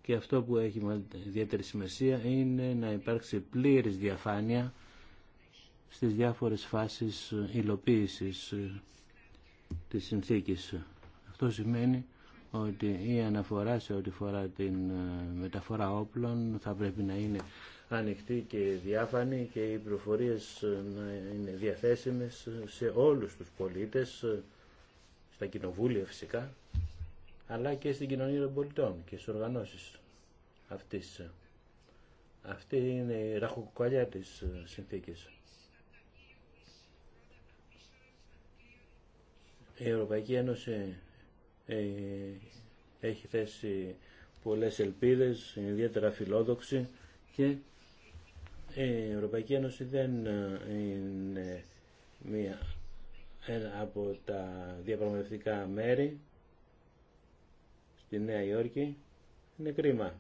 και αυτό που έχει ιδιαίτερη σημασία είναι να υπάρξει πλήρης διαφάνεια στις διάφορες φάσεις υλοποίησης της συνθήκης. Αυτό σημαίνει ότι η αναφορά σε ό,τι φορά την ε, μεταφορά όπλων θα πρέπει να είναι ανοιχτή και διάφανη και οι προφορίες ε, να είναι διαθέσιμες σε όλους τους πολίτες, ε, στα κοινοβούλια φυσικά, αλλά και στην κοινωνία των πολιτών και στις οργανώσεις αυτής. Αυτή είναι η ραχοκοκαλιά της συνθήκης. Η Ευρωπαϊκή Ένωση ε, έχει θέσει πολλές ελπίδες, ιδιαίτερα φιλόδοξη και ε, η Ευρωπαϊκή Ένωση δεν ε, είναι μία, ένα από τα διαπραγματευτικά μέρη στη Νέα Υόρκη. Είναι κρίμα.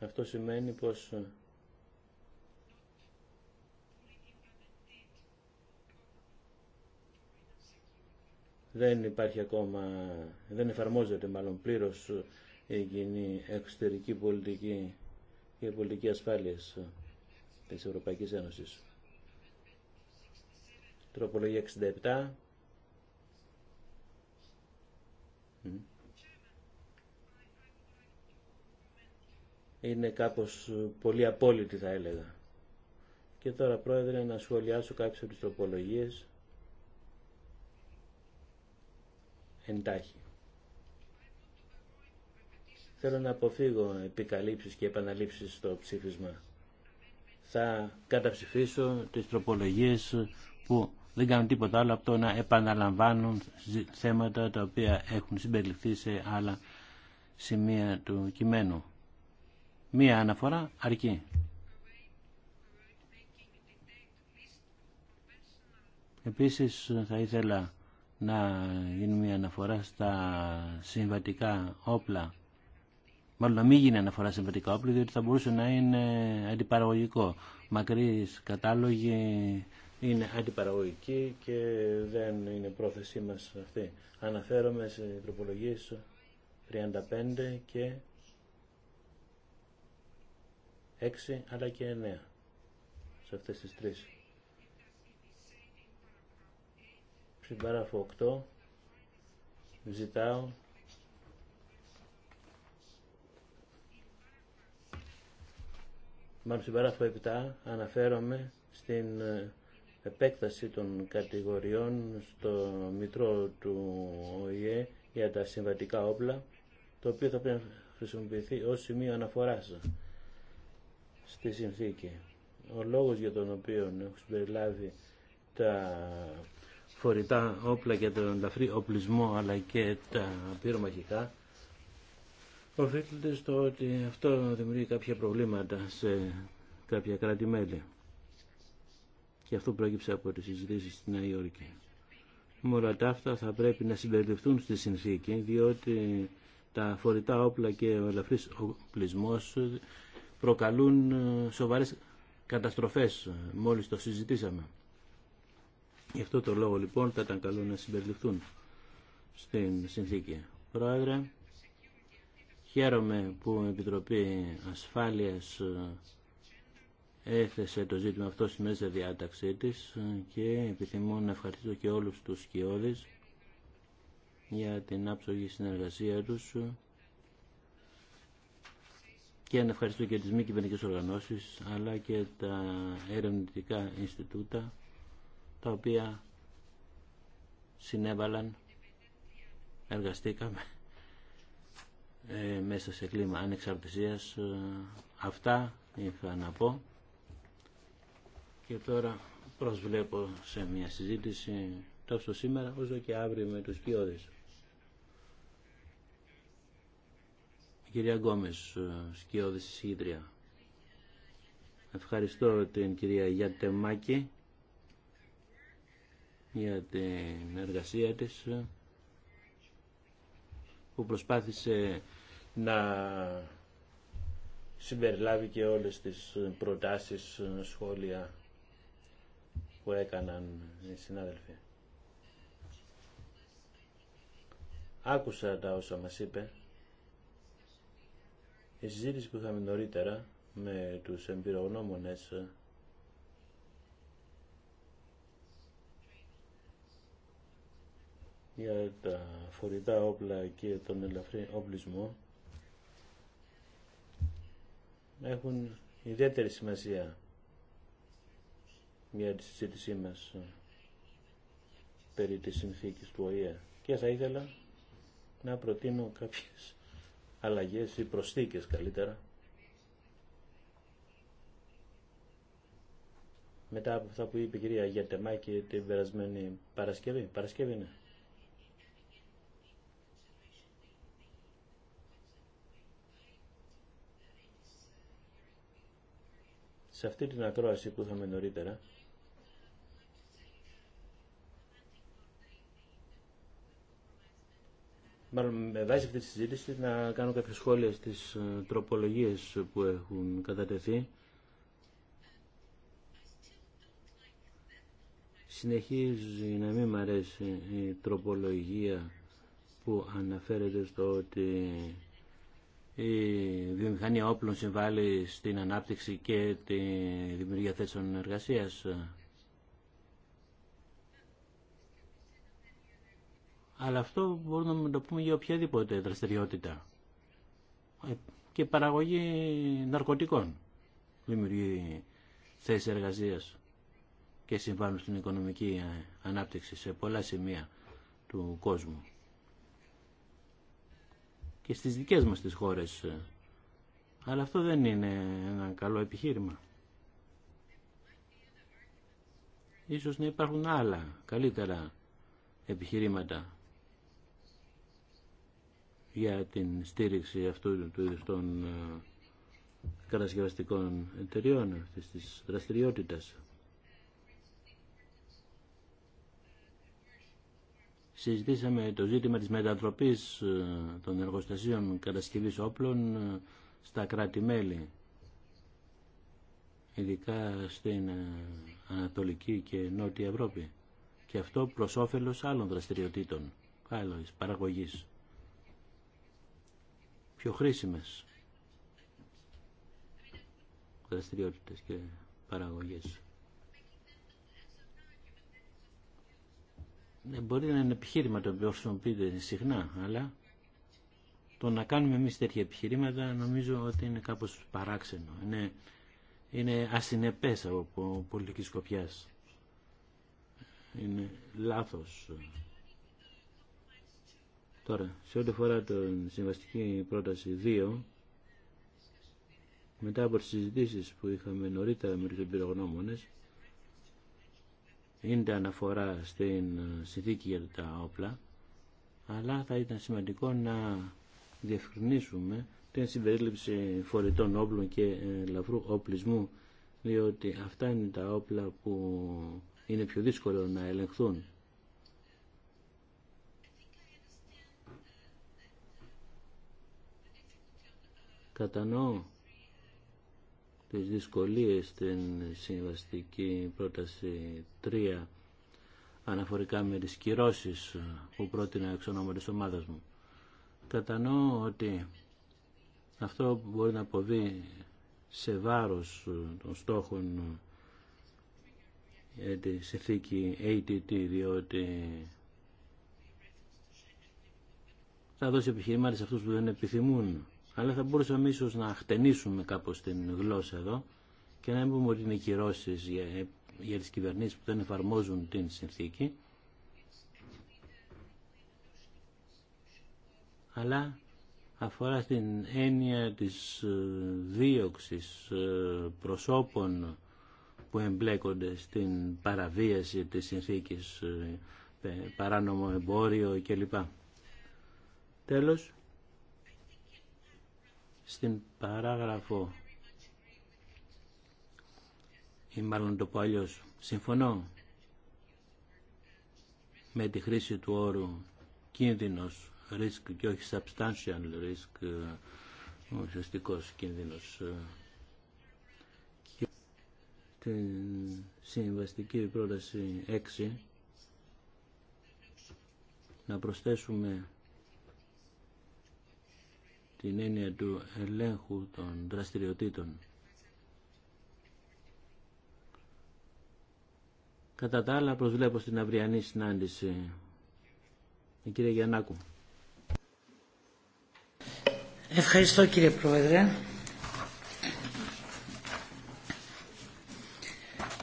Αυτό σημαίνει πως δεν υπάρχει ακόμα, δεν εφαρμόζεται μάλλον πλήρως η κοινή εξωτερική πολιτική και η πολιτική ασφάλειας της Ευρωπαϊκής Ένωσης. Τροπολογία 67. Είναι κάπως πολύ απόλυτη θα έλεγα. Και τώρα πρόεδρε να σχολιάσω κάποιες από τις τροπολογίες εντάχει. Θέλω να αποφύγω επικαλύψεις και επαναλήψεις στο ψήφισμα. Θα καταψηφίσω τις τροπολογίες που δεν κάνουν τίποτα άλλο από το να επαναλαμβάνουν θέματα τα οποία έχουν συμπεριληφθεί σε άλλα σημεία του κειμένου. Μία αναφορά αρκεί. Επίσης θα ήθελα να γίνει μια αναφορά στα συμβατικά όπλα. Μάλλον να μην γίνει αναφορά στα συμβατικά όπλα, διότι θα μπορούσε να είναι αντιπαραγωγικό. Μακρύς κατάλογοι είναι αντιπαραγωγικοί και δεν είναι πρόθεσή μας αυτή. Αναφέρομαι σε τροπολογίε 35 και 6 αλλά και 9 σε αυτές τις τρεις. Στην παράγραφο 8 ζητάω μάλλον στην 7 αναφέρομαι στην ε, επέκταση των κατηγοριών στο μητρό του ΟΗΕ για τα συμβατικά όπλα το οποίο θα πρέπει να χρησιμοποιηθεί ως σημείο αναφοράς στη συνθήκη. Ο λόγος για τον οποίο έχω συμπεριλάβει τα φορητά όπλα για τον ελαφρύ οπλισμό αλλά και τα πυρομαχικά οφείλεται στο ότι αυτό δημιουργεί κάποια προβλήματα σε κάποια κράτη-μέλη. Και αυτό πρόκειψε από τις συζητήσεις στην Νέα Υόρκη. Με τα αυτά θα πρέπει να συμπεριληφθούν στη συνθήκη, διότι τα φορητά όπλα και ο ελαφρύς οπλισμός προκαλούν σοβαρές καταστροφές, μόλις το συζητήσαμε. Γι' αυτό το λόγο λοιπόν θα ήταν καλό να συμπεριληφθούν στην συνθήκη. Πρόεδρε, χαίρομαι που η Επιτροπή Ασφάλειας ε, έθεσε το ζήτημα αυτό στη μέσα διάταξή της και επιθυμώ να ευχαριστήσω και όλους τους σκιώδεις για την άψογη συνεργασία τους και να ευχαριστώ και τις μη κυβερνικές οργανώσεις αλλά και τα ερευνητικά Ινστιτούτα τα οποία συνέβαλαν, εργαστήκαμε ε, μέσα σε κλίμα ανεξαρτησίας. Ε, αυτά είχα να πω και τώρα προσβλέπω σε μια συζήτηση τόσο σήμερα όσο και αύριο με τους ποιόδες Κυρία Γκόμες, ε, σκιώδης εισηγήτρια. Ευχαριστώ την κυρία Γιατεμάκη για την εργασία της που προσπάθησε να συμπεριλάβει και όλες τις προτάσεις, σχόλια που έκαναν οι συνάδελφοι. Άκουσα τα όσα μας είπε. Η συζήτηση που είχαμε νωρίτερα με τους εμπειρογνώμονες για τα φορητά όπλα και τον ελαφρύ όπλισμό έχουν ιδιαίτερη σημασία για τη συζήτησή μας περί της συνθήκης του ΟΗΕ και θα ήθελα να προτείνω κάποιες αλλαγές ή προσθήκες καλύτερα μετά από αυτά που είπε η κυρία Γιατεμάκη την περασμένη Παρασκευή. Παρασκευή είναι. Σε αυτή την ακρόαση που είχαμε νωρίτερα, Μάλλον με βάση αυτή τη συζήτηση να κάνω κάποια σχόλια στις ε, τροπολογίες που έχουν κατατεθεί. Συνεχίζει να μην μ' αρέσει η τροπολογία που αναφέρεται στο ότι η βιομηχανία όπλων συμβάλλει στην ανάπτυξη και τη δημιουργία θέσεων εργασίας. Αλλά αυτό μπορούμε να το πούμε για οποιαδήποτε δραστηριότητα. Ε, και παραγωγή ναρκωτικών δημιουργεί θέσεις εργασίας και συμβάλλουν στην οικονομική ανάπτυξη σε πολλά σημεία του κόσμου και στις δικές μας τις χώρες. Αλλά αυτό δεν είναι ένα καλό επιχείρημα. Ίσως να υπάρχουν άλλα, καλύτερα επιχειρήματα για την στήριξη αυτού του είδους των ε, κατασκευαστικών εταιριών αυτής της δραστηριότητας. συζητήσαμε το ζήτημα της μετατροπής ε, των εργοστασίων κατασκευής όπλων ε, στα κράτη-μέλη, ειδικά στην ε, Ανατολική και Νότια Ευρώπη. Και αυτό προς όφελος άλλων δραστηριοτήτων, άλλων παραγωγής, πιο χρήσιμες δραστηριότητες και παραγωγές. Ναι, μπορεί να είναι επιχείρημα το οποίο χρησιμοποιείται συχνά, αλλά το να κάνουμε εμεί τέτοια επιχειρήματα νομίζω ότι είναι κάπως παράξενο. Είναι, είναι ασυνεπές από πολιτική σκοπιά. Είναι λάθος. Τώρα, σε ό,τι φορά την συμβαστική πρόταση 2, μετά από τις συζητήσεις που είχαμε νωρίτερα με τους εμπειρογνώμονες, είναι αναφορά στην ε, συνθήκη για τα όπλα, αλλά θα ήταν σημαντικό να διευκρινίσουμε την συμπερίληψη φορητών όπλων και ε, λαυρού όπλισμού, διότι αυτά είναι τα όπλα που είναι πιο δύσκολο να ελεγχθούν. Κατανοώ τις δυσκολίες στην συμβαστική πρόταση 3 αναφορικά με τις κυρώσεις που πρότεινα εξ ονόμα της ομάδας μου. Κατανοώ ότι αυτό μπορεί να αποβεί σε βάρος των στόχων σε τη ATT διότι θα δώσει επιχειρήματα σε αυτούς που δεν επιθυμούν αλλά θα μπορούσαμε ίσως να χτενίσουμε κάπως την γλώσσα εδώ και να μην πούμε ότι είναι κυρώσει για, για τις κυβερνήσεις που δεν εφαρμόζουν την συνθήκη αλλά αφορά στην έννοια της ε, δίωξης ε, προσώπων που εμπλέκονται στην παραβίαση της συνθήκης ε, παράνομο εμπόριο κλπ. Τέλος, στην παράγραφο ή μάλλον το πω αλλιώς. Συμφωνώ με τη χρήση του όρου κίνδυνος risk και όχι substantial risk ε, ουσιαστικός κίνδυνος ε, και την συμβαστική πρόταση 6 να προσθέσουμε την έννοια του ελέγχου των δραστηριοτήτων. Κατά τα άλλα προσβλέπω στην αυριανή συνάντηση. Η κυρία Γιαννάκου. Ευχαριστώ κύριε Πρόεδρε.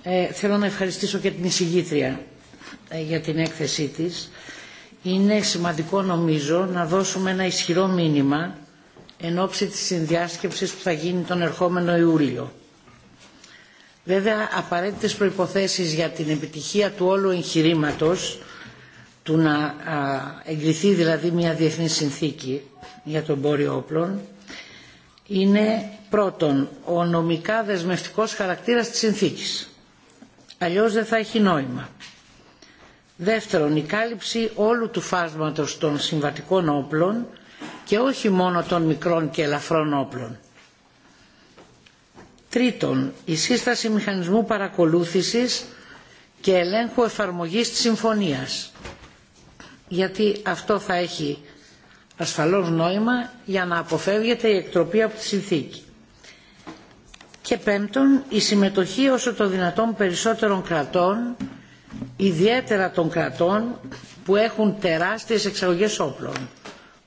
Ε, θέλω να ευχαριστήσω και την εισηγήτρια ε, για την έκθεσή της. Είναι σημαντικό νομίζω να δώσουμε ένα ισχυρό μήνυμα εν ώψη της συνδιάσκεψης που θα γίνει τον ερχόμενο Ιούλιο. Βέβαια, απαραίτητες προϋποθέσεις για την επιτυχία του όλου εγχειρήματο του να εγκριθεί δηλαδή μια διεθνή συνθήκη για τον πόριο όπλων, είναι πρώτον ο νομικά δεσμευτικός χαρακτήρας της συνθήκης. Αλλιώς δεν θα έχει νόημα. Δεύτερον, η κάλυψη όλου του φάσματος των συμβατικών όπλων και όχι μόνο των μικρών και ελαφρών όπλων. Τρίτον, η σύσταση μηχανισμού παρακολούθησης και ελέγχου εφαρμογής της συμφωνίας. Γιατί αυτό θα έχει ασφαλώς νόημα για να αποφεύγεται η εκτροπή από τη συνθήκη. Και πέμπτον, η συμμετοχή όσο το δυνατόν περισσότερων κρατών, ιδιαίτερα των κρατών που έχουν τεράστιες εξαγωγές όπλων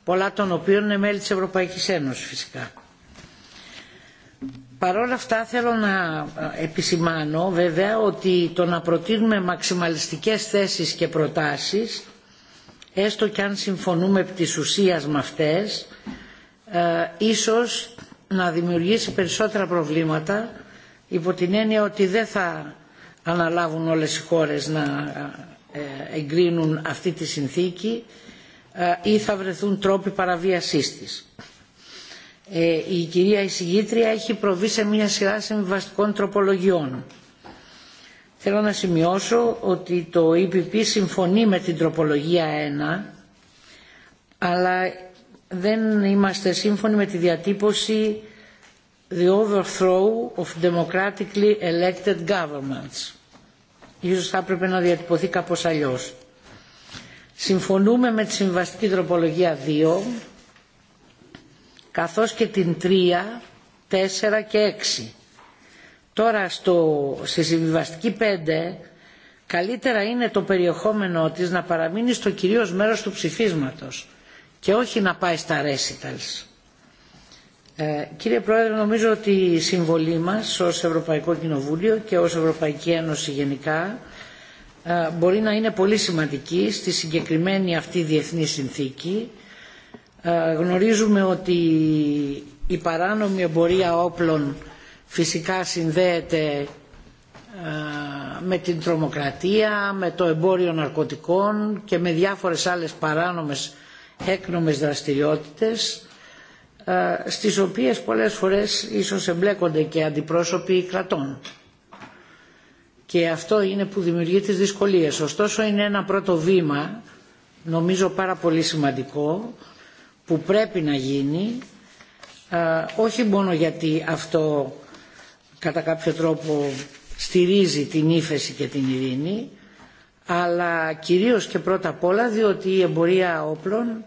πολλά των οποίων είναι μέλη της Ευρωπαϊκής Ένωσης φυσικά. Παρ' όλα αυτά θέλω να επισημάνω βέβαια ότι το να προτείνουμε μαξιμαλιστικές θέσεις και προτάσεις έστω και αν συμφωνούμε επί της ουσίας με αυτές ε, ίσως να δημιουργήσει περισσότερα προβλήματα υπό την έννοια ότι δεν θα αναλάβουν όλες οι χώρες να ε, εγκρίνουν αυτή τη συνθήκη ε, ή θα βρεθούν τρόποι παραβίασής της. Ε, η κυρία εισηγήτρια έχει προβεί σε μια σειρά συμβιβαστικών τροπολογιών. Θέλω να σημειώσω ότι το ΕΠΠ συμφωνεί με την τροπολογία 1, αλλά δεν είμαστε σύμφωνοι με τη διατύπωση «the overthrow of democratically elected governments». Ίσως θα έπρεπε να διατυπωθεί κάπως αλλιώς. Συμφωνούμε με τη συμβαστική τροπολογία 2, καθώς και την 3, 4 και 6. Τώρα στο, στη συμβιβαστική 5, καλύτερα είναι το περιεχόμενό της να παραμείνει στο κυρίως μέρος του ψηφίσματος και όχι να πάει στα recitals. Ε, κύριε Πρόεδρε, νομίζω ότι η συμβολή μας ως Ευρωπαϊκό Κοινοβούλιο και ως Ευρωπαϊκή Ένωση γενικά ε, μπορεί να είναι πολύ σημαντική στη συγκεκριμένη αυτή διεθνή συνθήκη. Ε, γνωρίζουμε ότι η παράνομη εμπορία όπλων φυσικά συνδέεται ε, με την τρομοκρατία, με το εμπόριο ναρκωτικών και με διάφορες άλλες παράνομες έκνομες δραστηριότητες στις οποίες πολλές φορές ίσως εμπλέκονται και αντιπρόσωποι κρατών και αυτό είναι που δημιουργεί τις δυσκολίες. Ωστόσο είναι ένα πρώτο βήμα, νομίζω πάρα πολύ σημαντικό, που πρέπει να γίνει, όχι μόνο γιατί αυτό κατά κάποιο τρόπο στηρίζει την ύφεση και την ειρήνη, αλλά κυρίως και πρώτα απ' όλα διότι η εμπορία όπλων,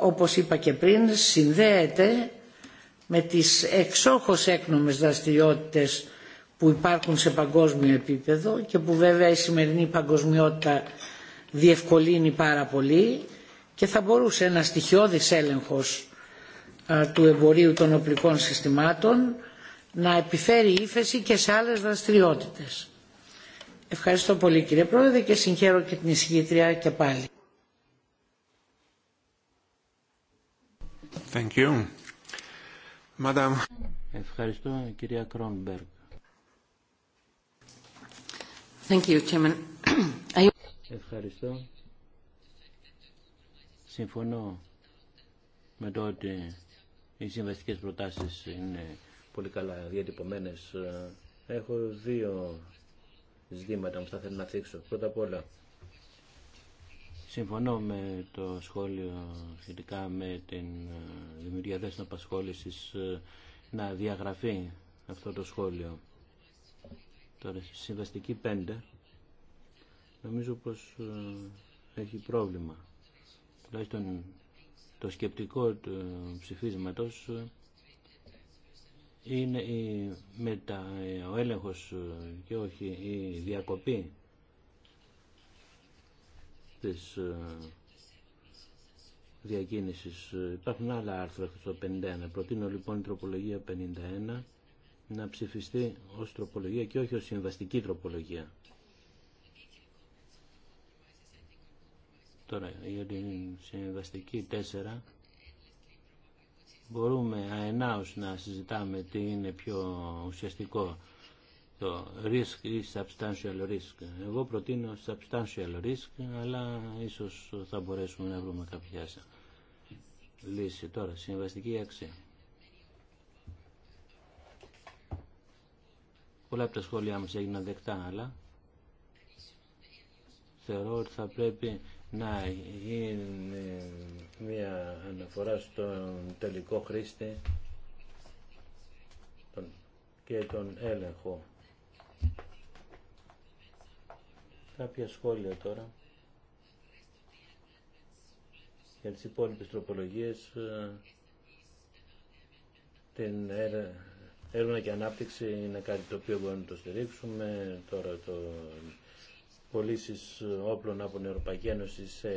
όπως είπα και πριν, συνδέεται με τις εξόχως έκνομες δραστηριότητες που υπάρχουν σε παγκόσμιο επίπεδο και που βέβαια η σημερινή παγκοσμιότητα διευκολύνει πάρα πολύ και θα μπορούσε ένα στοιχειώδης έλεγχος του εμπορίου των οπλικών συστημάτων να επιφέρει ύφεση και σε άλλες δραστηριότητες. Ευχαριστώ πολύ κύριε Πρόεδρε και συγχαίρω και την εισηγήτρια και πάλι. Thank you. Ευχαριστώ κυρία Κρόνμπεργκ. Ευχαριστώ. Συμφωνώ με το ότι οι συμβαστικές προτάσεις είναι πολύ καλά διατυπωμένες. Έχω δύο ζητήματα που θα θέλω να θίξω. Πρώτα απ' όλα, συμφωνώ με το σχόλιο σχετικά με την ε, δημιουργία δέσμευση απασχόλησης ε, να διαγραφεί αυτό το σχόλιο. Τώρα, συμβαστική 5 νομίζω πως ε, έχει πρόβλημα. Τουλάχιστον το σκεπτικό του ψηφίσματος ε, είναι η, μετα, ε, ο έλεγχος και όχι η διακοπή της διακίνησης. Υπάρχουν άλλα άρθρα στο 51. Προτείνω λοιπόν η τροπολογία 51 να ψηφιστεί ως τροπολογία και όχι ως συμβαστική τροπολογία. Τώρα, για την συμβαστική 4 μπορούμε αενάως να συζητάμε τι είναι πιο ουσιαστικό το risk ή substantial risk. Εγώ προτείνω substantial risk, αλλά ίσως θα μπορέσουμε να βρούμε κάποια λύση. Τώρα, συμβαστική αξία. Πολλά από τα σχόλιά μας έγιναν δεκτά, αλλά θεωρώ ότι θα πρέπει να γίνει μια αναφορά στον τελικό χρήστη και τον έλεγχο. Κάποια σχόλια τώρα για τις υπόλοιπες τροπολογίες ε, την έρευνα και ανάπτυξη είναι κάτι το οποίο μπορούμε να το στηρίξουμε. Τώρα το πωλήσει όπλων από την Ευρωπαϊκή Ένωση σε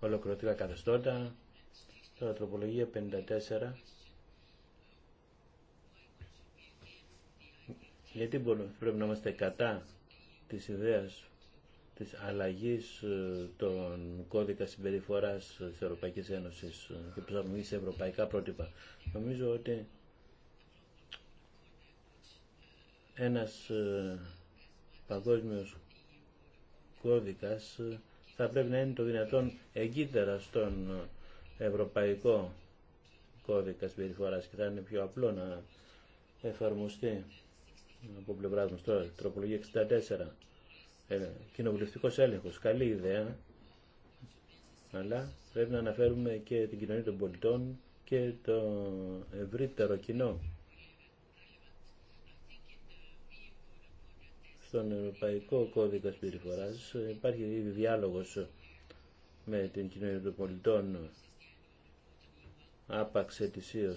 ολοκληρωτικά καθεστώτα. Τώρα τροπολογία 54. Γιατί πρέπει να είμαστε κατά της ιδέας της αλλαγής ε, των κώδικα συμπεριφοράς της Ευρωπαϊκής Ένωσης και προσαρμογής σε ευρωπαϊκά πρότυπα. Νομίζω ότι ένας ε, παγκόσμιος κώδικας ε, θα πρέπει να είναι το δυνατόν εγκύτερα στον ε, ευρωπαϊκό κώδικα συμπεριφοράς και θα είναι πιο απλό να εφαρμοστεί από πλευρά μας τώρα, τροπολογία 64, ε, κοινοβουλευτικός έλεγχος, καλή ιδέα, αλλά πρέπει να αναφέρουμε και την κοινωνία των πολιτών και το ευρύτερο κοινό. στον Ευρωπαϊκό Κώδικα Συμπεριφορά υπάρχει ήδη διάλογο με την κοινωνία των πολιτών άπαξ ετησίω.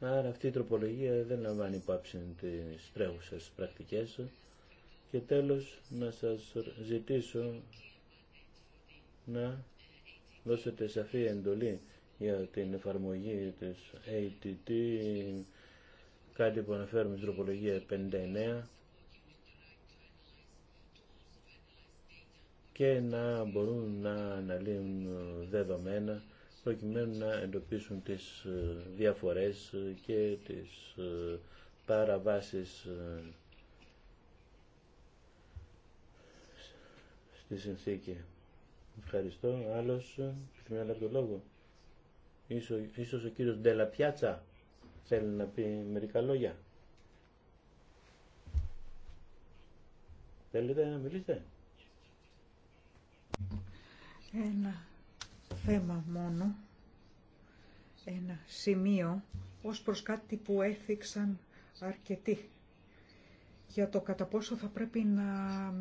Άρα αυτή η τροπολογία δεν λαμβάνει υπόψη τι τρέχουσες πρακτικές και τέλος να σας ζητήσω να δώσετε σαφή εντολή για την εφαρμογή της ATT κάτι που αναφέρουμε στην τροπολογία 59 και να μπορούν να αναλύουν δεδομένα προκειμένου να εντοπίσουν τις ε, διαφορές ε, και τις ε, παραβάσεις στη συνθήκη. Ευχαριστώ. Άλλος, επιθυμεί να το λόγο. Ίσως, ίσως ο κύριος Ντελαπιάτσα θέλει να πει μερικά λόγια. Θέλετε να μιλήσετε. Ένα θέμα μόνο, ένα σημείο ως προς κάτι που έθιξαν αρκετοί για το κατά πόσο θα πρέπει να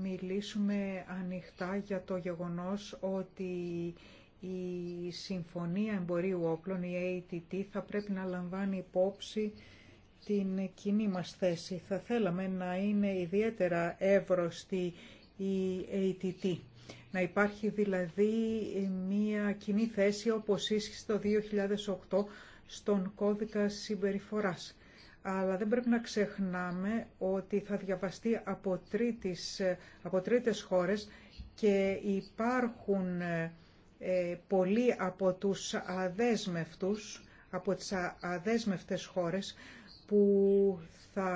μιλήσουμε ανοιχτά για το γεγονός ότι η Συμφωνία Εμπορίου Όπλων, η ATT, θα πρέπει να λαμβάνει υπόψη την κοινή μας θέση. Θα θέλαμε να είναι ιδιαίτερα εύρωστη η ATT. Να υπάρχει δηλαδή μια κοινή θέση όπως ίσχυσε το 2008 στον κώδικα συμπεριφοράς. Αλλά δεν πρέπει να ξεχνάμε ότι θα διαβαστεί από, τρίτης, από τρίτες χώρες και υπάρχουν ε, πολλοί από τους αδέσμευτους, από τις αδέσμευτες χώρες που θα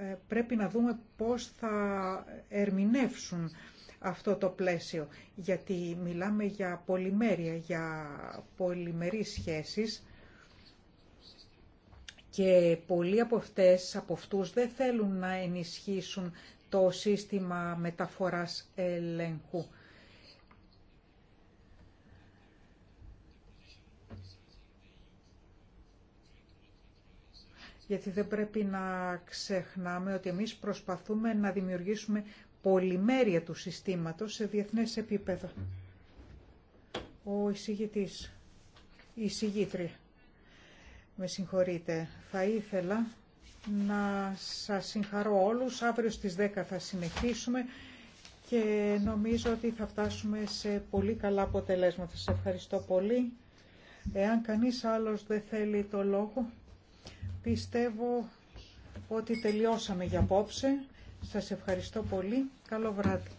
ε, πρέπει να δούμε πώς θα ερμηνεύσουν αυτό το πλαίσιο. Γιατί μιλάμε για πολυμέρεια, για πολυμερείς σχέσεις και πολλοί από αυτές, από αυτούς δεν θέλουν να ενισχύσουν το σύστημα μεταφοράς ελέγχου. γιατί δεν πρέπει να ξεχνάμε ότι εμείς προσπαθούμε να δημιουργήσουμε πολυμέρεια του συστήματος σε διεθνές επίπεδο. Ο εισηγητής, η εισηγήτρια, με συγχωρείτε, θα ήθελα να σας συγχαρώ όλους. Αύριο στις 10 θα συνεχίσουμε και νομίζω ότι θα φτάσουμε σε πολύ καλά αποτελέσματα. Σας ευχαριστώ πολύ. Εάν κανείς άλλος δεν θέλει το λόγο, Πιστεύω ότι τελειώσαμε για απόψε. Σας ευχαριστώ πολύ. Καλό βράδυ.